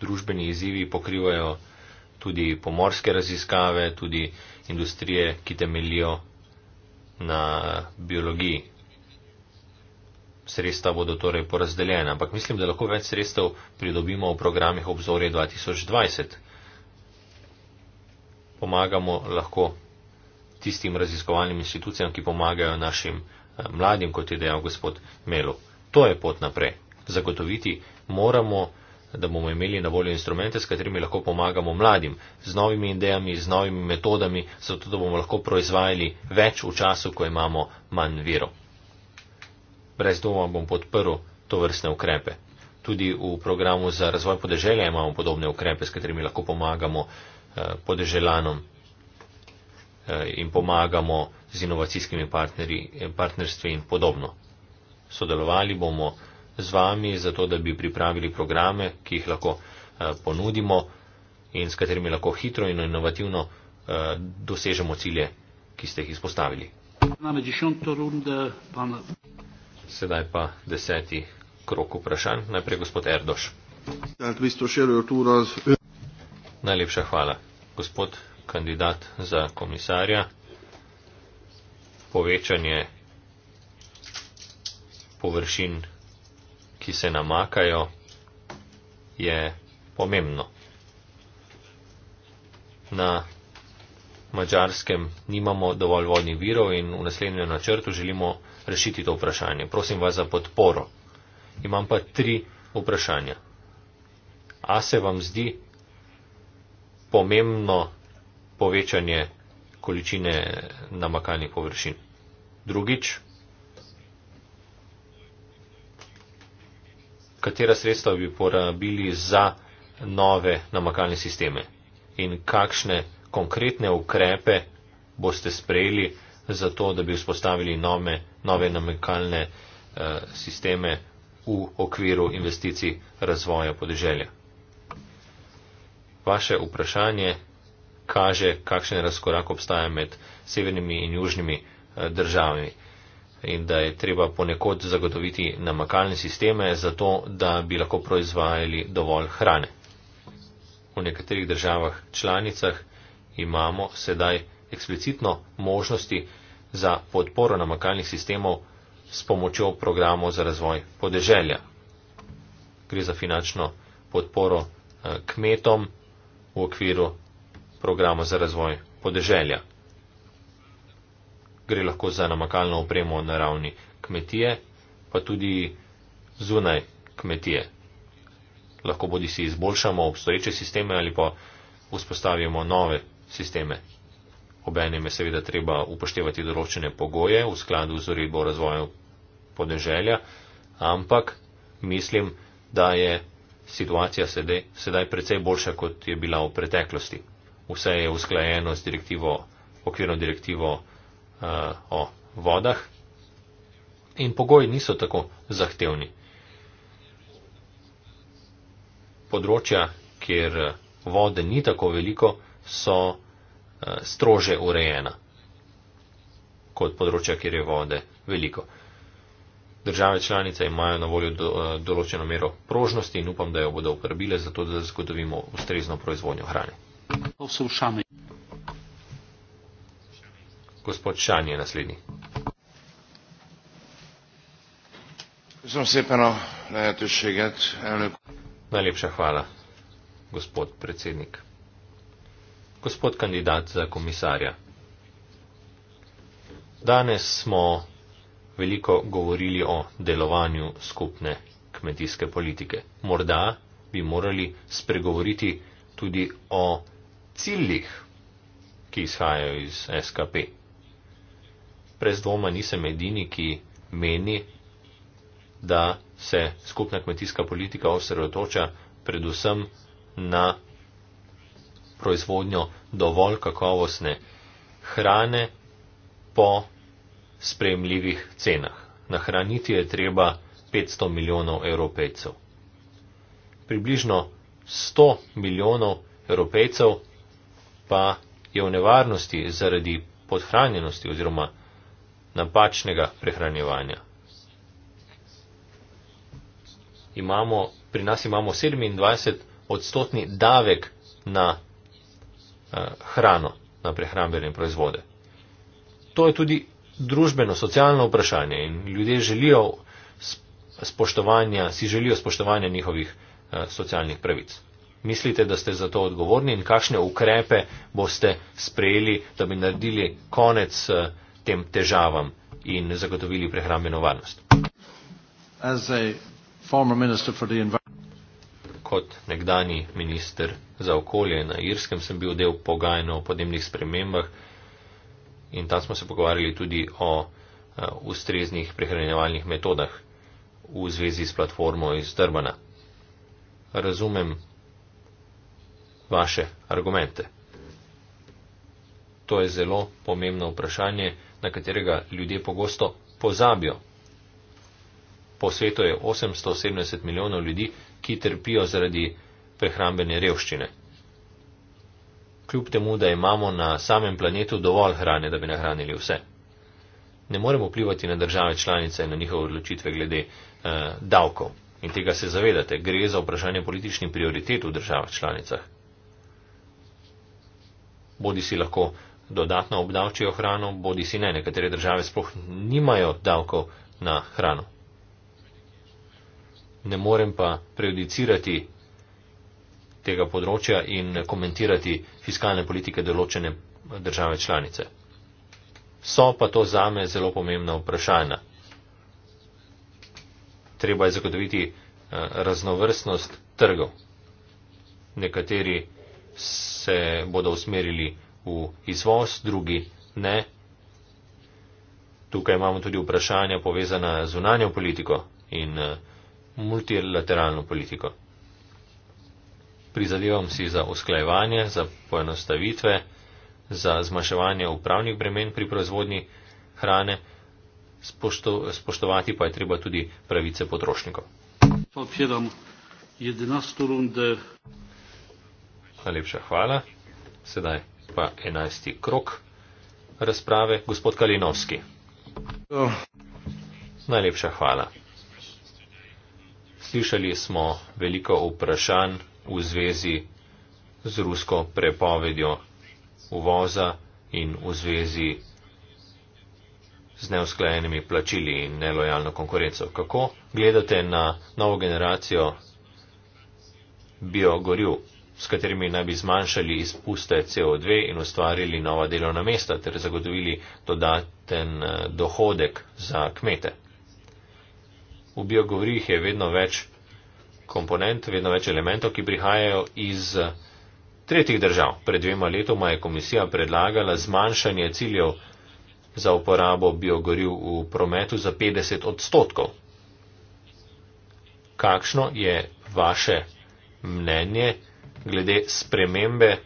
Družbeni izzivi pokrivajo tudi pomorske raziskave, tudi industrije, ki temelijo na eh, biologiji. Sredstva bodo torej porazdeljena, ampak mislim, da lahko več sredstev pridobimo v programih obzorje 2020. Pomagamo lahko tistim raziskovalnim institucijam, ki pomagajo našim eh, mladim, kot je dejal gospod Melo. To je pot naprej. Zagotoviti moramo, da bomo imeli na voljo instrumente, s katerimi lahko pomagamo mladim, z novimi idejami, z novimi metodami, zato da bomo lahko proizvajali več v času, ko imamo manj vero. Brez doma bom podprl to vrstne ukrepe. Tudi v programu za razvoj podeželja imamo podobne ukrepe, s katerimi lahko pomagamo eh, podeželanom Eh, in pomagamo z inovacijskimi partnerji, eh, partnerstvi in podobno. Sodelovali bomo z vami, zato da bi pripravili programe, ki jih lahko eh, ponudimo in s katerimi lahko hitro in inovativno dosežemo cilje, ki ste jih izpostavili. Sedaj pa deseti krok vprašanj. Najprej gospod Erdoš. Najlepša hvala. Gospod kandidat za komisarja, povečanje površin, ki se namakajo, je pomembno. Na Mačarskem nimamo dovolj vodnih virov in v naslednjem načrtu želimo rešiti to vprašanje. Prosim vas za podporo. Imam pa tri vprašanja. A se vam zdi pomembno povečanje količine namakanih površin. Drugič, katera sredstva bi porabili za nove namakalne sisteme in kakšne konkretne ukrepe boste sprejeli za to, da bi vzpostavili nove, nove namakalne eh, sisteme v okviru investicij razvoja podeželja. Vaše vprašanje kaže, kakšen razkorak obstaja med severnimi in južnimi eh, državami in da je treba ponekod zagotoviti namakalne sisteme za to, da bi lahko proizvajali dovolj hrane. V nekaterih državah članicah imamo sedaj eksplicitno možnosti za podporo namakalnih sistemov s pomočjo programov za razvoj podeželja. Gre za finančno podporo eh, kmetom v okviru programa za razvoj podeželja. Gre lahko za namakalno opremo na ravni kmetije, pa tudi zunaj kmetije. Lahko bodi si izboljšamo obstoječe sisteme ali pa vzpostavimo nove sisteme. Obenem je seveda treba upoštevati določene pogoje v skladu z uredbo o razvoju podeželja, ampak mislim, da je situacija sedaj, sedaj precej boljša, kot je bila v preteklosti vse je usklajeno s direktivo, okvirno direktivo uh, o vodah in pogoji niso tako zahtevni. Področja, kjer eh, vode ni tako veliko, so uh, strože urejena kot področja, kjer je vode veliko. Države članice imajo na voljo določeno mero prožnosti in upam, da jo bodo uporabile za to, da zagotovimo ustrezno proizvodnjo hrane. Gospod Šan je naslednji. Najlepša hvala, gospod predsednik. Gospod kandidat za komisarja. Danes smo veliko govorili o delovanju skupne kmetijske politike. Morda bi morali spregovoriti tudi o ciljih, ki izhajajo iz SKP. Prez dvoma nisem edini, ki meni, da se skupna kmetijska politika osredotoča predvsem na proizvodnjo dovolj kakovostne hrane po spremljivih cenah. Nahraniti je treba 500 milijonov evropejcev. Približno 100 milijonov evropejcev pa je v nevarnosti zaradi podhranjenosti oziroma napačnega prehranjevanja. Imamo, pri nas imamo 27 odstotni davek na eh, hrano, na prehrambene proizvode. To je tudi družbeno, socialno vprašanje in ljudje želijo spoštovanja, si želijo spoštovanja njihovih eh, socialnih pravic mislite, da ste za to odgovorni in kakšne ukrepe boste sprejeli, da bi naredili konec eh, tem težavam in zagotovili prehrambeno varnost. Kot nekdani minister za okolje na Irskem sem bil del pogajanja o podnebnih spremembah in tam smo se pogovarjali tudi o eh, ustreznih prehranjevalnih metodah v zvezi s platformo iz Drbana. Razumem vaše argumente. To je zelo pomembno vprašanje, na katerega ljudje pogosto pozabijo. Po svetu je 870 milijonov ljudi, ki trpijo zaradi prehrambene revščine. Kljub temu, da imamo na samem planetu dovolj hrane, da bi nahranili vse. Ne moremo vplivati na države članice in na njihove odločitve glede eh, davkov. In tega se zavedate. Gre za vprašanje političnih prioritet v državah članicah bodi si lahko dodatno obdavčijo hrano, bodi si ne. Nekatere države sploh nimajo davkov na hrano. Ne morem pa prejudicirati tega področja in komentirati fiskalne politike določene države članice. So pa to zame zelo pomembna vprašanja. Treba je zagotoviti eh, raznovrstnost trgov. Nekateri se bodo usmerili v izvoz, drugi ne. Tukaj imamo tudi vprašanja povezana z unanjo politiko in eh, multilateralno politiko. Prizadevam si za usklajevanje, za poenostavitve, za zmaševanje upravnih bremen pri proizvodnji hrane, Spošto, spoštovati pa je treba tudi pravice potrošnikov. Pa, pjedam, 11. runde. Najlepša hvala. Sedaj pa enajsti krok razprave. Gospod Kalinovski. Najlepša hvala. Slišali smo veliko vprašanj v zvezi z rusko prepovedjo uvoza in v zvezi z neusklajenimi plačili in nelojalno konkurenco. Kako gledate na novo generacijo biogoriv s katerimi naj bi zmanjšali izpuste CO2 in ustvarili nova delovna mesta ter zagotovili dodaten eh, dohodek za kmete. V biogovorih je vedno več komponent, vedno več elementov, ki prihajajo iz eh, tretjih držav. Pred dvema letoma je komisija predlagala zmanjšanje ciljev za uporabo biogoriv v prometu za 50 odstotkov. Kakšno je vaše mnenje? glede spremembe eh,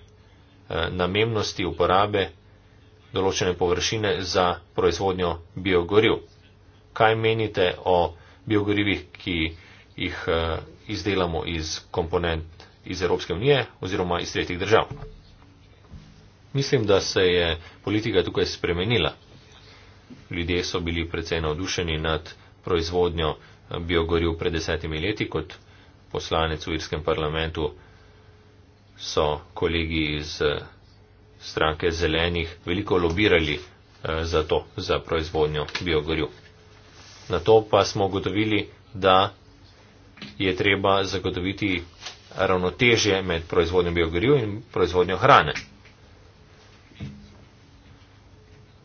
namennosti uporabe določene površine za proizvodnjo biogoriv. Kaj menite o biogorivih, ki jih eh, izdelamo iz komponent iz Evropske unije oziroma iz tretjih držav? Mislim, da se je politika tukaj spremenila. Ljudje so bili precej navdušeni nad proizvodnjo eh, biogoriv pred desetimi leti, kot poslanec v irskem parlamentu so kolegi iz eh, stranke zelenih veliko lobirali eh, za to, za proizvodnjo biogorju. Na to pa smo ugotovili, da je treba zagotoviti ravnotežje med proizvodnjo biogorju in proizvodnjo hrane.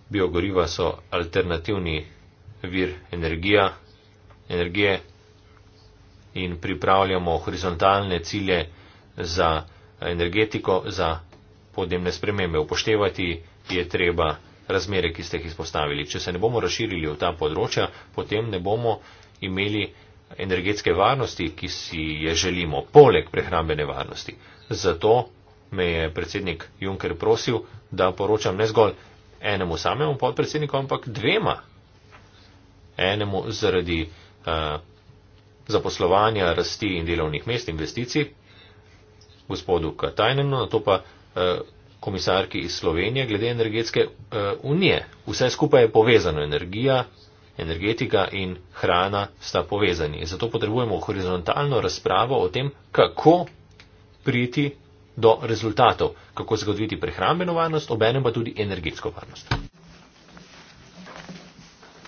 Biogoriva so alternativni vir energija, energije in pripravljamo horizontalne cilje za energetiko za podnebne spremembe. Upoštevati je treba razmere, ki ste jih izpostavili. Če se ne bomo razširili v ta področja, potem ne bomo imeli energetske varnosti, ki si je želimo, poleg prehrambene varnosti. Zato me je predsednik Juncker prosil, da poročam ne zgolj enemu samemu podpredsedniku, ampak dvema. Enemu zaradi uh, zaposlovanja, rasti in delovnih mest, investicij, gospodu Katajnenu, na to pa eh, komisarki iz Slovenije glede energetske eh, unije. Vse skupaj je povezano, energija, energetika in hrana sta povezani. Zato potrebujemo horizontalno razpravo o tem, kako priti do rezultatov, kako zagotoviti prehrambeno varnost, obenem pa tudi energetsko varnost.